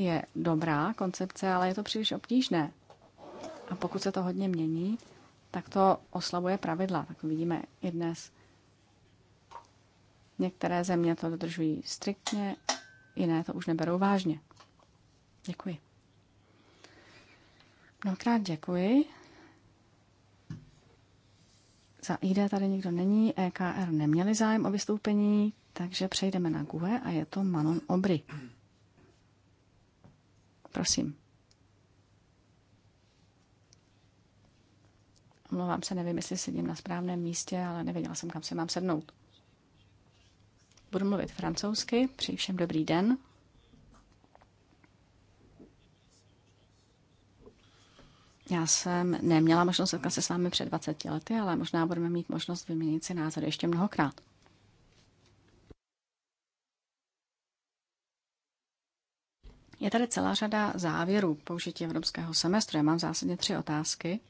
je dobrá koncepce, ale je to příliš obtížné. A pokud se to hodně mění, tak to oslabuje pravidla. Tak vidíme i dnes. Některé země to dodržují striktně, jiné to už neberou vážně. Děkuji. Mnohokrát děkuji. Za ID tady nikdo není, EKR neměli zájem o vystoupení, takže přejdeme na GUE a je to Manon Obry. Prosím. Omlouvám se, nevím, jestli sedím na správném místě, ale nevěděla jsem, kam se mám sednout. Budu mluvit francouzsky. Přeji všem dobrý den. Já jsem neměla možnost setkat se s vámi před 20 lety, ale možná budeme mít možnost vyměnit si názory ještě mnohokrát. Je tady celá řada závěrů použití evropského semestru. Já mám v zásadě tři otázky.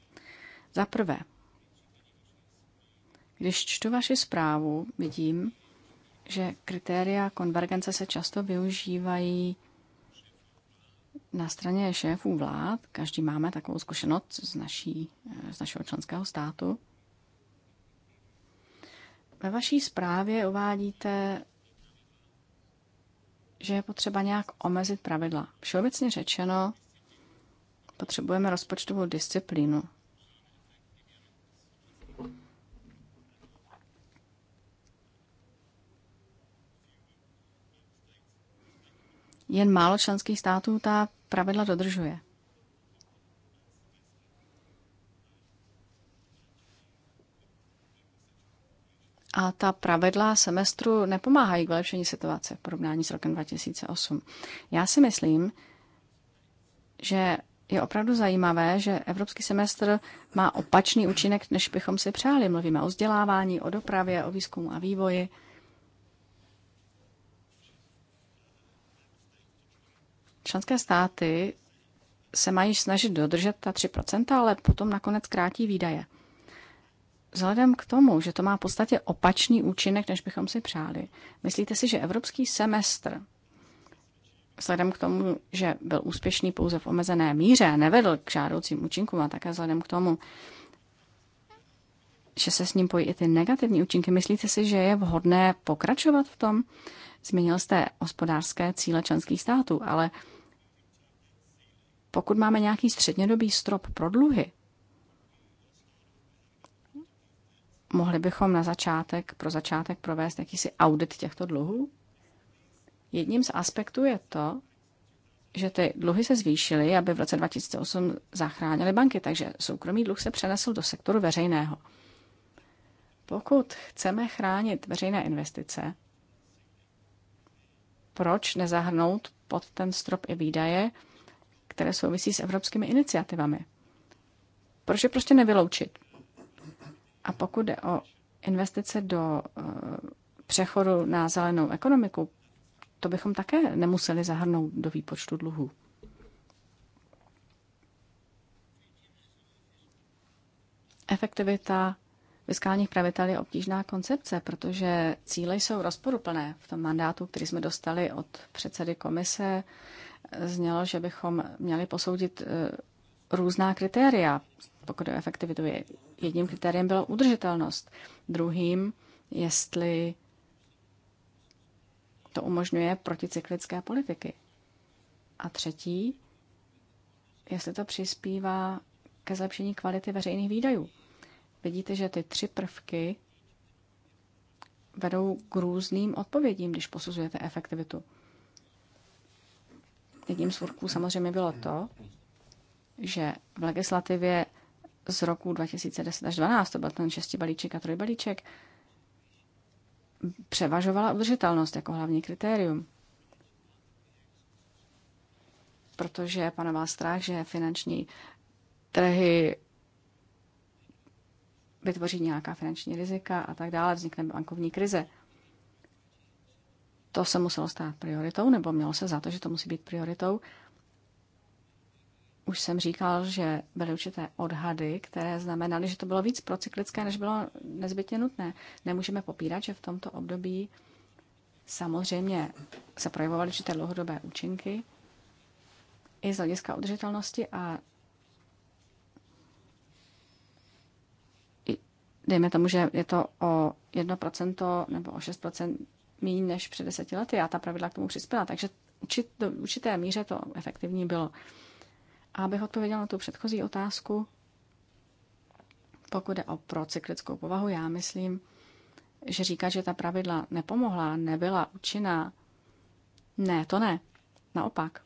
Za prvé, když čtu vaši zprávu, vidím, že kritéria konvergence se často využívají na straně šéfů vlád. Každý máme takovou zkušenost z, naší, z našeho členského státu. Ve vaší zprávě uvádíte že je potřeba nějak omezit pravidla. Všeobecně řečeno, potřebujeme rozpočtovou disciplínu. Jen málo členských států ta pravidla dodržuje. A ta pravidla semestru nepomáhají k vylepšení situace v porovnání s rokem 2008. Já si myslím, že je opravdu zajímavé, že evropský semestr má opačný účinek, než bychom si přáli. Mluvíme o vzdělávání, o dopravě, o výzkumu a vývoji. Členské státy se mají snažit dodržet ta 3%, ale potom nakonec krátí výdaje. Vzhledem k tomu, že to má v podstatě opačný účinek, než bychom si přáli, myslíte si, že evropský semestr, vzhledem k tomu, že byl úspěšný pouze v omezené míře, nevedl k žádoucím účinkům a také vzhledem k tomu, že se s ním pojí i ty negativní účinky, myslíte si, že je vhodné pokračovat v tom? Zmínil jste hospodářské cíle členských států, ale pokud máme nějaký střednědobý strop pro dluhy, mohli bychom na začátek, pro začátek provést jakýsi audit těchto dluhů? Jedním z aspektů je to, že ty dluhy se zvýšily, aby v roce 2008 zachránili banky, takže soukromý dluh se přenesl do sektoru veřejného. Pokud chceme chránit veřejné investice, proč nezahrnout pod ten strop i výdaje, které souvisí s evropskými iniciativami? Proč je prostě nevyloučit? A pokud jde o investice do eh, přechodu na zelenou ekonomiku, to bychom také nemuseli zahrnout do výpočtu dluhů. Efektivita fiskálních pravidel je obtížná koncepce, protože cíle jsou rozporuplné. V tom mandátu, který jsme dostali od předsedy komise, znělo, že bychom měli posoudit eh, různá kritéria, pokud je efektivitu jedním kritériem byla udržitelnost, druhým, jestli to umožňuje proticyklické politiky. A třetí, jestli to přispívá ke zlepšení kvality veřejných výdajů. Vidíte, že ty tři prvky vedou k různým odpovědím, když posuzujete efektivitu. Jedním z samozřejmě bylo to, že v legislativě z roku 2010 až 2012, to byl ten šesti balíček a trojbalíček, převažovala udržitelnost jako hlavní kritérium. Protože panoval strach, že finanční trhy vytvoří nějaká finanční rizika a tak dále, vznikne bankovní krize. To se muselo stát prioritou, nebo mělo se za to, že to musí být prioritou. Už jsem říkal, že byly určité odhady, které znamenaly, že to bylo víc procyklické, než bylo nezbytně nutné. Nemůžeme popírat, že v tomto období samozřejmě se projevovaly určité dlouhodobé účinky i z hlediska udržitelnosti a dejme tomu, že je to o 1% nebo o 6% méně než před deseti lety a ta pravidla k tomu přispěla. Takže do určité míře to efektivní bylo. A abych odpověděla na tu předchozí otázku, pokud jde o procyklickou povahu, já myslím, že říká, že ta pravidla nepomohla, nebyla účinná, ne, to ne. Naopak.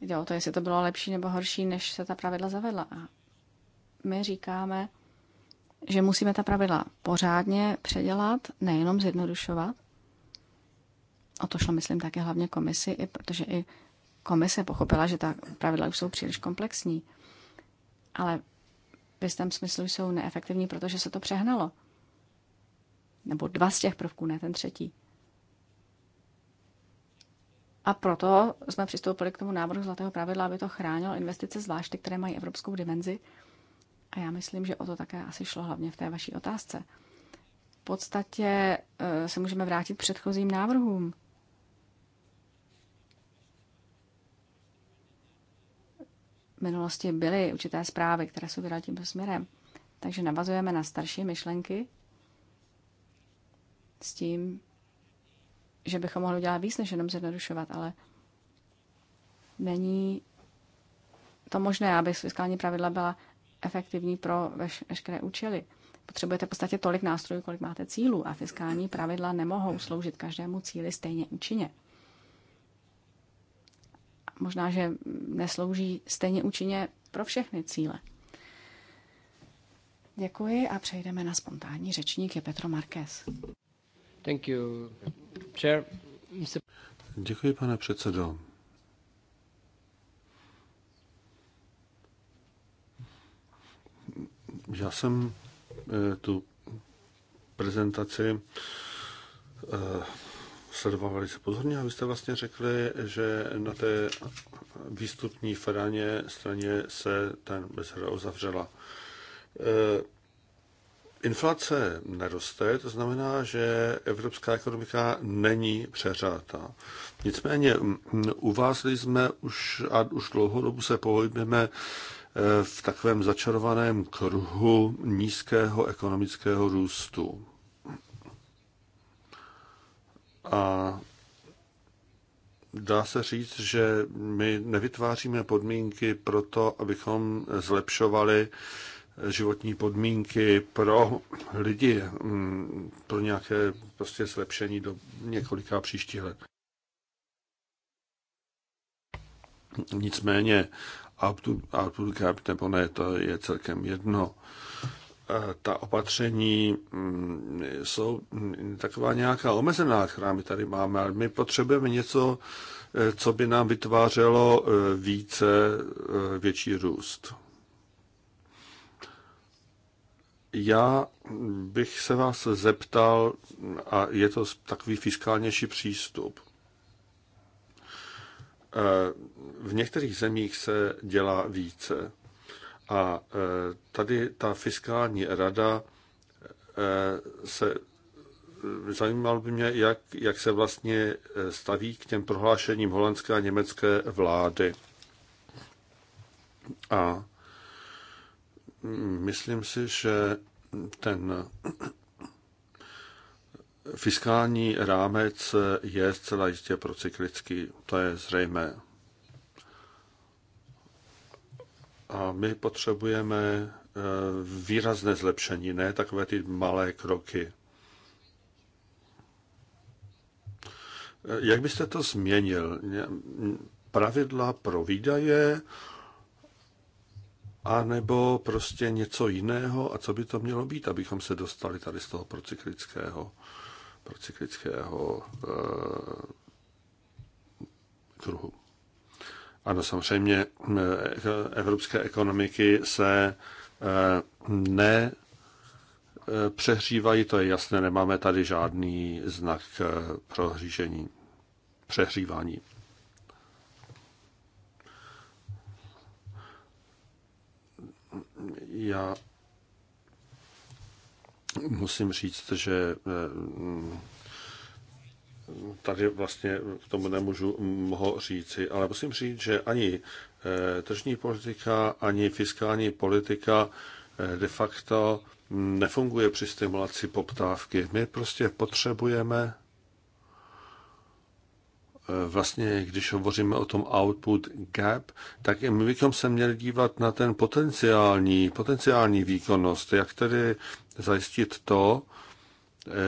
Jde o to, jestli to bylo lepší nebo horší, než se ta pravidla zavedla. A my říkáme, že musíme ta pravidla pořádně předělat, nejenom zjednodušovat, o to šlo, myslím, také hlavně komisi, i protože i komise pochopila, že ta pravidla už jsou příliš komplexní. Ale v jistém smyslu jsou neefektivní, protože se to přehnalo. Nebo dva z těch prvků, ne ten třetí. A proto jsme přistoupili k tomu návrhu zlatého pravidla, aby to chránilo investice, zvlášť které mají evropskou dimenzi. A já myslím, že o to také asi šlo hlavně v té vaší otázce. V podstatě eh, se můžeme vrátit k předchozím návrhům. minulosti byly určité zprávy, které jsou vydaly tímto směrem. Takže navazujeme na starší myšlenky s tím, že bychom mohli dělat víc, než jenom zjednodušovat, ale není to možné, aby fiskální pravidla byla efektivní pro veš- veškeré účely. Potřebujete v podstatě tolik nástrojů, kolik máte cílů a fiskální pravidla nemohou sloužit každému cíli stejně účinně možná, že neslouží stejně účinně pro všechny cíle. Děkuji a přejdeme na spontánní řečník je Petro Marquez. Thank you, chair. Děkuji, pane předsedo. Já jsem eh, tu prezentaci eh, sledovali se pozorně a vy jste vlastně řekli, že na té výstupní franě, straně se ten bezhra uzavřela. E, inflace neroste, to znamená, že evropská ekonomika není přeřátá. Nicméně u vás jsme už a už dlouho dobu se pohybujeme e, v takovém začarovaném kruhu nízkého ekonomického růstu. A dá se říct, že my nevytváříme podmínky pro to, abychom zlepšovali životní podmínky pro lidi, mm, pro nějaké prostě zlepšení do několika příštích let. Nicméně output cap nebo ne, to je celkem jedno ta opatření mm, jsou taková nějaká omezená, která my tady máme, ale my potřebujeme něco, eh, co by nám vytvářelo eh, více, eh, větší růst. Já bych se vás zeptal, a je to takový fiskálnější přístup. V některých zemích se dělá více. A e, tady ta fiskální rada e, se e, zajímalo by mě, jak, jak se vlastně staví k těm prohlášením holandské a německé vlády. A myslím si, že ten fiskální rámec je zcela jistě procyklický, to je zřejmé. A my potřebujeme eh, výrazné zlepšení, ne takové ty malé kroky. Eh, jak byste to změnil? Pravidla pro výdaje, a nebo prostě něco jiného a co by to mělo být, abychom se dostali tady z toho procyklického, procyklického uh, kruhu. Ano, samozřejmě eh, evropské ekonomiky se eh, ne eh, přehřívají, to je jasné, nemáme tady žádný znak prohřížení, přehřívání. Já musím říct, že tady vlastně k tomu nemůžu mnoho říci, ale musím říct, že ani eh, tržní politika, ani fiskální politika eh, de facto mm, nefunguje při stimulaci poptávky. My prostě potřebujeme eh, vlastně, když hovoříme o tom output gap, tak my bychom se měli dívat na ten potenciální, potenciální výkonnost, jak tedy zajistit to,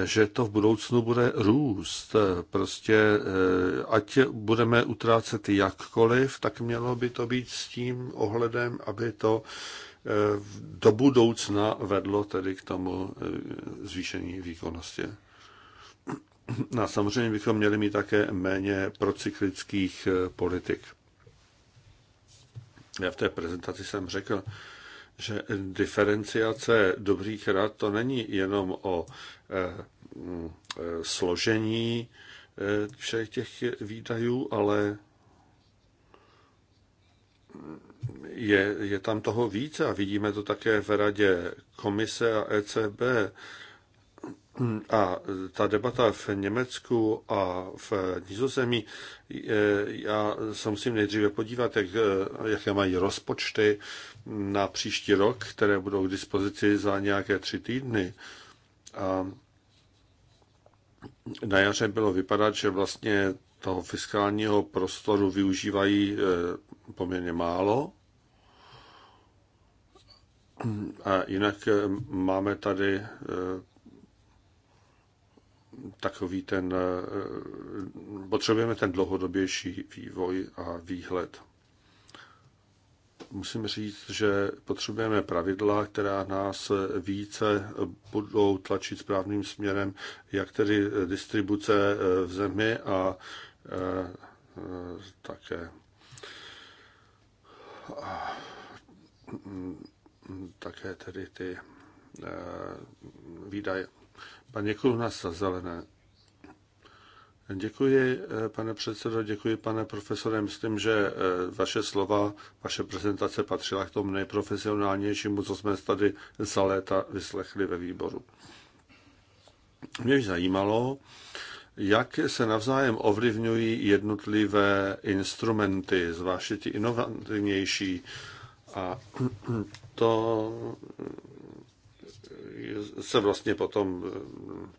že to v budoucnu bude růst. Prostě eh, ať budeme utrácet jakkoliv, tak mělo by to být s tím ohledem, aby to eh, do budoucna vedlo tedy k tomu eh, zvýšení výkonnosti. A samozřejmě bychom měli mít také méně procyklických politik. Já v té prezentaci jsem řekl, že diferenciace dobrých rad to není jenom o eh, mm, eh, složení eh, všech těch výdajů, ale je, je tam toho více a vidíme to také v radě komise a ECB. A ta debata v Německu a v Nizozemí, já se musím nejdříve podívat, jak, jaké mají rozpočty, na příští rok, které budou k dispozici za nějaké tři týdny. A na jaře bylo vypadat, že vlastně toho fiskálního prostoru využívají eh, poměrně málo. A jinak eh, máme tady eh, takový ten, potřebujeme ten dlouhodobější vývoj a výhled musím říct, že potřebujeme pravidla, která nás více budou tlačit správným směrem, jak tedy distribuce eh, v zemi a eh, také také tedy ty eh, výdaje. Pan Někuluna za zelené. Děkuji, eh, pane předsedo, děkuji, pane profesore. Myslím, že eh, vaše slova, vaše prezentace patřila k tomu nejprofesionálnějšímu, co jsme tady za léta vyslechli ve výboru. Mě by zajímalo, jak se navzájem ovlivňují jednotlivé instrumenty, zvláště ty inovativnější. A to se vlastně potom eh,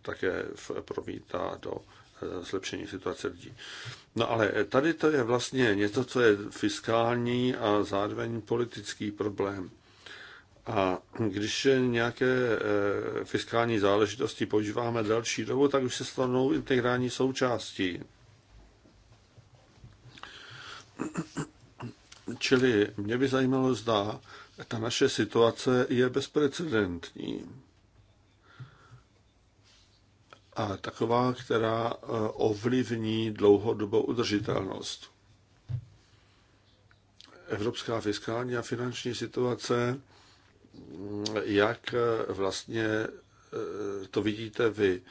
také promítá do zlepšení situace lidí. No ale tady to je vlastně něco, co je fiskální a zároveň politický problém. A když nějaké eh, fiskální záležitosti používáme další dobu, tak už se stanou integrální součástí. Čili mě by zajímalo, zda ta naše situace je bezprecedentní a taková, která eh, ovlivní dlouhodobou udržitelnost. Evropská fiskální a finanční situace, mm, jak eh, vlastně eh, to vidíte vy,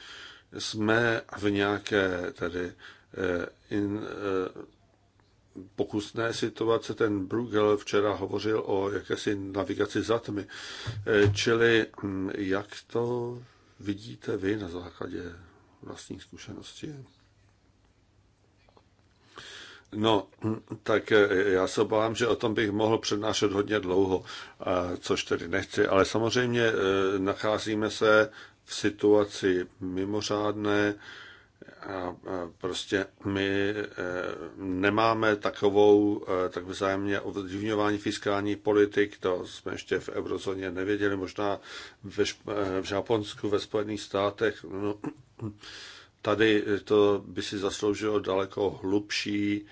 jsme v nějaké tedy in, pokusné situace. Ten Bruegel včera hovořil o jakési navigaci za tmy. Čili hm, jak to vidíte vy na základě vlastních zkušeností? No, tak eh, já se obávám, že o tom bych mohl přednášet hodně dlouho, eh, což tedy nechci, ale samozřejmě eh, nacházíme se v situaci mimořádné, a prostě my e, nemáme takovou, e, tak vzájemně ovlivňování fiskální politik, to jsme ještě v eurozóně nevěděli, možná ve, e, v Japonsku, ve Spojených státech. No, tady to by si zasloužilo daleko hlubší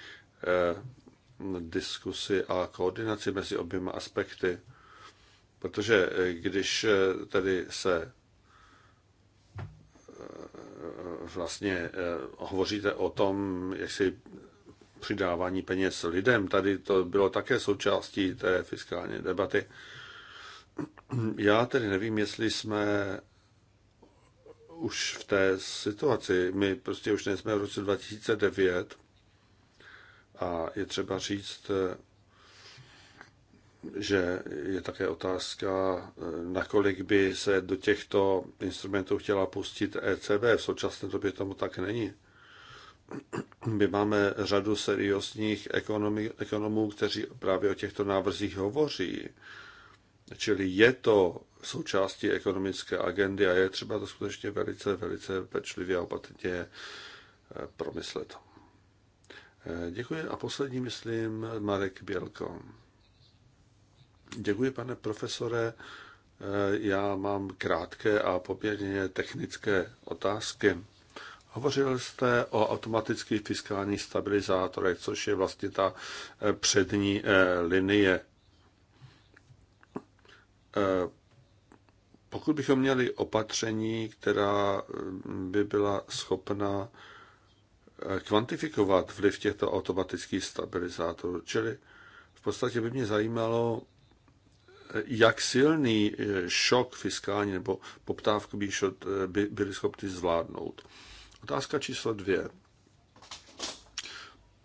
diskusy a koordinaci mezi oběma aspekty. Protože když tady se vlastně eh, hovoříte o tom, jak si přidávání peněz lidem. Tady to bylo také součástí té fiskální debaty. Já tedy nevím, jestli jsme už v té situaci. My prostě už nejsme v roce 2009 a je třeba říct, eh, že je také otázka, eh, nakolik by se do těchto instrumentů chtěla pustit ECB. V současné době tomu tak není. My máme řadu seriózních ekonomi, ekonomů, kteří právě o těchto návrzích hovoří. Čili je to součástí ekonomické agendy a je třeba to skutečně velice, velice pečlivě a opatrně eh, promyslet. Eh, děkuji a poslední, myslím, Marek Bělko. Děkuji, pane profesore. Eh, já mám krátké a poměrně technické otázky. Hovořil jste o automatických fiskálních stabilizátorech, což je vlastně ta eh, přední eh, linie. Pokud bychom měli opatření, která mm, by byla schopna kvantifikovat vliv těchto automatických stabilizátorů, čili v podstatě by mě zajímalo, jak silný eh, šok fiskální nebo poptávku eh, by byli schopni zvládnout. Otázka číslo dvě.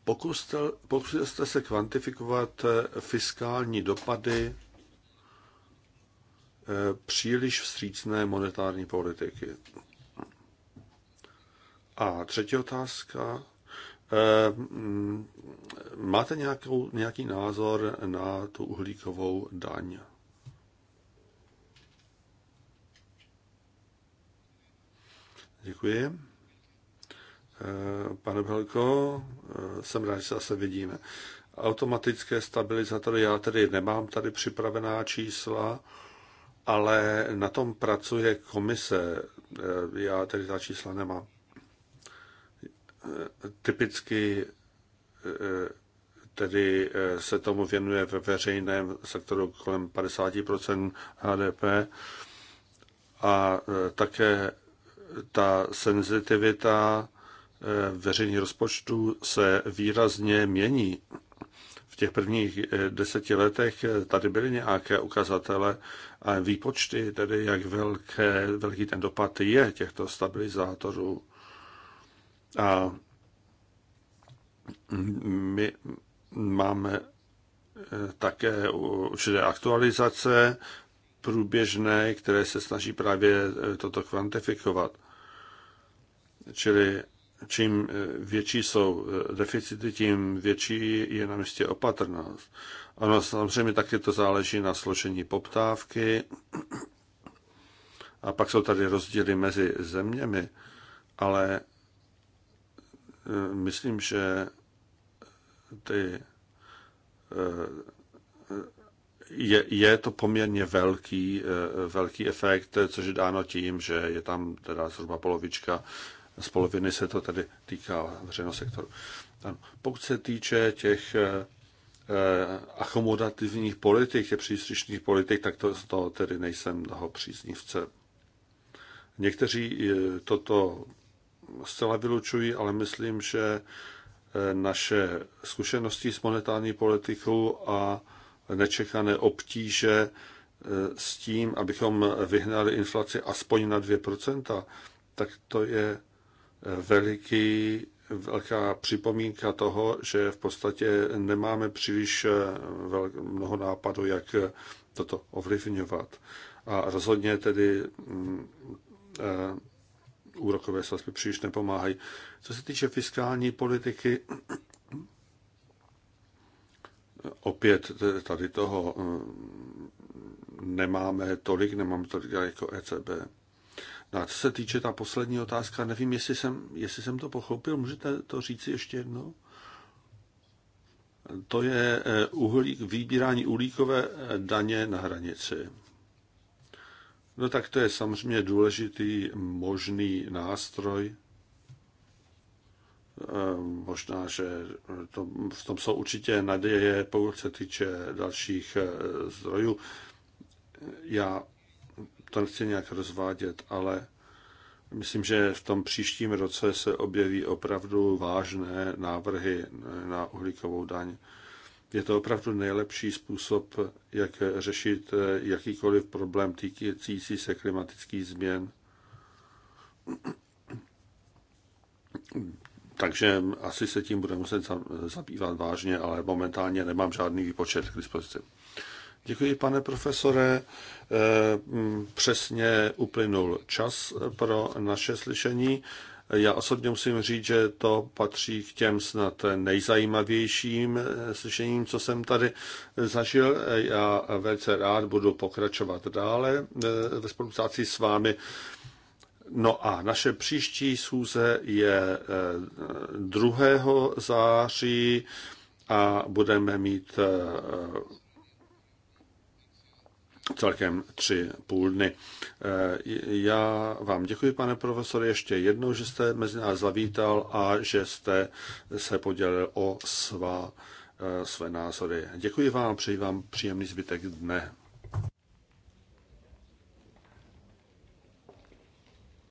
Pokuste, pokusil jste se kvantifikovat eh, fiskální dopady příliš vstřícné monetární politiky. A třetí otázka. Mm, máte nějakou, nějaký názor na tu uhlíkovou daň? Děkuji. Eh, pane Belko, eh, jsem rád, že se vidíme. Automatické stabilizátory, já tedy nemám tady připravená čísla, ale na tom pracuje komise. Eh, já tedy ta čísla nemám. Typicky tedy se tomu věnuje ve veřejném sektoru kolem 50 HDP a také ta senzitivita eh, veřejných rozpočtů se výrazně mění. V těch prvních eh, deseti letech eh, tady byly nějaké ukazatele a výpočty, tedy jak velké, velký ten dopad je těchto stabilizátorů. A my máme také určité aktualizace průběžné, které se snaží právě toto kvantifikovat. Čili čím e, větší jsou e, deficity, tím větší je na místě opatrnost. Ono samozřejmě taky to záleží na složení poptávky. A pak jsou tady rozdíly mezi zeměmi, ale e, myslím, že ty, je, je to poměrně velký, velký efekt, což je dáno tím, že je tam teda zhruba polovička z poloviny se to tady týká veřejného sektoru. Ano. Pokud se týče těch eh, eh, akomodativních politik, těch příslušných politik, tak to, to tedy nejsem toho příznivce. Někteří eh, toto zcela vylučují, ale myslím, že naše zkušenosti s monetární politikou a nečekané obtíže s tím, abychom vyhnali inflaci aspoň na 2%, tak to je veliký, velká připomínka toho, že v podstatě nemáme příliš eh, mnoho nápadů, jak eh, toto ovlivňovat. A rozhodně tedy mm, eh, úrokové sazby příliš nepomáhají. Co se týče fiskální politiky, opět tady toho mm, nemáme tolik, nemáme tolik jako ECB. No a co se týče ta poslední otázka, nevím, jestli jsem, jestli jsem to pochopil, můžete to říct ještě jednou? To je eh, uhlík, vybírání uhlíkové eh, daně na hranici. No tak to je samozřejmě důležitý možný nástroj. Eh, možná, že to, v tom jsou určitě naděje, pokud se týče dalších zdrojů. Já to nechci nějak rozvádět, ale myslím, že v tom příštím roce se objeví opravdu vážné návrhy na uhlíkovou daň. Je to opravdu nejlepší způsob, jak řešit jakýkoliv problém týkající se klimatických změn. Takže asi se tím budeme muset zabývat vážně, ale momentálně nemám žádný výpočet k dispozici. Děkuji, pane profesore. Eh, mm, přesně uplynul čas pro naše slyšení. Já osobně musím říct, že to patří k těm snad nejzajímavějším eh, slyšením, co jsem tady eh, zažil. Já velice rád budu pokračovat dále ve spolupráci s vámi. No a naše příští schůze je 2. září a budeme mít celkem tři půl dny. Eh, já vám děkuji, pane profesore, ještě jednou, že jste mezi nás zavítal a že jste se podělil o svá, eh, své názory. Děkuji vám, a přeji vám příjemný zbytek dne.